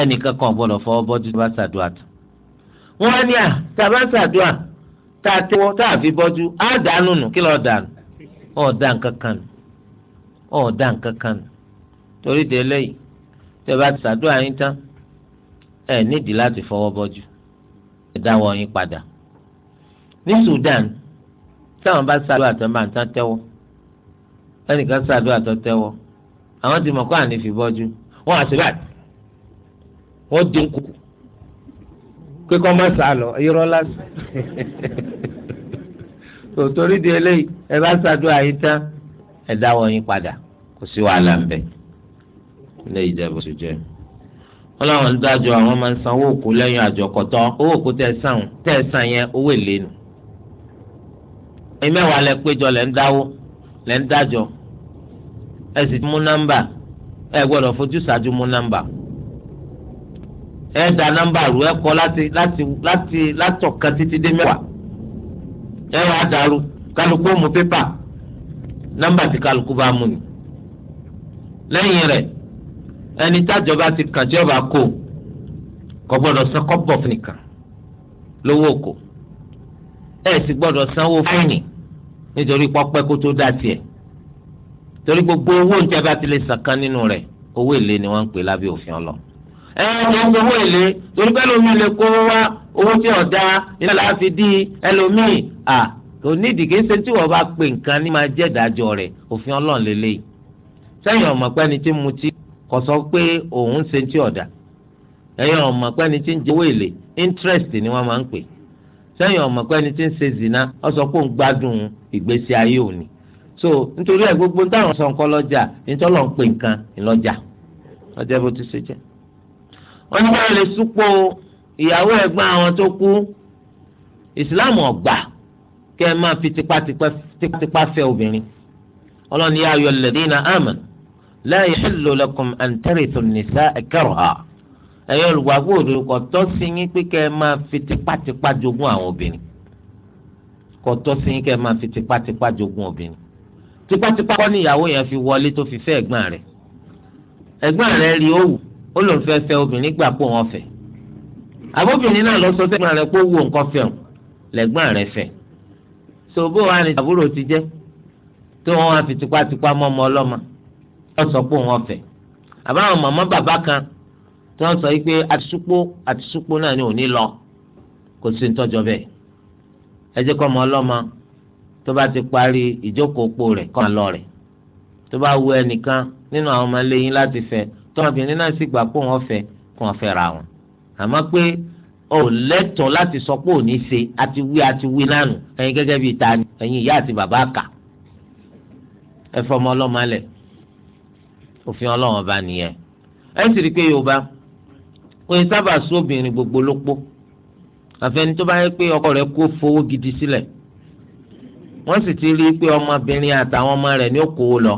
ẹnìkan kan gbọ́dọ̀ fọwọ́ bọ́jú tó bá ṣàdúrà tó wọ́n á à tá a bá ṣàdúrà tá a tẹ́wọ́ tá a fi bọ́jú á dànù nù kí lọ́ọ́ dànù ọ̀ dà nǹkan nù ọ̀ dà nǹkan nù torí délé yìí tẹ́ bá ṣàdúrà yín tán ẹ nídìí láti fọwọ́ bọ́jú ẹ dáwọ́ yín padà. ní Sudan táwọn bá ṣàdúrà tó máa ń tán tẹ́wọ́ ẹnìkan ṣàdúrà tó tẹ́wọ́ àwọn ti mọ̀ kó àní fi bọ́jú wọ́n àṣìbàt wọ́n dínkù kíkọ́ má sá lọ irọ́ lásán tòtòrí di eléyìí ẹ bá ṣàdúrà yín tán ẹ dáwọ́ yín padà kò sí wàhálà ń bẹ ilé ìjẹ́bù sì jẹ́ mi wọn làwọn ń dájọ àwọn máa ń san owó òkú lẹ́yìn àjọkọ̀tọ́ owó òkú tẹ̀ sàn tẹ̀ sàn yẹn owó èlé nù. ìmẹ́wàá lẹ péjọ lẹ ń dáwó lẹ ń dájọ ẹ sì mú nọ́mbà ẹ gbọ́dọ̀ fojú ṣáájú mú nọ́mbà ẹ da nọ́mbà rú ẹ kọ láti láti láti látọ̀kan títí dé mẹ́wàá ẹ wàá dàrú kálukú mú pépà nọ́mbà tí kálukú bá mú ni lẹ́yìn rẹ̀ ẹni tájọba ti kàn tí ọba kò kò gbọ́dọ̀ san kọ́bọ̀ nìkan lówó kò ẹ sì gbọ́dọ̀ sanwó fáìnì nítorí pọpẹ kó tó dá tiẹ̀ torí gbogbo owó níta bá ti lè san kan nínú rẹ̀ owó èlé ni wọ́n ń pè lábẹ́ òfin ọlọ ẹ ẹ ń gbowó èlé torí pé ẹlòmíì lè kó wá owó tí ọ̀dà nígbà láti fi dí ẹlòmíì à kò ní ìdìgé ṣe tí wọ́n bá pè nǹkan ní máa jẹ́ ìdájọ́ rẹ̀ òfin ọlọ́run sẹ́yìn ọ̀mọ̀pẹ́ni tí mo ti kọsọ pe pé òun ṣe ti ọ̀dà ẹ̀yin ọ̀mọ̀ pé ẹni tí ń jẹ́wọ́ ni wọ́n máa ń pè sẹ́yìn ọ̀mọ̀ pé ẹni tí zina ó sọ pé òun gbádùn ìgbésí ayé òní so nítorí ẹ̀ gbogbo táwọn sọ nǹkan lọ́jà nítorí ọ̀n pè nǹkan ọjọ́ bó ti ṣe jẹ́ wọ́n ní báyìí lè ìyàwó ẹ̀gbọ́n fi tipátipá fẹ́ obìnrin ọlọ́ni yá ayọ̀ lẹ́dínà la yahillu lakum an tarithu an-nisaa karha ẹ̀yin olùgbàgbọ́ òdodo kò tọ́ sí yín pé kẹ́ ẹ máa fi tipátipá jogún àwọn obìnrin kò tọ́ sí yín kẹ́ ẹ máa fi tipátipá jogún obìnrin tipátipá kọ́ ni ìyàwó yẹn fi wọlé tó fi fẹ́ ẹ̀gbọ́n rẹ̀ ẹ̀gbọ́n rẹ̀ rí ó wù ó lòun fẹ́ fẹ́ obìnrin gbà pò wọn fẹ́ àbóbìnrin náà lọ sọ sẹ́gbọ́n rẹ̀ pé ó nǹkan fẹ́ lẹ́gbọ́n rẹ̀ fẹ́ ṣòbó wa ni àbúrò ti jẹ́ tó wọn wá fi tipátipá mọ́ ọmọ ọlọ́mọ wọ́n sọ pé òun ọ̀fẹ́ àbáwọn màmá bàbá kan tí wọ́n sọ pé àtisúpó àtisúpó náà ni òní lọ kò sí nítọ́jọ́ bẹ́ẹ̀ ẹ jẹ́ kọ́ ọmọ ọlọ́mọ tó bá ti parí ìjókòópo rẹ̀ kọ́ máa lọ rẹ̀ tó bá wu ẹnìkan nínú àwọn ọmọ ilé yín láti fẹ́ tọ́mọbìnrin náà sì gbà pé òun ọ̀fẹ́ kó wọn ra wọn àmọ́ pé ò lẹ́tọ̀ọ́ láti sọ pé òní ṣe àti wí àti wí nánu ẹ̀yin gẹ́gẹ́ bíi ta ni ìyá àti bàbá kà ẹ fọmọ ọlọ́mọ alẹ̀ òfin ọlọ́run ọba nìyẹn ẹ sì rí i pé yorùbá òye sábà sún obìnrin gbogbo lópó àfẹni tó bá yẹ pé ọkọ rẹ̀ kó fowó gidi sílẹ̀ wọ́n sì ti rí i pé ọmọbìnrin àtàwọn ọmọ rẹ̀ ní òkò lọ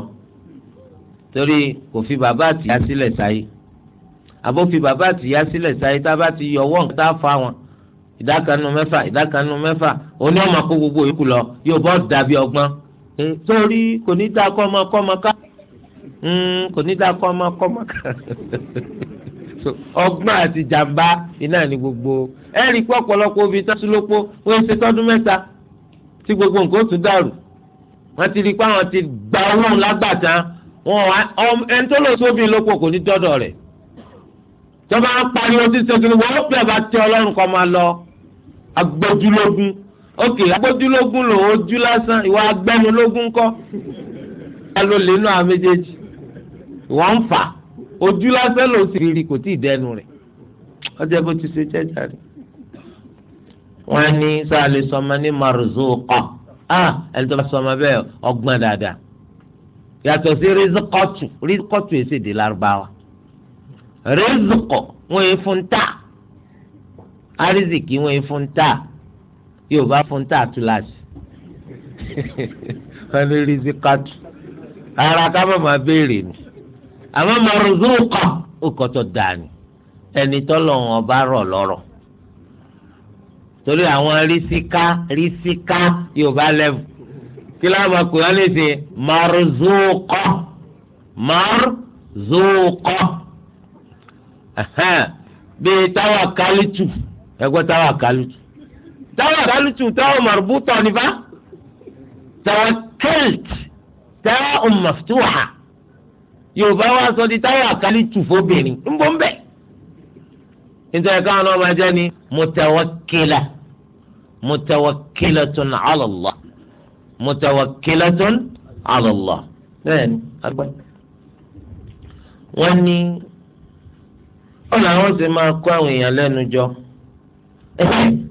torí kò fi bàbá àtìyá sílẹ̀ sáyé àbó fi bàbá àtìyá sílẹ̀ sáyé tá a bá ti yọ ọwọ́ nǹkan tá a fa wọn ìdákanu mẹ́fà ìdákanu mẹ́fà òní ọmọ kó gbogbo yòókù lọ yóò bọ́ dàbí ọgbọ́n torí kò ní ta kọ́ ọmọ kọ́ ọmọ ká. Hmm, kò ní dáa kọ́ ọmọ kọ́ ọmọ kan ọgbọ́n àti jàmbá iná ní gbogbo ẹ rí i pé ọ̀pọ̀lọpọ̀ obì tọ́sílópó wọ́n ń ṣe tọ́dún mẹ́ta tí gbogbo nǹkan ó tún dàrú wọ́n ti rí i pé àwọn ti gba ọlọ́run lágbàtà wọn ẹni tó lọ sóbì lóko kò ní dọ́dọ̀ rẹ̀ tọ́ba ń pariwo tí sẹ́kìrì wọ́n pè bá tẹ ọlọ́run kọ́ máa lọ agbójúlógún ókè agbójúlógún lòun ojú lásán ìwà agbẹnulógún kọ́ ẹ ló lè nú àwọn méjèèjì wọ́n ń fà ojú lásán ló sì rí kò tí ì dẹnu rẹ̀ ọjọ́ bó ti ṣe jẹ́jà rẹ̀. wọ́n ní sáàlì sọmọ ní marzuqa ah ẹni tó bá sọmọ bẹ́ẹ̀ ọgbọ́n dáadáa yàtọ̀ sí rizikọ́tù rizikọ́tù èsì di Lárúbáwá rizikọ́ wọ́n yẹ fún ta arizikì wọ́n yẹ fún ta yóò fún ta túláàsì wọ́n ní rizikọ́tù ara ká máa béèrè nù àmọ́ mọ̀rùzúkọ̀ ó kọ́tọ̀ dànù ẹni tọ́lọ́run ọba rọ̀ lọ́rọ̀ torí àwọn rísíká rísíká yorùbá lẹ́vù kí láwọn kò wá lè ṣe mọ̀rùzúkọ̀ mọ̀rùzúkọ̀ bíi táwa kálítù ẹgbẹ́ táwa kálítù táwa kálítù táwa mọ̀rùbútọ̀ nípa táwa kẹ́lìtì táwa mọ̀fútùwà. yorùbá wa sọ di táyà kálí tùfóbìnrin ń bọ́ ń nítorí káwọn náà ni ala Allah mutawakkilatun ala Allah. bẹ́ẹ̀ni agbẹ́. wọ́n ní ọ̀nà àwọn sì máa kó àwọn èèyàn lẹ́nu jọ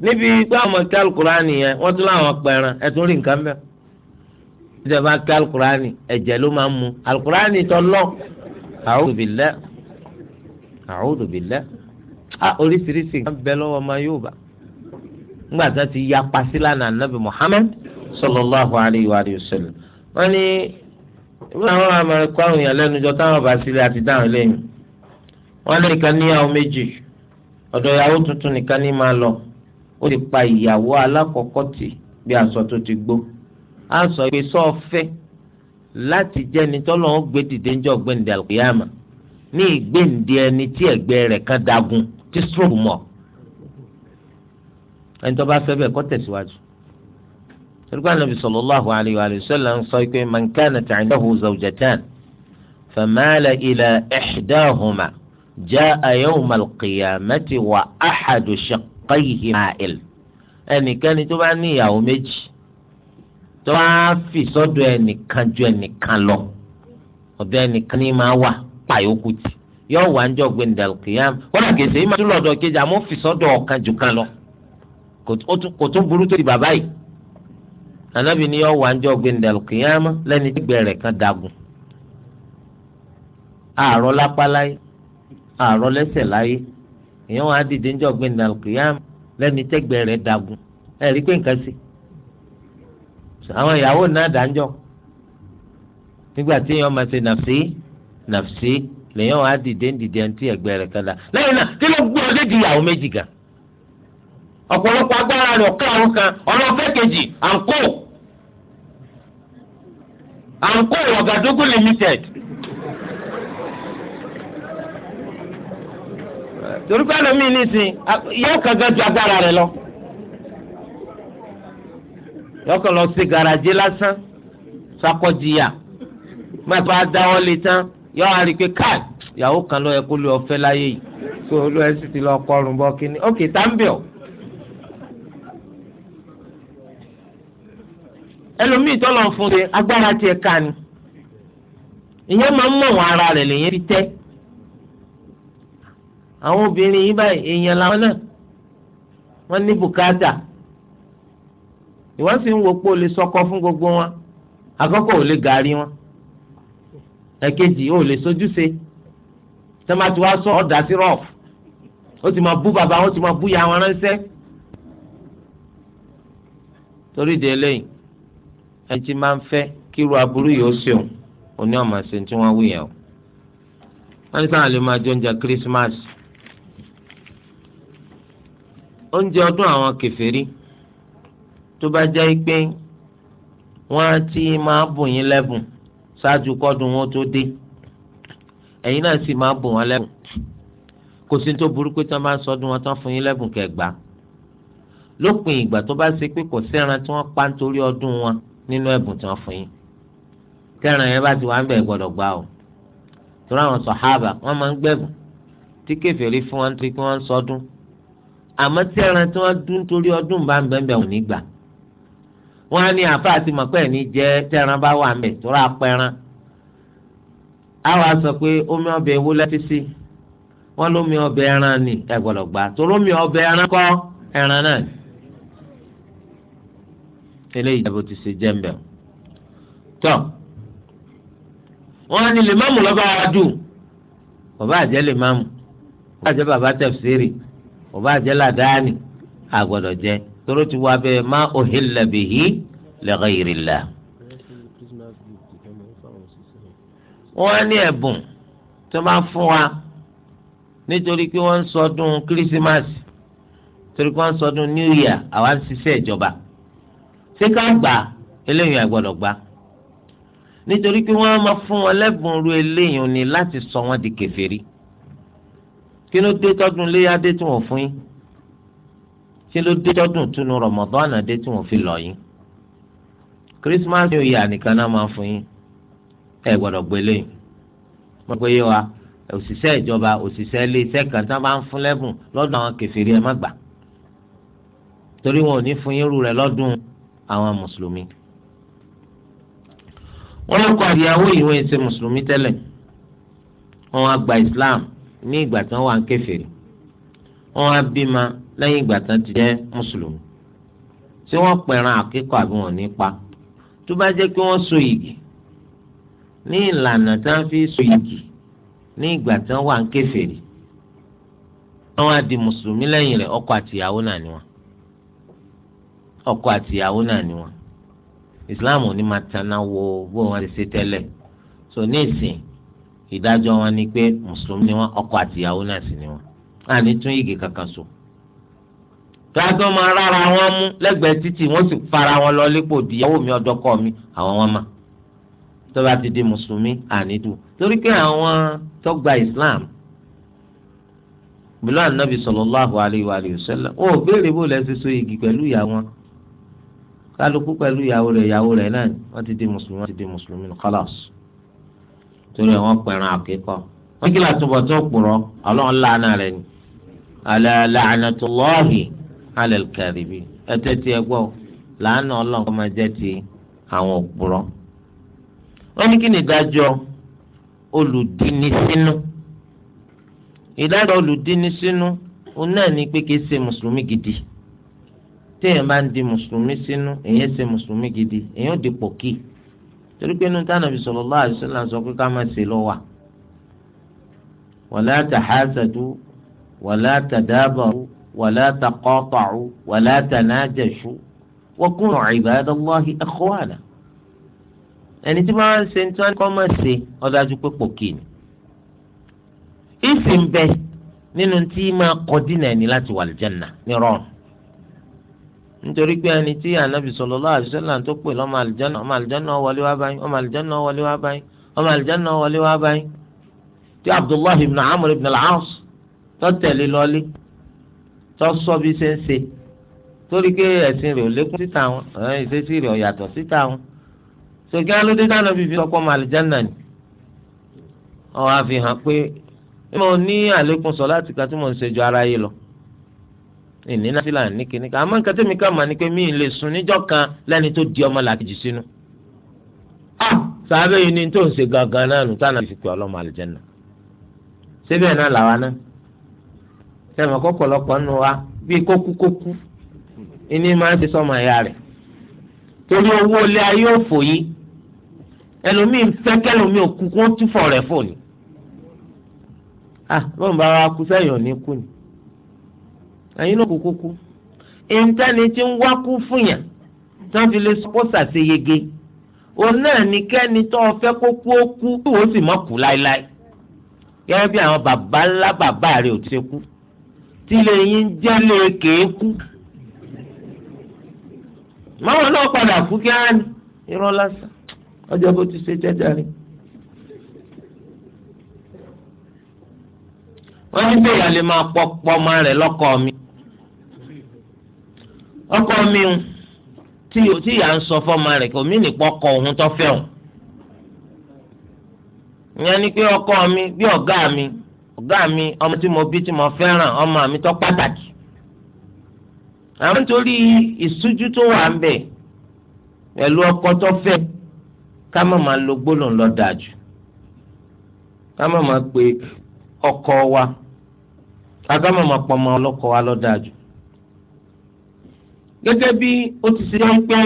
níbi gbàmọ̀ kí alukóra nìyẹn wọ́n tún láwọn pẹ̀ràn ẹ̀ tún rí nǹkan bẹ́ẹ̀. títẹ̀ bá kí alukurani ẹ̀jẹ̀ ló máa ń mu alukurani tó lọ a'udhu billah a'udhu billah a oríṣiríṣi nǹkan bẹ lọ́wọ́ ọmọ yóò bá ńgbà tó ti ya pasílà náà nàbì Muhammad sallallahu alayhi wa sallam wọ́n ní ìwé àwọn amẹ̀ríkọ́ àwọn èèyàn lẹ́nu jọ táwọn bá sílẹ̀ àti dáhùn lẹ́yìn wọ́n ní nìkan níyàwó méjì ọ̀dọ̀ ìyàwó tuntun nìkan ní máa lọ ó ti pa ìyàwó alákọ̀ọ́kọ́ tì bí aṣọ tó ti gbó á sọ pé sọ́ọ̀fẹ́ láti jẹ́ni tọ́lọ́ ó gbé dìde ńjọ́ gbẹ̀ǹdẹ̀ àlùkìyàmà ní ìgbẹ̀ǹdẹ̀ ẹni tí ẹ̀gbẹ́ rẹ̀ kan dagun tí stroke mọ̀ ẹni tó bá fẹ́ bẹ́ẹ̀ kó tẹ̀síwájú. sọ́dúnkà nàbì sallallahu alayhi wa sallam ń sọ pé man kanat indahu zawjatan famala ila ihdahuma jaa yawma al-qiyamati wa ahadu shaqqayhi ma'il ẹnikẹ́ni tó bá ní ìyàwó méjì tó wá fi sọ́dọ̀ ẹnìkan ju ẹnìkan lọ ọ̀dọ̀ ẹnìkan ní máa wà pàyókù tì yọ wà ń jọ gbẹndàlù kìyàm kódà kèsè yìí máa tún lọ́dọ̀ kejì àmọ́ fi sọ́dọ̀ ọ̀kan jù kan lọ kò tún burú tó di bàbá yìí anabi ni yọ wà ń jọ gbẹndàlù kìyàm lẹ́ni tí gbẹrẹ kan dagun àárọ̀ lápá láyé àárọ̀ lẹ́sẹ̀ láyé èèyàn wà á dìde ń jọ gbẹndàlù kìyàm lẹ́ni tẹgbẹrẹ dagun ẹ rí pé nǹkan sí i. àwọn ìyàwó náà dáńjọ́ nígbà tí èèyàn máa ṣe na nàfsí lèèyàn á dìde dìde àǹtí ẹ̀gbẹ́ náà kí ló gbọ́dọ̀ dé di ìyàwó méjì ọ̀pọ̀lọpọ̀ agbára rẹ̀ ọ̀ká àwọn kan kejì àǹkó àǹkó limited. torí pé lọ. yọkàn lọ sí garaje lásán sakọjìyà gbàtọ́ adáwọ́ lè tán yọ àrí pé káì ìyàwó kan ló yẹ kó lè ọfẹ́ láyé yìí tó ló ẹ sì ti lọ kọrùn bọ kínní ókè táǹbìọ̀. ẹlòmíì tọ́lọ̀ fún ṣe agbára tiẹ̀ ká ni ìyẹn máa ń mọ̀ ara rẹ̀ lèyẹn ti tẹ́ àwọn obìnrin yìí báyìí èèyàn làwọn náà wọ́n ní bùkátà ìwọ sì ń wo pé o lè sọkọ fún gbogbo wọn àkọ́kọ́ ò lè gàrí wọn ẹ̀kejì ò lè sojúṣe tẹmátì wá sọ ọdà sí rọf ó ti máa bú bàbá wọn ó ti máa bú ya wọn ránṣẹ́ torí de eléyìí ẹni tí máa ń fẹ́ kíru aburú yìí ó ṣeun òní ọmọ ṣe tí wọn wí yẹn o wọn ní sáà lè máa jẹ oúnjẹ kírísímàsì oúnjẹ ọdún àwọn kèfèrí tó bá jẹ́ pé wọ́n á ti máa bùn yín lẹ́bùn ṣáájú kọ́dún wọn tó dé ẹ̀yin náà sì máa bùn wọn lẹ́bùn kò sí tó burú pé tí wọ́n bá ń sọdún wọn tán fún yín lẹ́bùn kẹgbà lópin ìgbà tó bá ṣe pé kò sí ẹran tí wọ́n pa nítorí ọdún wọn nínú ẹ̀bùn tí wọ́n fún yín kẹran yẹn bá ti wà ń bẹ̀ gbọ́dọ̀ gbà o torí àwọn sọ̀hábà wọ́n máa ń gbẹ̀bùn tí kèfèrí fún wọn torí pé wọ́n ń sọdún àmọ́ tí ẹran tí wọ́n dún torí ọdún bá ń bẹ̀ ń bẹ̀ ò ní wọ́n á ní àfa àti mọ̀pẹ́ ní jẹ́ tẹ́ran bá wà mẹ́ tó rà pẹ́ran. a wàá sọ pé omi ọbẹ̀ ewu lẹ́tí sí wọ́n lómi ọbẹ̀ ẹran ni ẹ̀gbọ́dọ̀ gbà torí omi ọbẹ̀ ẹran kọ́ ẹran náà ni. eléyìí jẹ́ bó ti ṣe jẹ́ mbẹ́. tọ́ wọ́n á ní lè máàmù lọ́ba wa dùn bàbá àjẹ́ lè máàmù bàbá àjẹ́ bàbá tẹ̀síìrì bàbá àjẹ́ làdáàni àgbọ̀dọ̀ jẹ́. tóró ti wá bẹ́ẹ̀ má uhilla bihi li ghayrillah. wọ́n á ní ẹ̀bùn tó máa fún wa nítorí pé wọ́n ń sọdún kírísímàsì torí pé wọ́n ń sọdún new year àwa ń ṣiṣẹ́ ìjọba ṣé ká gbà eléyìí àgbọ̀dọ̀ gbà nítorí pé wọ́n á máa fún wọn lẹ́bùn ru eléyìí ni láti sọ wọ́n di kèfèrí kí ló dé tọ́dún léyà dé tí wọ́n fún yín kí ló dé tọdún túnú Ramadan àdé tí wọ́n fi lọ yín Christmas new year nìkan náà máa fún yín ẹ gbọ́dọ̀ gbélé yín mo gbé yé wa òṣìṣẹ́ ìjọba òṣìṣẹ́ ilé iṣẹ́ kan tí wọ́n bá ń fún lẹ́bùn lọ́dún àwọn kẹfìrí ẹ má gbà torí wọn ò ní fún yín rú rẹ̀ lọ́dún àwọn mùsùlùmí wọ́n lọ́kọ àyàwó ìwé ṣe mùsùlùmí tẹ́lẹ̀ wọ́n wá gba Islam ní ìgbà tí wọ́n wà ń kẹfìrí wọ́n wá bímọ lẹ́yìn ìgbà tán ti jẹ́ mùsùlùmí tí wọ́n pẹ̀ràn àkíkọ̀ àbí wọn nípa tó bá jẹ́ pé wọ́n so yìgì ní ìlànà tí wọ́n fi so yìgì ní ìgbà tí wọ́n wà ń kèfèrí wọ́n á di mùsùlùmí lẹ́yìn rẹ̀ ọkọ àtìyàwó náà ni wọ́n ọkọ àtìyàwó náà ni wọ́n Islam ò ní máa taná wo bó wọn ti ṣe tẹ́lẹ̀ so ní ìsìn ìdájọ́ wọn ni pé mùsùlùmí ni wọ́n ọkọ àtìyàwó náà sì ni wọ́n àní tún yìgì kankan so láti wọn máa rárá wọn mú lẹ́gbẹ̀ẹ́ títì wọn sì fara wọn lọ lépò di ìyàwó mi ọ̀dọ́kọ mi àwọn wọn mà tó bá ti di mùsùlùmí ànídù torí pé àwọn tó gba islam bùlọ ànábì sallallahu alayhi wa sallam ó béèrè bó lẹsẹ so igi pẹ̀lú ìyàwó kálukú pẹ̀lú ìyàwó rẹ̀ ìyàwó rẹ̀ náà wọ́n ti di mùsùlùmí wọ́n ti di mùsùlùmí khalas torí àwọn pẹ̀ràn àkẹ́kọ̀ọ́ wọ́n kí làtúbọ̀ tó kpọ̀rọ̀ ọlọ́run lánàá rẹ̀ ni ala la'natullahi alẹ́ kẹrìbì ẹtẹ́ tí ẹ gbọ́ làánà ọlọ́run kọ́ máa jẹ́ ti àwọn òpùrọ́. wọ́n ní kí ni ìdájọ́ olùdínisínú ìdájọ́ olùdínisínú òun náà ni pé kì í ṣe mùsùlùmí gidi téèyàn bá ń di mùsùlùmí sínú èèyàn ṣe mùsùlùmí gidi èèyàn di pòkì torí pé inú tánàbí sallallahu alaihi wasallam sọ pé ká má ṣe lọ wà wala tahasadu wala ولا taqata'u ولا tanajashu وكونوا عباد الله ikhwana ẹni tí wọ́n ṣe ń tán kọ́ mọ̀ ṣe ọ̀dájú pé pòkì ni ìsìn bẹ́ẹ̀ nínú tí máa kọ́ dínà ẹni láti wà lìjánà ní rọrùn nítorí pé ẹni tí anabi sallallahu alaihi wasallam tó pè lọ́mọ àlìjánà ọmọ àlìjánà wọlé wá báyìí ọmọ àlìjánà wọlé wá báyìí ọmọ àlìjánà wọlé wá báyìí tí abdullahi ibn amr ibn al-as tó tẹ̀lé lọ́lé tọ́sọ́ bí ṣe ń ṣe torí pé ẹ̀sìn rẹ̀ ò lékún síta wọn ẹ̀hìn ìṣesí rẹ̀ ò yàtọ̀ síta wọn. sọ̀kí alóde dáná bíbí ọkọ̀ màlìjánà ni ó wá fi hàn pé mo ní àlékún sọ láti ka tí mo ń ṣe ju ara yìí lọ. ìní náà sílà ní kíní ká àmọ́ nǹkan tẹ́mi ká mà ní pé mi lè sùn níjọ́ kan lẹ́ni tó di ọmọ làkejì sínú. Ah! sàbẹ̀ ni tó ń ṣe gangan náà nù tánà fi pè ọlọ́mọ àlìjánà síbẹ̀ náà làwa náà sẹ́mi ọ̀pọ̀lọpọ̀ nù wa bíi kókúkókú ìní máa ń fi sọmọ ẹ̀yà rẹ̀ torí owó ilé ayé òfò yìí ẹlòmíì ń fẹ́ kẹlòmíì òkú kó tún fọ̀ rẹ̀ fò ni ah bọ́n bá wa kú sẹ́yìn ò kú ni ẹ̀yin náà kú kúkú ìńtẹ́ni tí ń wá kú fún yàn tí fi lè kó sàṣeyege òun náà ní kẹ́ni tó o fẹ́ kó kú ó kú tí wọ́n sì mọ̀ kú láéláé gẹ́gẹ́ bí àwọn bàbá ńlá bàbá rẹ̀ ò ti ṣe kú. tílé yín jẹ́lé kéékù máwọn náà padà kú kí á ní irọ́ lásán ọjọ́ bó ti ṣe jẹ́jà rí. wọ́n ní bẹ́ẹ̀ yàrá lè máa pọpọ ọmọ rẹ̀ mi ọkọ mi tí tí ń sọ fọ́mọ rẹ̀ kò pọkọ tó fẹ́ ọkọ mi bí ọ̀gá mi. ọ̀gá mi ọmọ tí mo bí tí mo fẹ́ràn ọmọ mi tó pàtàkì àwọn torí ìṣújú tó wà ń bẹ pẹ̀lú ọkọ tó fẹ́ ká má máa lo gbólóhùn lọ dájú ká má máa pe ọkọ wa ká má máa pọmọ ọlọ́kọ wa lọ dájú. gẹ́gẹ́ bí ó ti ṣe ń pẹ́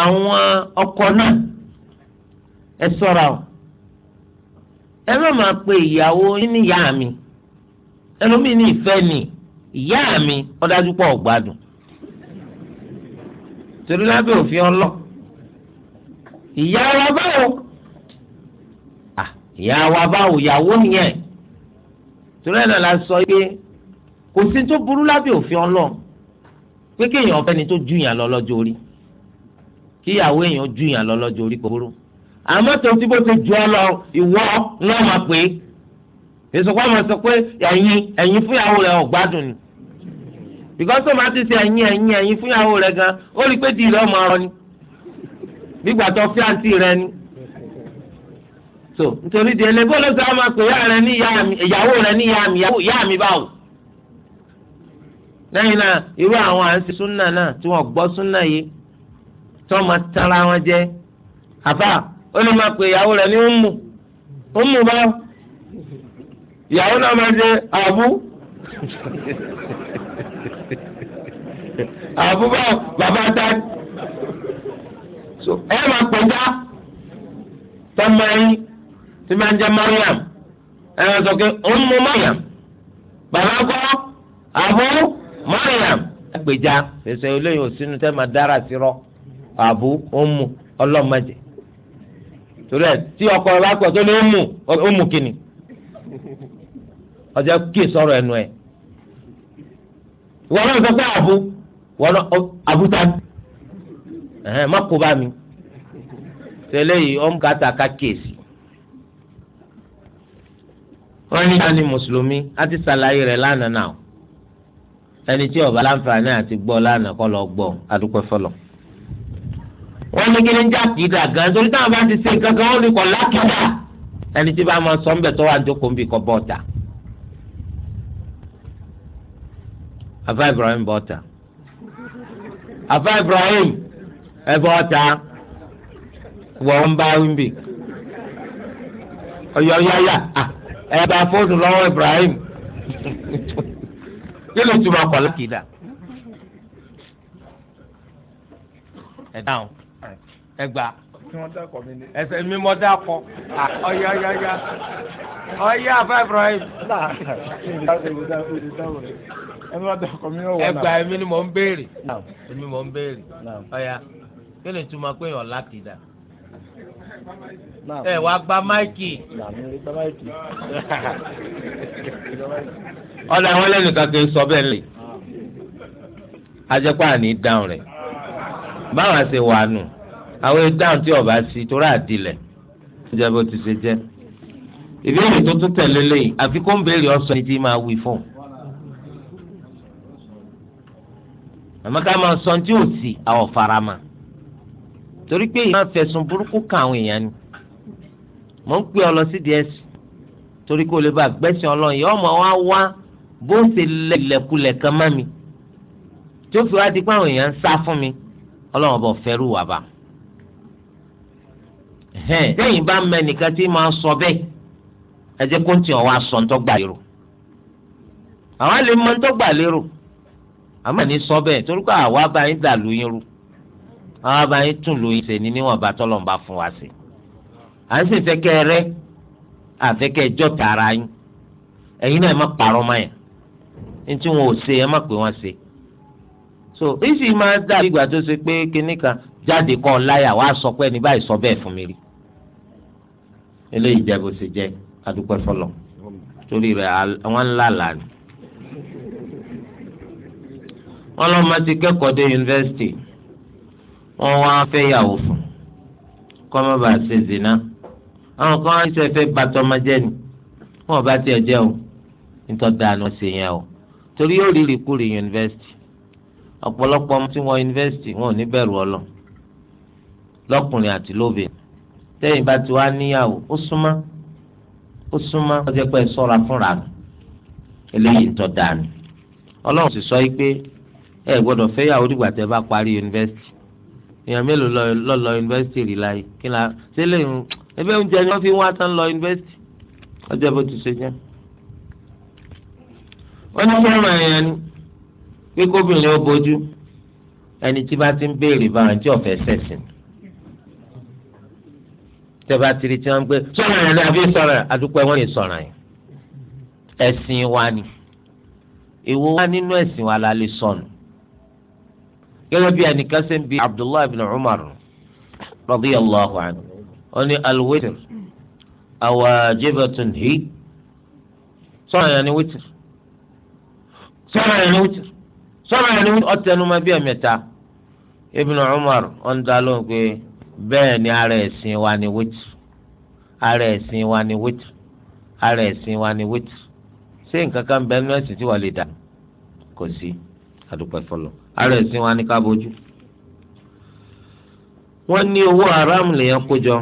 àwọn ọkọ náà ẹ ṣọ́ra ẹ má máa pe ìyàwó yín ìyá mi ẹlòmíín ní ìfẹ́ ni ìyá mi ọ̀dájú pọ̀ gbádùn torí lábẹ́ òfin ọlọ́ ìyá wa báwo ìyá wa báwo ìyàwó nìyẹn torí ẹ̀ náà la sọ pé kò sí tó burú lábẹ́ òfin ọlọ́ pé kéèyàn ọ̀fẹ́ ni tó ju yàn lọ lọ́jọ́ orí kíyàwó èèyàn ju yàn lọ lọ́jọ́ orí kò burú àmọ́ tó ti bó ti jù ọ lọ ìwọ náà máa pè é èsì kọ́ máa sọ pé ẹ̀yin ẹ̀yin fúnyàwó rẹ̀ ò gbádùn ni because tó máa ti ṣe ẹ̀yin ẹ̀yin ẹ̀yin fúnyàwó rẹ̀ gan ó rí i pé di ìlú ọmọ ọrọ ni gbígbà tó fi àǹtí rẹ ni so nítorí di ẹlẹgbẹ́ olóṣèlú àwọn máa pè ìyá rẹ ní ìyàwó rẹ ní ìyá mi ìyá mi báwo lẹ́yìn náà irú àwọn à ń ṣe súnà náà tí wọ́n gbọ́ súnà yìí tí wọ́n máa tara wọn jẹ àfáà ó lè máa pè ìyàwó rẹ̀ ní ọmú ọmú bá ìyàwó náà máa ṣe àbú àbú bá bàbá dá so ẹ máa pẹ̀já tọ́mọ yín tí máa ń jẹ́ mariam ẹ máa sọ pé ọmú mariam bàbá kọ́ àbú mariam ẹgbẹ̀já ẹsẹ̀ olóyìn òsínú tẹ́ máa dára sí rọ àbú ọmú ọlọ́mọdé torí ẹ tí ọkọ rẹ bá pọ̀ tó ní ọmú ọmú kìnnì ọjà kí sọ̀rọ̀ ẹnu ẹ wọn náà sọ pé àbú wọn náà àbúta ẹhẹn má bá mi tẹ́lẹ̀ yìí ọmú kàtà ká kíyèsí wọn ní sani mùsùlùmí á ti ṣàlàyé rẹ̀ lánàá náà ẹni tí ó bá láǹfààní àti gbọ́ lánàá kọ́ lọ gbọ́ adúpẹ́ fọlọ́ wọ́n ní kí ni jẹ́ àkìdá gan torí táwọn bá ti ṣe nǹkan kan wọ́n ní kọ̀ lákìdá ẹni tí bá máa sọ ń bẹ̀ tó wà jókòó ń bì kọ́ bọ́ọ̀tà. afa Ibrahim bọ́ọ̀tà afa Ibrahim ẹ bọ́ọ̀tà wọ́n ń bá wíńbì ọ̀yọ̀yọ̀yà ah, ẹ bá fóònù lọ́wọ́ Ibrahim kí ló túmọ̀ kọ̀ lákìdá. ẹ dáhùn ẹgbà ẹsẹ mi mọ dákọ ọyá ọyá ọyá ọyá àbá Ibrahim. ẹgbà èmi ni mò ń béèrè èmi mò ń béèrè ọyá kí ni túmọ̀ pé yàn láti dà ẹ wàá gba máìkì. ọ̀dà àwọn ẹlẹ́nìkan kì í sọ bẹ́ẹ̀ lè ajẹ́pọ̀ àní dáhùn rẹ̀ báwọn ṣe wà nù àwọn ìdáhùn tí ọba sí torí àdìlẹ̀ jẹ́ bó ti ṣe jẹ́ ìbéèrè tó tún tẹ̀lé lẹ́yìn àfi kó ń béèrè ọ̀sán ní ti máa wí fún un. àmọ́ sọ tí ò sí àwọn farama torí pé ìyá fẹ̀sùn burúkú kan àwọn èèyàn ni mò ń pè ọ lọ sí díẹ̀ torí kó lè bá gbẹ́sìn ọlọ́run yìí ọmọ wa wá bó ṣe lẹ̀kùlẹ̀ kan mọ́ mi tí ó fi wá di pé àwọn èèyàn ń sá fún mi ọlọ́run ọba ọ̀fẹ́ rú wà bá lẹ́yìn bá mẹ nìkan tí sọ bẹ́ẹ̀ ẹ jẹ́ kó ń tiẹ̀ wá sọ ntọ́ gbà lérò àwọn àlè mọ ntọ́ gbà lérò àmọ́ ní sọ bẹ́ẹ̀ torí pé àwa bá yín dà lóyún rú àwa bá yín tún lóyún ṣe ní níwọ̀n bá fún wa sí à ń sì fẹ́ rẹ́ àfẹ́kẹ́ ẹjọ́ tààrà yín ẹ̀yin náà ẹ má parọ́ ní má pè ṣe so ìsì máa ìgbà tó eléyìí jẹ bó ṣe jẹ adúpẹ́ fọlọ torí rẹ̀ wọ́n ńlá làánì. wọ́n lọ́mọ ti kẹ́kọ̀ọ́ dé yunifásitì wọ́n wá fẹ́yàwó fún kọ́mọ́ bá ṣe zina àwọn kan wọ́n ṣe fẹ́ ba tọmọjẹ́ ni wọ́n bá tiẹ̀ jẹ́ o nítorí dáná ṣe yẹn o torí yóò rí ìrìkúrì yunifásitì ọ̀pọ̀lọpọ̀ ọmọ tí wọ́n yunifásitì wọn ò ní bẹ̀rù ọlọ lọ́kùnrin àti lóbìnrin tẹ́yìn bá ti wá níyàwó ó súnmọ́ ó súnmọ́ ó jẹ́ pé ẹ sọ́ra fúnra nù eléyìí tó dáa ni ọlọ́run sì sọ pé ẹ gbọ́dọ̀ fẹ́yàwó dìgbà tẹ́ bá parí yunifásitì èèyàn mélòó lọ lọ yunifásitì rí láyé kí ni ṣé lè ń ẹgbẹ́ oúnjẹ ni wọ́n fi ń wá tán lọ yunifásitì ọjọ́ bó ti ṣe jẹ́ wọ́n ní fẹ́ràn èèyàn ni pé kóbìnrin ó bójú ẹni tí bá ti ń béèrè báwọn tí ọ̀fẹ́ sẹ̀sìn tẹ́fà tiri tí wọ́n ń pè sọ̀rọ̀ yẹn ni àbí sọ̀rọ̀ yẹn àdúpẹ́ wọn lè sọ̀rọ̀ yẹn ẹ̀sìn wa ni èwo wa nínú ẹ̀sìn wa la lè sọnù gẹ́gẹ́ bí ẹnìkan ṣe ń bi Abdullahi bin Umar radiyallahu anhu wọ́n ní alwitr awajibatun hi sọ̀rọ̀ yẹn ni witr sọ̀rọ̀ yẹn ni witr sọ̀rọ̀ yẹn ni witr ọ̀tẹnumọ́ bí Ibn Umar ọ̀n dá lóhùn pé bẹ́ẹ̀ ni ara ẹ̀sìn wa ni wítìrì ara ẹ̀sìn wa ni wítìrì ara ẹ̀sìn wa ni wítìrì ṣé nǹkan kan bẹ́ẹ̀ nínú ẹ̀sìn tí wàá lè dà kò sí àdúpẹ́ fọlọ́ ara ẹ̀sìn wa ni ká bójú. wọ́n ní owó aráàmù lèèyàn kó jọ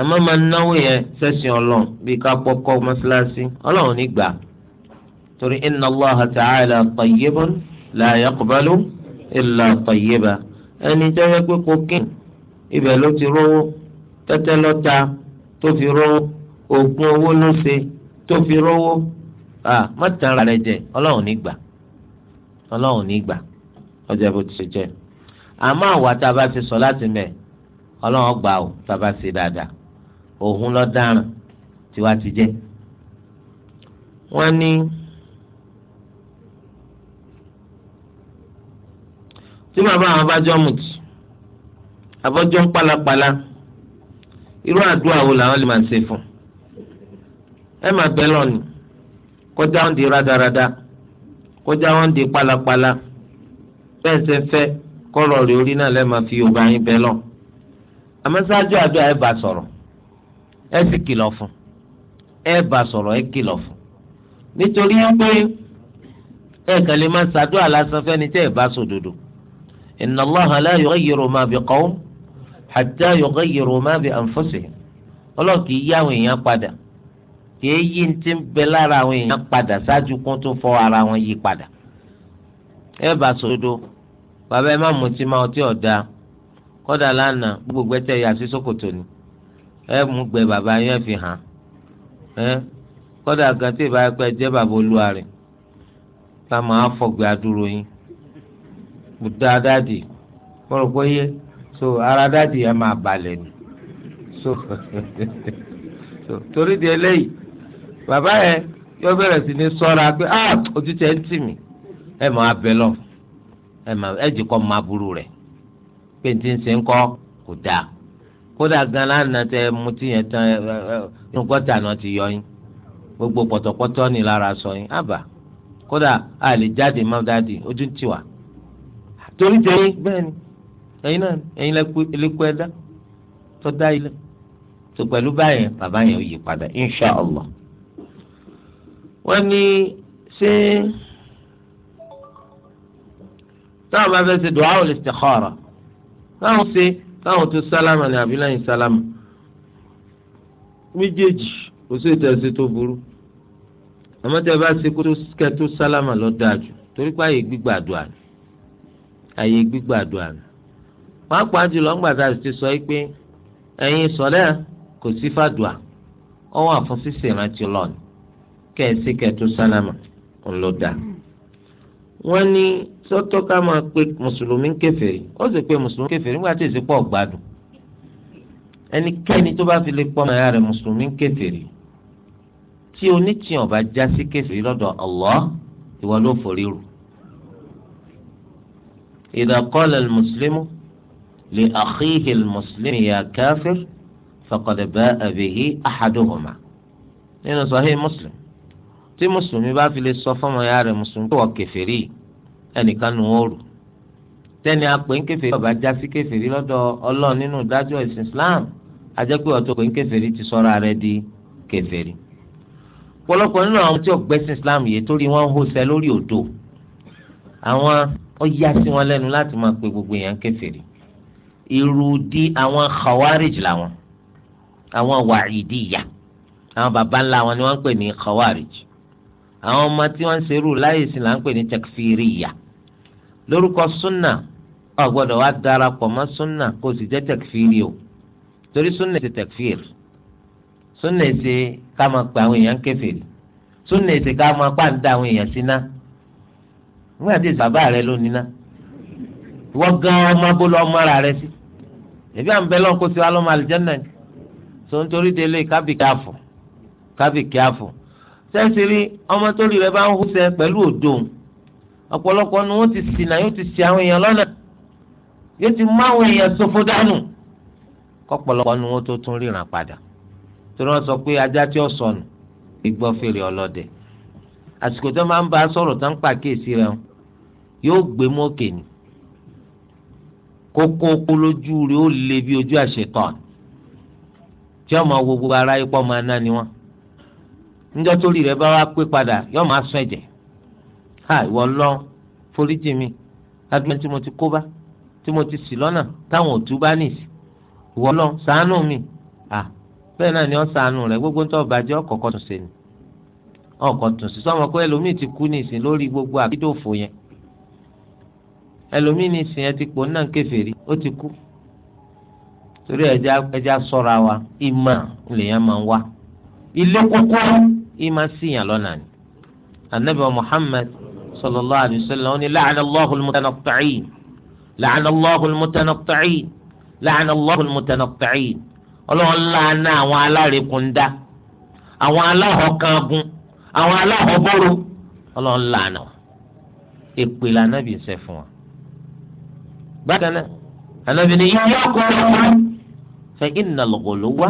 àmọ́ máa náwó yẹn sẹ́sìn ọlọ́run bíi ká pọ́kọ́ mọ́ṣáláṣí ọlọ́run ní gbà torí inna Allaha ta'ala tayyibun la yaqbalu illa tayyiba ẹni jẹ́ wẹ́pẹ́ kókìn ibẹ̀ ló ti rówó tẹ́tẹ́ lọ́ta tó fi rówó oògùn owó ló ṣe tó fi rówó mọ́tàrà rẹ̀ jẹ ọlọ́run ní gbà ọlọ́run ní gbà ọjọ́ ìbò ti ṣe jẹ́ àmọ́ àwa tá a bá ti sọ láti mẹ́ ọlọ́run gbà ó tá a bá ṣe dáadáa òun lọ tiwa ti jẹ́ wọ́n ní. tí bàbá àwọn bá jọ mùtì abọ́jọ́ ń pálapàla irú àdúrà wo làwọn lè máa ṣe fún ẹ máa bẹ lọ́ọ̀nì kọjá wọn di rádaràda kọjá wọn di pálapàla bẹ́ẹ̀ ṣe fẹ́ kọ́rọ̀ rí orí náà lẹ́ẹ̀ máa fi yorùbá yín bẹ lọ àmọ́ ṣáájú àdúrà ẹ bá sọ̀rọ̀ ẹ sì kìlọ̀ fún ẹ bá sọ̀rọ̀ ẹ kìlọ̀ fún nítorí pé ẹ kàn lè máa ṣàdúrà lásán fẹ́ni tẹ́ ẹ bá sòdodo inna Allaha la yughayyiru ma biqawm hatta yughayyiru ma bi anfusihim ọlọ́run kì í yí àwọn èèyàn padà kì í yí ti ń bẹ lára àwọn èèyàn padà ṣáájú kó tó fọ ara wọn yí padà. ẹ bá sòdodo bàbá ẹ má mutí má ọtí ọ̀dà kọ́dà lánàá gbogbo gbẹ́tẹ̀ yà sí sókòtò ni ẹ mú gbẹ bàbá yẹn fi hàn ẹ kọ́dà kan tí pẹ́ jẹ́ bàbá olúwa rẹ̀ máa fọ̀gbẹ́ adúró yín dáadáa dì mo rò pé yé so ara dáàdì yẹn máa balẹ̀ ni so so torí di eléyìí bàbá yẹn yóò bẹ̀rẹ̀ sí ní sọ́ra pé ah ojú tẹ̀ ń tì mí ẹ máa bẹ lọ ẹ máa ẹ jì kọ́ máa burú rẹ̀ pé n ti ń ṣe ń kọ́ kò dáa kódà gan lánàá tẹ mutí yẹn tán ẹ ẹ inú gọ́tà náà ti yọ yín gbogbo pọ̀tọ̀pọ̀tọ̀ ni lára sọ yín àbá kódà a lè jáde má dáàdì ojú ń tì wá torí tẹ̀yìn bẹ́ẹ̀ ni ẹ̀yin náà ẹ̀yin lẹ́kọ́ ẹ̀dá tó dá ilé tó pẹ̀lú báyẹn bàbá yẹn ò yí padà insha allah wọ́n ní ṣé táwọn bá fẹ́ ṣe du'a al-istikhara táwọn ṣe táwọn tó sálámà ní abiláyìn sálámà méjèèjì kò sí ìtẹ̀sí tó burú àmọ́ tẹ́ bá ṣe kó kẹ́ tó sálámà lọ́ọ́ dáa torí pé àyè gbígbàdúrà ni àyè gbígbàdúrà ni pàápàá jùlọ ńgbàdá ti sọ pé ẹ̀yin sọ̀lẹ́ kò sí fàdùà ọ wà fún ṣíṣe ìrántí lọ́ọ̀nù kẹ́ẹ̀sì kẹ́ẹ̀tù sálámà ńlọ́dà. wọ́n ní sọ́tọ́ ká máa pe mùsùlùmí kèfèrí ó sì pe mùsùlùmí kèfèrí nígbà tí èsì pọ̀ gbádùn ẹnikẹ́ni tó bá fi lè pọ́ màá rẹ̀ mùsùlùmí kèfèrí tí onítìyàn bá já sí kèfèrí lọ́dọ̀ Allah ìwọ ló forí rù. idha qala al-muslimu li akhihi al-muslimi ya káfír faqad ba'a bihi ahaduhuma nínú sahih muslim tí mùsùlùmí bá fi lè sọ fọmọ ya rẹ̀ mùsùlùmí tó wọ kèfèrí ẹnìkan nù ó rù tẹ́ni apè ń kèfèrí ọba já sí kèfèrí lọ́dọ̀ Ọlọ́run nínú ìdájọ́ ìsìn Islam ajẹpẹ ọ̀tọ̀ pé ń kèfèrí ti sọ̀rọ̀ rẹ̀ di kèfèrí pọ̀lọpọ̀ nínú àwọn tí ọgbẹ́sìn Islam yìí torí wọn ń hóṣẹ lórí òdo àwọn ó yá sí wọn lẹ́nu láti máa pe gbogbo èèyàn kèfèrí irú di àwọn khawarij làwọn àwọn wàhídìyà àwọn baba ńlá wọn ni wọ́n ń pè ní khawarij àwọn ọmọ tí wọ́n ń serú láyé sí là ń pè ní takfiriya lórúkọ sunna ọ gbọ́dọ̀ wá darapọ̀ mọ́ sunna kó o sì jẹ́ takfiri o torí sunna ti takfir sunna ṣe ká máa pa àwọn èèyàn kèfèrí sunna ṣe ká máa pa ń àwọn èèyàn síná nígbà tí bàbá rẹ ló níná wọ́n gan ọmọ abúlé ọmọ ara rẹ sí ẹbí à ń bẹ lọ́n kó sí wa lọ́mọ àlìjẹ́nà ni tó ń torí délé kábì kíáfù kábì kíáfù sẹ́ńsì rí ọmọ tó rí rẹ bá ń húṣẹ pẹ̀lú òdo ọ̀pọ̀lọpọ̀ ni wọ́n ti ṣìnà yóò ti ṣì àwọn èèyàn lọ́nà yóò ti mú àwọn èèyàn ṣòfò dànù kọ́pọ̀lọpọ̀ ni wọ́n tó tún ríran padà torí wọ́n sọ pé ajá tí ó sọnù igbó fèrè ọlọ́dẹ àsìkò tó máa ń bá a sọ̀rọ̀ tó ń pàkíyèsí rẹ̀ yóò gbé mókè ni kókó kólójú rẹ̀ ó le bí ojú àṣetàn tí ọmọ wo gbogbo ara yìí pọ̀ máa ná ni wọn níjọ́ tó rí rẹ̀ bá wá pé padà yóò máa sún ẹ̀jẹ̀ ha ìwọ lọ foríjì mi adúlọ tí mo ti kó bá tí mo ti ṣì lọ́nà táwọn òtún bá nìsí ìwọ lọ ṣàánú mi ha bẹ́ẹ̀ náà ni ó ṣàánú rẹ̀ gbogbo tó bàjẹ́ ọkọ̀ọ̀kan tún ni ọkọ̀ tún sọmọ pé ẹlòmíì ti kú nìsín lórí gbogbo àkídòfò yẹn ẹlòmíì ní ìsìn ẹ ti pò náà kèfèrí ó ti kú torí ẹja ẹja ṣọ́ra wa ìmọ̀ lèèyàn máa ń wá ilé kókó ìmọ̀ síyàn lọ́nà ni anabi muhammad sallallahu alayhi wa sallam ni la'ana allahu al-mutanaqqi'in la'ana allahu al-mutanaqqi'in la'ana allahu al-mutanaqqi'in ọlọ́run làánà àwọn alárèkúndá àwọn aláhọ̀kangun àwọn aláhọ̀bọ̀rọ̀ ọlọ́run làánà ìpìlẹ̀ anabi ń ṣe fún wa bákan náà anabi ni yíyá kọ́ fẹ́ iná lọ́gọ́lọ́ wá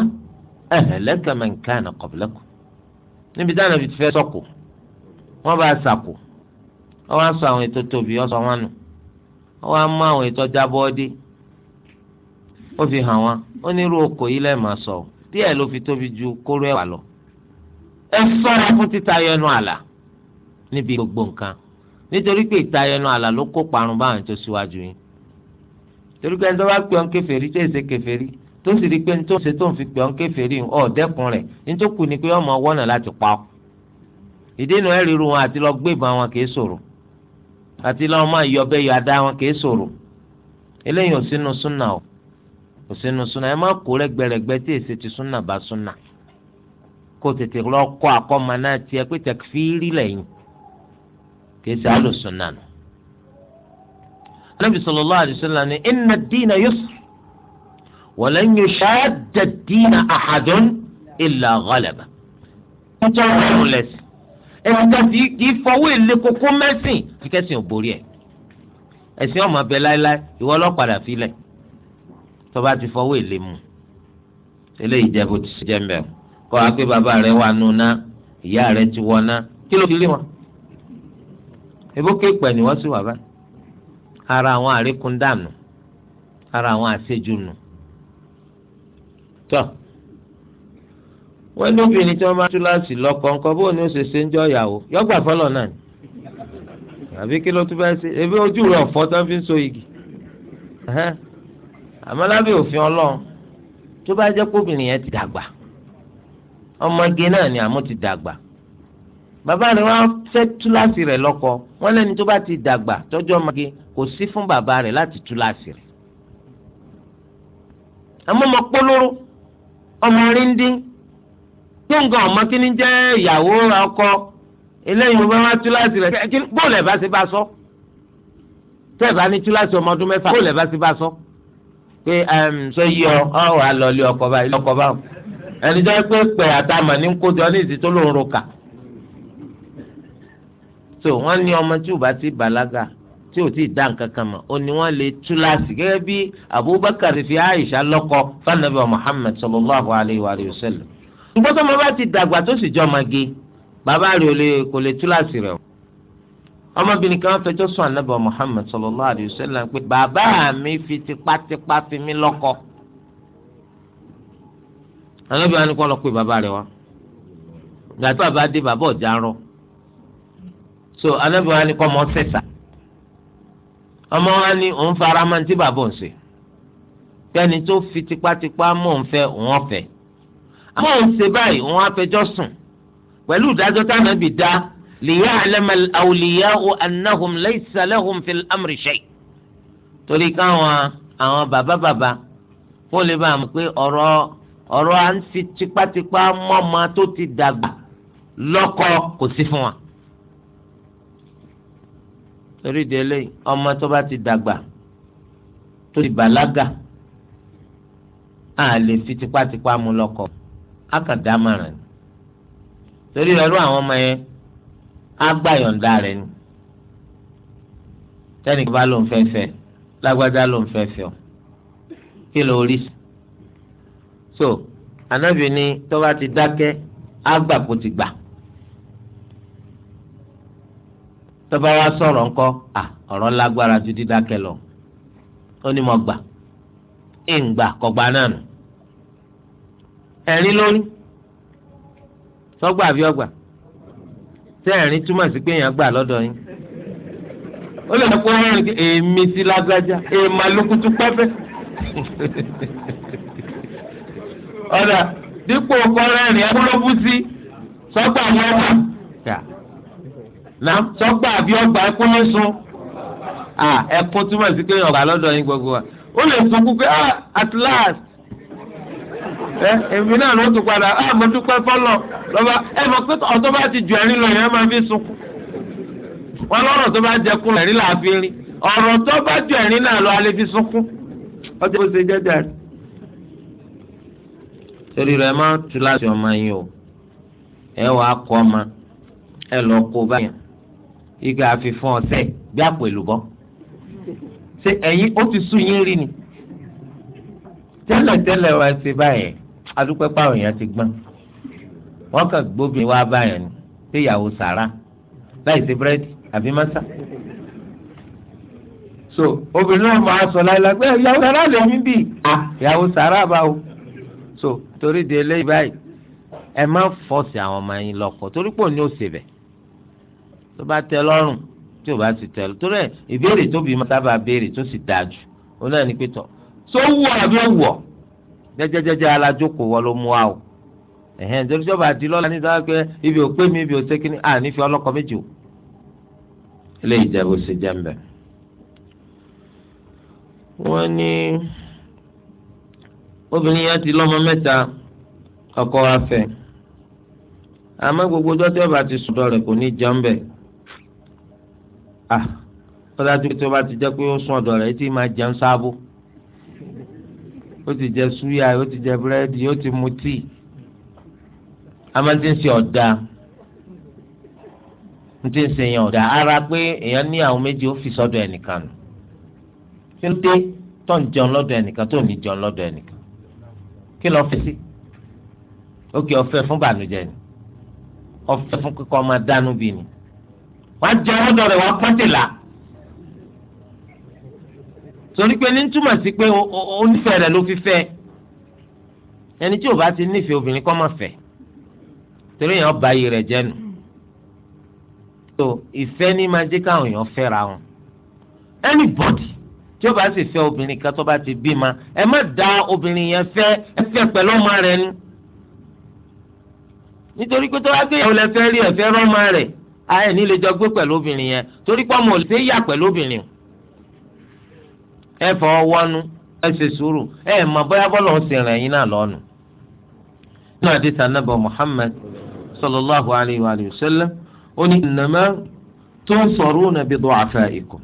ẹ̀hẹ̀lẹ́kẹ̀ máa ń ká àná kọ̀bílẹ́kọ̀ níbi táwọn fi fẹ́ sọ̀kò wọ́n bá sàkò wọ́n wá sọ àwọn ètò tóbi ọ̀sọ̀ wọn nù wọ́n wá mú àwọn ètò ó fi hàn wọn ó ní irú yìí lẹ́ẹ̀ máa sọ fi tóbi ju kóró ẹ̀wà lọ. ẹ sọ́ra fún títa yẹnu àlà níbi gbogbo nǹkan nítorí pé ìta yẹnu àlà ló kó parun báwọn torí pé ẹni tó bá pè ọ́n kèfèrí tó èsè kèfèrí tó sì rí pé ní tó ṣe tó ń fi pè ọ́n kèfèrí ọ̀ dẹ́kun rẹ̀ ní tó kù ni pé ọmọ wọ́nà láti pa ọ́ ìdènà ẹ̀rìrù wọn àti lọ gbébọn wọn kì í ṣòro àti lọ́wọ́ máa yọ ọbẹ̀ yọ adá wọn kì í ṣòro eléyìí ò sínú súnà o kò sínú súnà ẹ má kó rẹ́gbẹ̀rẹ́gbẹ́ tí èsì ti súnà bá súnà kó tètè lọ kọ́ àkọ́mọ náà tiẹ̀ pé tẹkifírí lẹ́yìn kì í ṣe anabi sallallahu alayhi wa sallam ni inna diina yusr walan yushadda diina ahadun illa ghalaba. nítorí wọn yóò lẹsìn ẹni kan kì í fọwọ́ èlé kókó mẹ́sìn àti kẹ́sìn ò borí ẹ̀ ẹ̀sìn ọmọ abẹ láéláé ìwọ ọlọ́padà filẹ̀ tọ́ba ti fọwọ́ èlé mu eléyìí jẹ́ bó ti ṣe jẹ́ mbẹ́ kọ́ wa bàbá rẹ̀ wà nù ná ìyá rẹ̀ ti wọ̀ ná kí ló fi lé wọn ebókè pẹ̀ ni wọ́n sì wà báyìí ara àwọn àríkúndàmù ara àwọn àṣejù nù tọ́ wọ́n ní obìnrin tí wọ́n bá túláàsì lọ́kọ ńkọ́ bó ni ó ṣe ṣe ń jọ ìyàwó yọgbà fọlọ́ náà ni àbí kí ló tún bá ṣe ebi ojú rẹ̀ ọ̀fọ́ tó ń fi so igi àmọ́ lábẹ́ òfin ọlọ́run tó bá jẹ́ kóbìnrin yẹn ti dàgbà ọmọge náà ni àmọ́ ti dàgbà bàbá rẹ̀ wá fẹ́ túláàsì rẹ̀ lọ́kọ wọ́n lẹ́ni tó bá ti dàgbà tọ́jú ọmọge kò sí fún bàbá rẹ̀ láti tú láàsì rẹ̀ àmọ́ ọmọ polówó ọmọ rindin tó nǹkan ọmọ kí ni jẹ́ ìyàwó ọkọ eléyìí mo bá wá tú láàsì rẹ̀ bóòlù ẹ̀ bá ṣe bá sọ tẹ́ ẹ̀ bá ní tú láàsì ọmọ ọdún mẹ́fà bóòlù ẹ̀ bá ṣe bá sọ pé sọ yí ọ ọ wà lọ ọkọ báyìí ẹni tó yẹ pé pẹ̀ àtàmà ní kó jọ ní ìsìtò lóun ro kà. so wọ́n ní ọmọ tí ti bàlágà tí o ti dá nǹkan kan mọ̀ ó ní wọ́n lè túláàsì bí Abubakar fi Aisha lọkọ fanabi Muhammad sallallahu alayhi wa sallam. ṣùgbọ́n tó bá ti dàgbà tó sì jọ magi bàbá rẹ̀ kò lè túláàsì o ọmọbìnrin kan fẹjọ́ sùn ànábì Muhammad sallallahu alayhi wa sallam pé bàbá mi fi tipátipá fi mí lọkọ. wa ni kò lọ pé bàbá so anabi wa ni kọ́ ọmọ sẹ́sà ọmọ wa ni òun fara máa ń tí bàbá òun ṣe kẹ́ni tó fi tipátipá mọ̀ ń fẹ́ òun ọ̀fẹ́ àmọ́ òun ṣe báyìí òun afẹjọ́ sùn pẹ̀lú ìdájọ́ tánàbì dá liya'lama al-awliya'u annahum laysa lahum fil amri shay torí káwọn àwọn bàbá bàbá fún lè bá a pé ọ̀rọ̀ ọ̀rọ̀ à ń fi tipátipá mọ́ ọmọ tó ti dàgbà lọ́kọ kò sí fún wa torí ìdí eléyìí ọmọ tó bá ti dàgbà tó ti bàlágà á lè fi tipátipá mú lọ́kọ á kàn dá màrán ni torí ẹrú àwọn ọmọ yẹn á gbà ni tẹ́nìkan bá lòun fẹ́fẹ́ lágbájá lòun fẹ́fẹ́ o kí ló rí so ànábì ni tó bá ti dákẹ́ á tọ́ba wa sọrọ nkọ à ọ̀rọ̀ lágbára ju lọ ó ní mo náà nù lórí àbí ọgbà tẹ́ ẹ̀rín túmọ̀ sí pé èèyàn gbà lọ́dọ̀ yín ó lè kó ẹ̀rín kí èmi sí lágbájá èèmà lókùtù pẹ́pẹ́ ọ̀dà dípò kọ́rẹ́rìn sí na sọgbà àbí ọgbà ẹkún ní sun ẹkún túmọ̀ sí pé ọ̀gá lọ́dọ̀ yín gbogbo wa ó lè pé ah at last ẹ èmi náà ló tún padà ah mo dúpẹ́ lọ́ba ẹ mọ̀ pé ọ̀tọ́ bá ti jù ẹ̀rín lọ yẹn máa fi wọn lọ́rọ̀ tó bá jẹ kún ẹ̀rín rí ọ̀rọ̀ tó bá jù ẹ̀rín náà lọ alẹ́ fi ọjọ́ bó ṣe torí ìgbà àfihàn ọ̀sẹ̀ bí àpò èlùbọ́ ṣé ẹ̀yin ó ti sún yín rí ni tẹ́lẹ̀ tẹ́lẹ̀ wá ṣe báyẹn adúpẹ́ páwọn èèyàn ti gbọ́n wọ́n kàn gbóbìnrin wá báyẹn ni pé ìyàwó sàrà láì ṣe búrẹ́dì àbí mọ́sà so obìnrin náà máa sọ láìláì pé ìyàwó sàrà lè mí bì à ah, ìyàwó sàrà báwo so torí de eléyìí báyìí ẹ má fọ́ọ̀sì àwọn ọmọ yín lọ́kọ torí pò ní òsè bẹ́ẹ̀ tó bá tẹ́ lọ́rùn tí ò bá sì tẹ́ lọ torí ẹ ìbéèrè tóbi máa sábà béèrè tó sì dáa jù ó náà ní pétọ tó wù ọ àbí ó wù ọ jẹjẹjẹjẹ alájókòó wọ ló mú wa o ẹhẹn torí sọba àti lọ́la ní sábà pé ibi ò pé mi ibi ò sékìní à nífi ọlọ́kọ méjì o eléyìí jẹ bó ṣe wọ́n ní obìnrin yẹn ti lọ́mọ mẹ́ta ọkọ wa àmọ́ gbogbo dọ́tí ọba ti sùn dọ́ kò ní jẹun ah tọ́dájú pé tó bá ti jẹ́ pé ó sún ọ̀dọ̀ rẹ̀ tí máa jẹun sáábó ó ti jẹ súyà ó ti jẹ búrẹ́dì ó ti mu tíì amadéǹsì ọ̀dà ntẹ́ǹsì yẹn ọ̀dà ara pé èèyàn ní àwọn méjì ó fi sọ́dọ̀ ẹnìkan nù kí ló dé tó ń jẹun lọ́dọ̀ ẹnìkan tó ní jẹun lọ́dọ̀ ẹnìkan kí ló fẹ́ sí ó ọ̀fẹ́ fún bànújẹ́ ni ọ̀fẹ́ fún kíkọ́ ọmọ dánú bí ni wàá jẹ ọlọ́dọ̀ rẹ̀ wàá pọ́ntìlá torí pé ní túmọ̀ sí pé ó nífẹ̀ẹ́ rẹ̀ ló fi fẹ́ ẹni tí ò bá ti nífẹ̀ẹ́ obìnrin kọ́ mọ̀ fẹ́ torí èèyàn ba ayé rẹ̀ jẹ́ nù tó ìfẹ́ ní máa jẹ́ káwọn èèyàn fẹ́ra wọn anybody tí ó bá sì fẹ́ obìnrin kan tó bá ti bímọ ẹ má da obìnrin yẹn fẹ́ ẹ fẹ́ pẹ̀lú ọmọ rẹ̀ ni nítorí pé tó bá gbé ìyàwó lẹ fẹ́ rí ẹ fẹ́ rọ́mọ rẹ̀ ayé ní lè jọ gbé pẹ̀lú obìnrin yẹn torí pé ọmọ ò lè yà pẹ̀lú obìnrin ẹ fọwọ́ wọnú ẹ ṣe sùúrù ẹ mọ bóyá bọ́lá ń sin rẹ̀ yín náà lọ́nu. nínú àdìs anábọ̀ Muhammad sallallahu alayhi wa sallam ó ní ìnàmọ́ tó ń sọ̀rọ̀ ọ̀nà bí dọ́àfẹ́ ikọ̀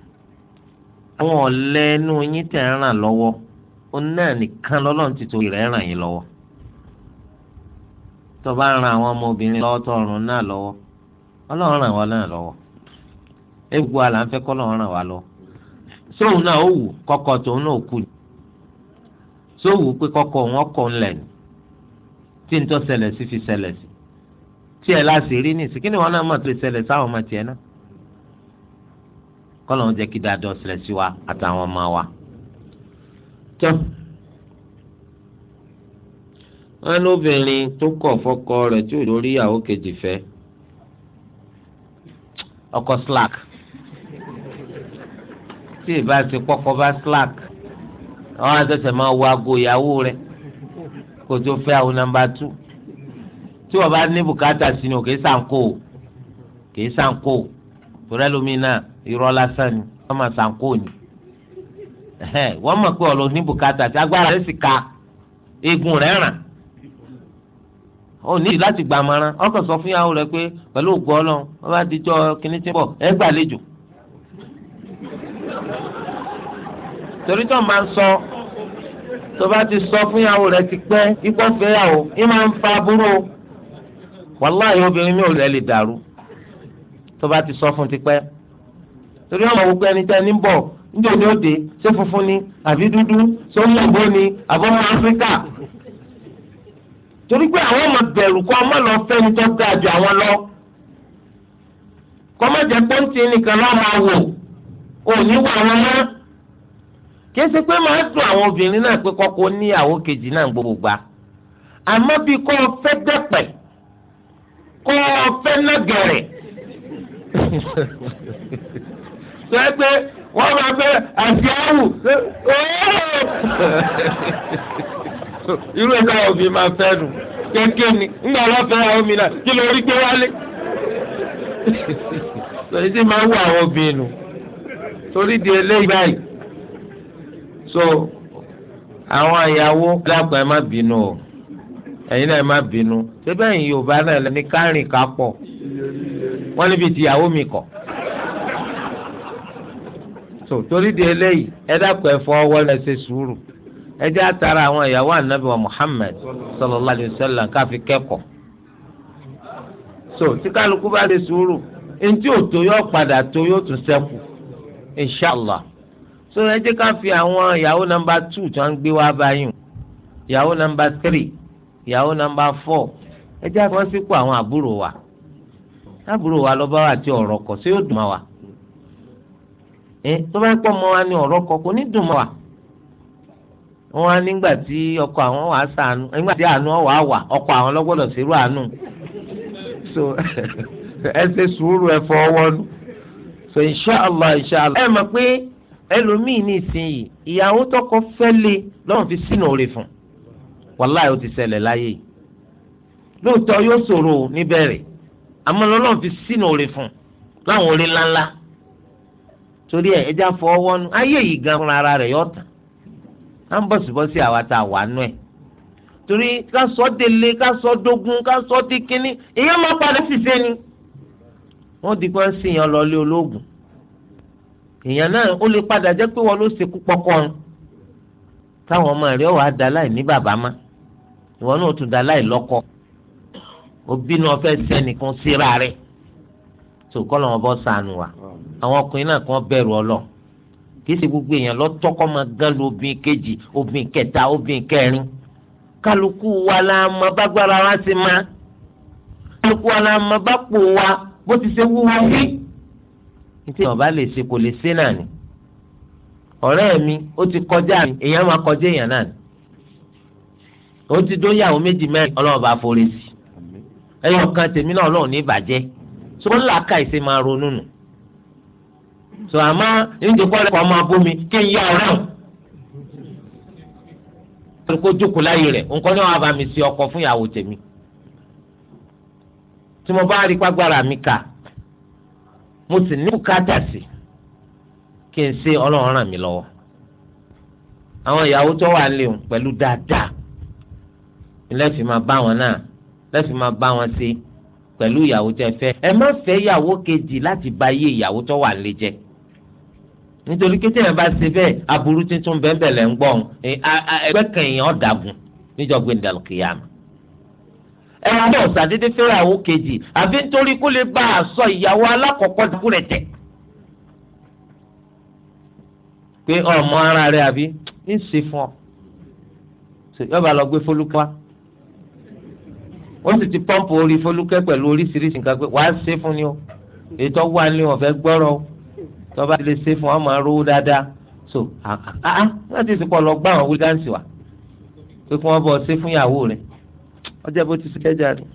àwọn yín tẹ̀ ń ràn lọ́wọ́ ó náà nìkan lọ́lọ́run ti ràn yín lọ́wọ́ tó bá ran ọlọ́run ràn wá náà lọ́wọ́ egbò àlà ń fẹ́ kọ́ ọlọ́run ràn wá lọ sóun náà ó wù kọ́kọ́ tòun náà kù ní sówù pé kọ́kọ́ wọn kọ́ ńlẹ̀ ní tí ń tọ́ sí fi ṣẹlẹ̀ sí tí ẹ̀ láti rí ní ìsìnkí ni wọn náà mọ̀ tó ṣẹlẹ̀ sáwọn ọmọ tiẹ̀ náà kọ́lọ̀ jẹ́ kí dáadọ́ ṣẹlẹ̀ sí wa àtàwọn ọmọ wa tó wọn lóbìnrin tó kọ̀ fọ́kọ rẹ̀ tí ò lórí ìyàwó kejì fẹ́ ọkọ slack tí ìbá ti kọ́kọ́ bá slack àwọn àtẹ̀tẹ̀ máa wo aago ìyàwó rẹ̀ kó tó fẹ́ àwọn nàmbà tú tí wọ́n bá ní bùkátà sí ni ò kìí sànkó kìí sànkó torẹ́ lómi náà irọ́ lásán ni wọ́n máa sànkó ni wọ́n mọ̀ pé ọ̀lọ́ ní bùkátà tí agbára ka eegun rẹ̀ ràn ó ní ìdí láti gbà mọ́ra sọ fún rẹ pé pẹ̀lú ògbọ́ ọlọ́run wọ́n bá dijọ́ kínní tí ń bọ̀ ẹ gbàlejò. torí tó máa ń sọ tó bá ti sọ fún rẹ ti pẹ́ ikọ́ fẹ́yàwó ẹ máa ń fa obìnrin mi ò rẹ̀ lè dàrú tó bá ti sọ fún ti pe. torí ọmọ gbogbo ẹni tẹ́ ní ni ó ṣé funfun ni àbí dúdú ṣé ó ń lọ́gbọ́n ni àbọ̀mọ́ áfíríkà torí pé àwọn ọmọ bẹ̀rù kọ́ ọmọ lọ fẹ́ni tó dáa ju àwọn lọ kọ́mọ jẹ́ pọ́ǹtì nìkan lọ́ọ́ máa wò òní wà wọn mọ́ kí ẹsẹ̀ pé máa dùn àwọn obìnrin náà pé kọ́kọ́ níyàwó kejì náà gbogbo gbà àmọ́ bí kọ́ ọ fẹ́ dẹ́pẹ̀ kọ́ ọ fẹ́ nàgẹ̀rẹ̀ tó ẹ wọ́n máa fẹ́ àti àwù irú ẹ̀ náà òbí máa fẹ́ nù kéńké ni ńgbà lọ́fẹ́ àwọn mi náà kí ló rí gbé wálé. sọ̀rọ̀ tí máa ń wọ àwọn obìnrin nù torí di eléyìí báyìí. so àwọn ìyàwó dàgbà ẹ má bínú o ẹ̀yin náà ẹ má bínú síbẹ̀ ẹ̀yin Yorùbá náà lẹ́ni kárìn ká pọ̀ wọ́n níbi ti ìyàwó mi kọ̀. so torí di eléyìí ẹ dàgbà ẹ fọ ọwọ́ ẹ ṣe sùúrù. ẹ jẹ́ àwọn ìyàwó ànábì wa Muhammad sallallahu alayhi wa sallam káfi kẹ́kọ̀ọ́ so tí kálukú bá lè sùúrù ntí òtò yóò padà tó yóò tún inshallah so ẹ fi àwọn ìyàwó nàmbà two tí ń gbé wá báyìí ìyàwó nọ́mbà three ìyàwó nọ́mbà four ẹ àwọn àbúrò wa àbúrò wa lọ́ba wa ti ọ̀rọ̀ kọ sí yóò dùn wa ẹ tó bá ń pọ̀ wọn á nígbà tí ọkọ àwọn wà sànù nígbà tí àánú wà ọkọ àwọn lọgbọdọ sírú àánú so ẹ ṣe sùúrù ẹ fọ nù so inshallah inshallah. ẹ mọ̀ pé ẹlòmíì ní ìsinyìí ìyàwó tọkọ fẹ́lẹ̀ fi sínú òre fún wàláì ó ti ṣẹlẹ̀ láyé lóòótọ́ yóò ṣòro níbẹ̀rẹ̀ àmọ́ lọ́rùn fi sínú òre fún láwọn ńláńlá torí ẹ já fọ à ń bọ̀sibọ́sí àwa tá a wà nú ẹ̀ torí ká sọ délé ká sọ dógún ká sọ dé kínní ìyẹn máa padà ṣiṣẹ́ ni wọ́n di pé ń sìn yàn lọ́lé olóògùn èèyàn náà ó lè padà jẹ́ pé wọ́n ló ṣekú pọ́kọ́run táwọn ọmọ rẹ̀ wàá da láì ní bàbá má ìwọ náà tún da láì lọ́kọ òbí náà fẹ́ sẹ́nìkan síra rẹ̀ tó lọ́wọ́ bọ́ sànù wa àwọn ọkùnrin náà kàn bẹ̀rù ọlọ́run kìí ṣe gbogbo èèyàn lọ́tọ́kọ́ máa gán lu obìnrin kejì obìnrin kẹta obìnrin kẹrin kálukú wa la mọ bágbára wa ṣe ma kálukú wa la mọ bápò wa bó ti ṣe wúwo wí. nítorí ọba lè ṣe kò lè ṣe náà ni ọ̀rẹ́ mi ó ti kọjá mi èèyàn máa kọjá èèyàn náà ni ó ti dó yàwó méjì mẹ́rin ọlọ́run bá forí sí ẹ̀yọ̀ kan tèmi náà ọlọ́run ní ìbàjẹ́ sọ́ńlá ká ìṣe máa ronú nù sọ àmọ́ níbi kọ́lẹ́ kọ́ máa bómi kí n yá ọ̀ràn. kó jókòó láyé rẹ̀ nǹkan náà wàá bá mi sí ọkọ fún ìyàwó tèmi. tí mo bá rí pàgbára mi kà mo sì ní bùkátà sí kí n ṣe ọlọ́run ràn mí lọ́wọ́. àwọn ìyàwó tó wà lé òun pẹ̀lú dáadáa lẹ́sìn máa bá wọn náà lẹ́sìn máa bá wọn ṣe pẹ̀lú ìyàwó tẹ́ fẹ́ ẹ má fẹ́ ìyàwó kejì láti bà iye ìyàwó tó wà lé jẹ́ nítorí kété yẹn bá ṣe bẹ́ẹ̀ aburú tuntun bẹ́ẹ̀ lẹ́ ń gbọ́ ẹgbẹ́ kẹyìn ọ̀dàgùn níjọba ìdàlùkìyàmù ẹ̀rọ náà ṣàdédé fẹ́rẹ̀ àwọn kejì àfi nítorí kó lè bá a sọ ìyàwó alákọ̀ọ́kọ́ dúró rẹ̀ tẹ̀. pé ọmọ ara rẹ àbí ń ṣe fún ọ yọba lọ gbé fọlùkọ́ ó sì ti pọ́ǹpù orí fọlùkẹ́ pẹ̀lú oríṣiríṣi nǹkan pé wàá ṣe fún ni o ètò wà ní ọ̀fẹ́ gbọ́rọ̀ o tọ́ba ti lè ṣe fún wa máa rówó dáadáa so àá wọ́n ti sùpọ̀ lọ gbá àwọn wíńdáǹsì wa pé kí wọ́n bọ̀ ṣe fún ìyàwó rẹ̀ ọjọ́ bó ti ṣe kẹjà rẹ̀.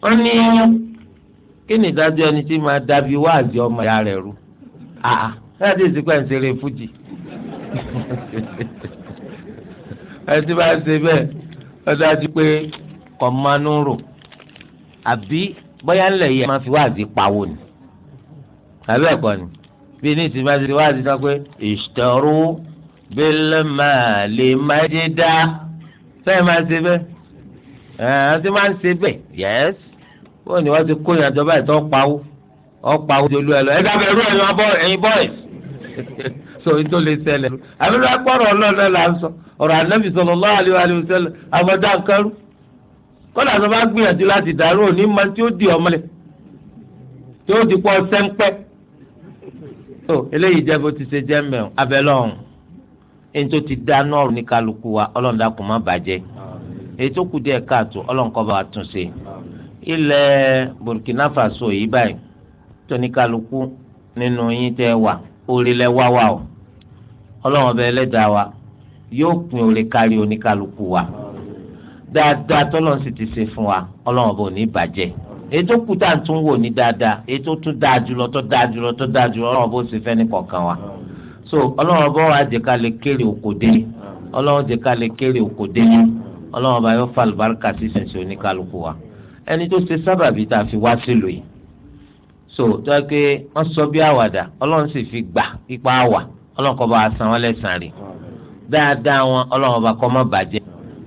wọ́n ní kí ni ìdájọ́ ẹni tí máa dàbí wáàzì ọmọ ìyá rẹ̀ rú àá wọ́n ti sùpọ̀ ẹ̀ ń ṣeré fújì ẹtí bá ṣe bẹ́ẹ̀ ọ̀dájú pé kọ̀mánú rò àbí bóyá ńlẹ̀ yìí ẹ máa fi wáàzì pawó ni àbẹ́ ẹ̀kọ́ ni bí ní ìsinmi bá ti wáàzì sọ pé ìṣòro bílẹ̀ máa lè máa dé dá sẹ́yìn máa ṣe bẹ́ẹ̀ ẹ̀ ẹ́ ti máa ṣe bẹ́ẹ̀ yẹ́s wọ́n ní wọ́n ti kó ìyàtọ̀ báyìí tó pawó ọ̀ pawó ti olú ẹ lọ ẹ dábẹ́ ẹ̀rú ẹ̀yìn abọ́ ẹ̀yìn bọ́ọ̀sì so n tó lè ṣẹlẹ̀ àbí wọ́n á pọ̀rọ̀ ọlọ́ọ̀lọ́ là ń sọ ọ̀rọ̀ ànábì sallallahu alaihi wa sallam kọ́lá tó bá gbìyànjú láti dàrú òní máa tí ó di ọmọlẹ̀ tí ó di pọ́ sẹ́ńpẹ́ tó eléyìí jẹ́ bó ti ṣe jẹ́ mẹ́rin abẹ́lọ́run èyí tó ti dá nọ́ọ̀rù ní kálukú wa ọlọ́run dákun má bàjẹ́ èyí tó kù díẹ̀ káàtó ọlọ́run kọ́ wa tún ṣe ilẹ̀ Burkina Faso yìí báyìí tó ní kálukú nínú yín tẹ́ wà orí lẹ́ wá wà o ọlọ́run ọbẹ̀ ẹlẹ́dàá wa yóò pín orí kárí oníkálukú wa dáadáa tọ́lọ́ sì ti ṣe fún wa ọlọ́run bò ní bàjẹ́ èyí tó kú tá à ń tún wò ní dáadáa èyí tó tún dáa jùlọ tó dáa jùlọ tó dáa jùlọ ọlọ́run bò sì fẹ́ ní kọ̀ọ̀kan wa so ọlọ́run bò wá jẹ́ ká lè kéré òkò dé ọlọ́run jẹ́ ká lè kéré òkò dé ọlọ́run bá yọ fa àlùbáríkà sí sẹ̀nsẹ̀ oníkálukú wa ẹni tó ṣe sábàbí tá a fi wá sílùú yìí so tó yẹ pé wọ́n sọ bí àwàdà ọlọ́run sì fi gbà ipa àwà ọlọ́run kọ́ bá a san wọ́n lẹ́sàn-án rè dáadáa wọn ọlọ́run bá kọ́ má bàjẹ́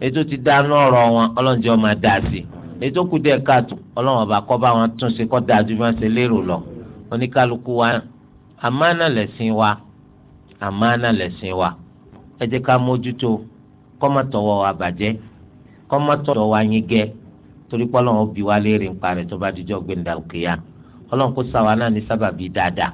ètò ti dá lọ́rọ̀ wọn ọlọ́run jẹ́ ọmọ dá sí ètò kù díẹ̀ káàtó ọlọ́run ọba kọ́ bá wọn tún ṣe kọ́ dáa ju bí wọ́n ṣe lérò lọ oníkálukú wa àmánà lẹ̀sìn wa àmánà lẹ̀sìn wa ẹ jẹ́ ká mójútó kọ́mọ̀tọ̀wọ́ wa bàjẹ́ kọ́mọ̀tọ̀wọ́ wa yín gẹ́ torí pé ọlọ́run bí wa léèrè ńpa rẹ̀ tó bá dijọ́ gbẹ̀ndà òkè ya ọlọ́run kó sáwa náà ní sábàbí dáadáa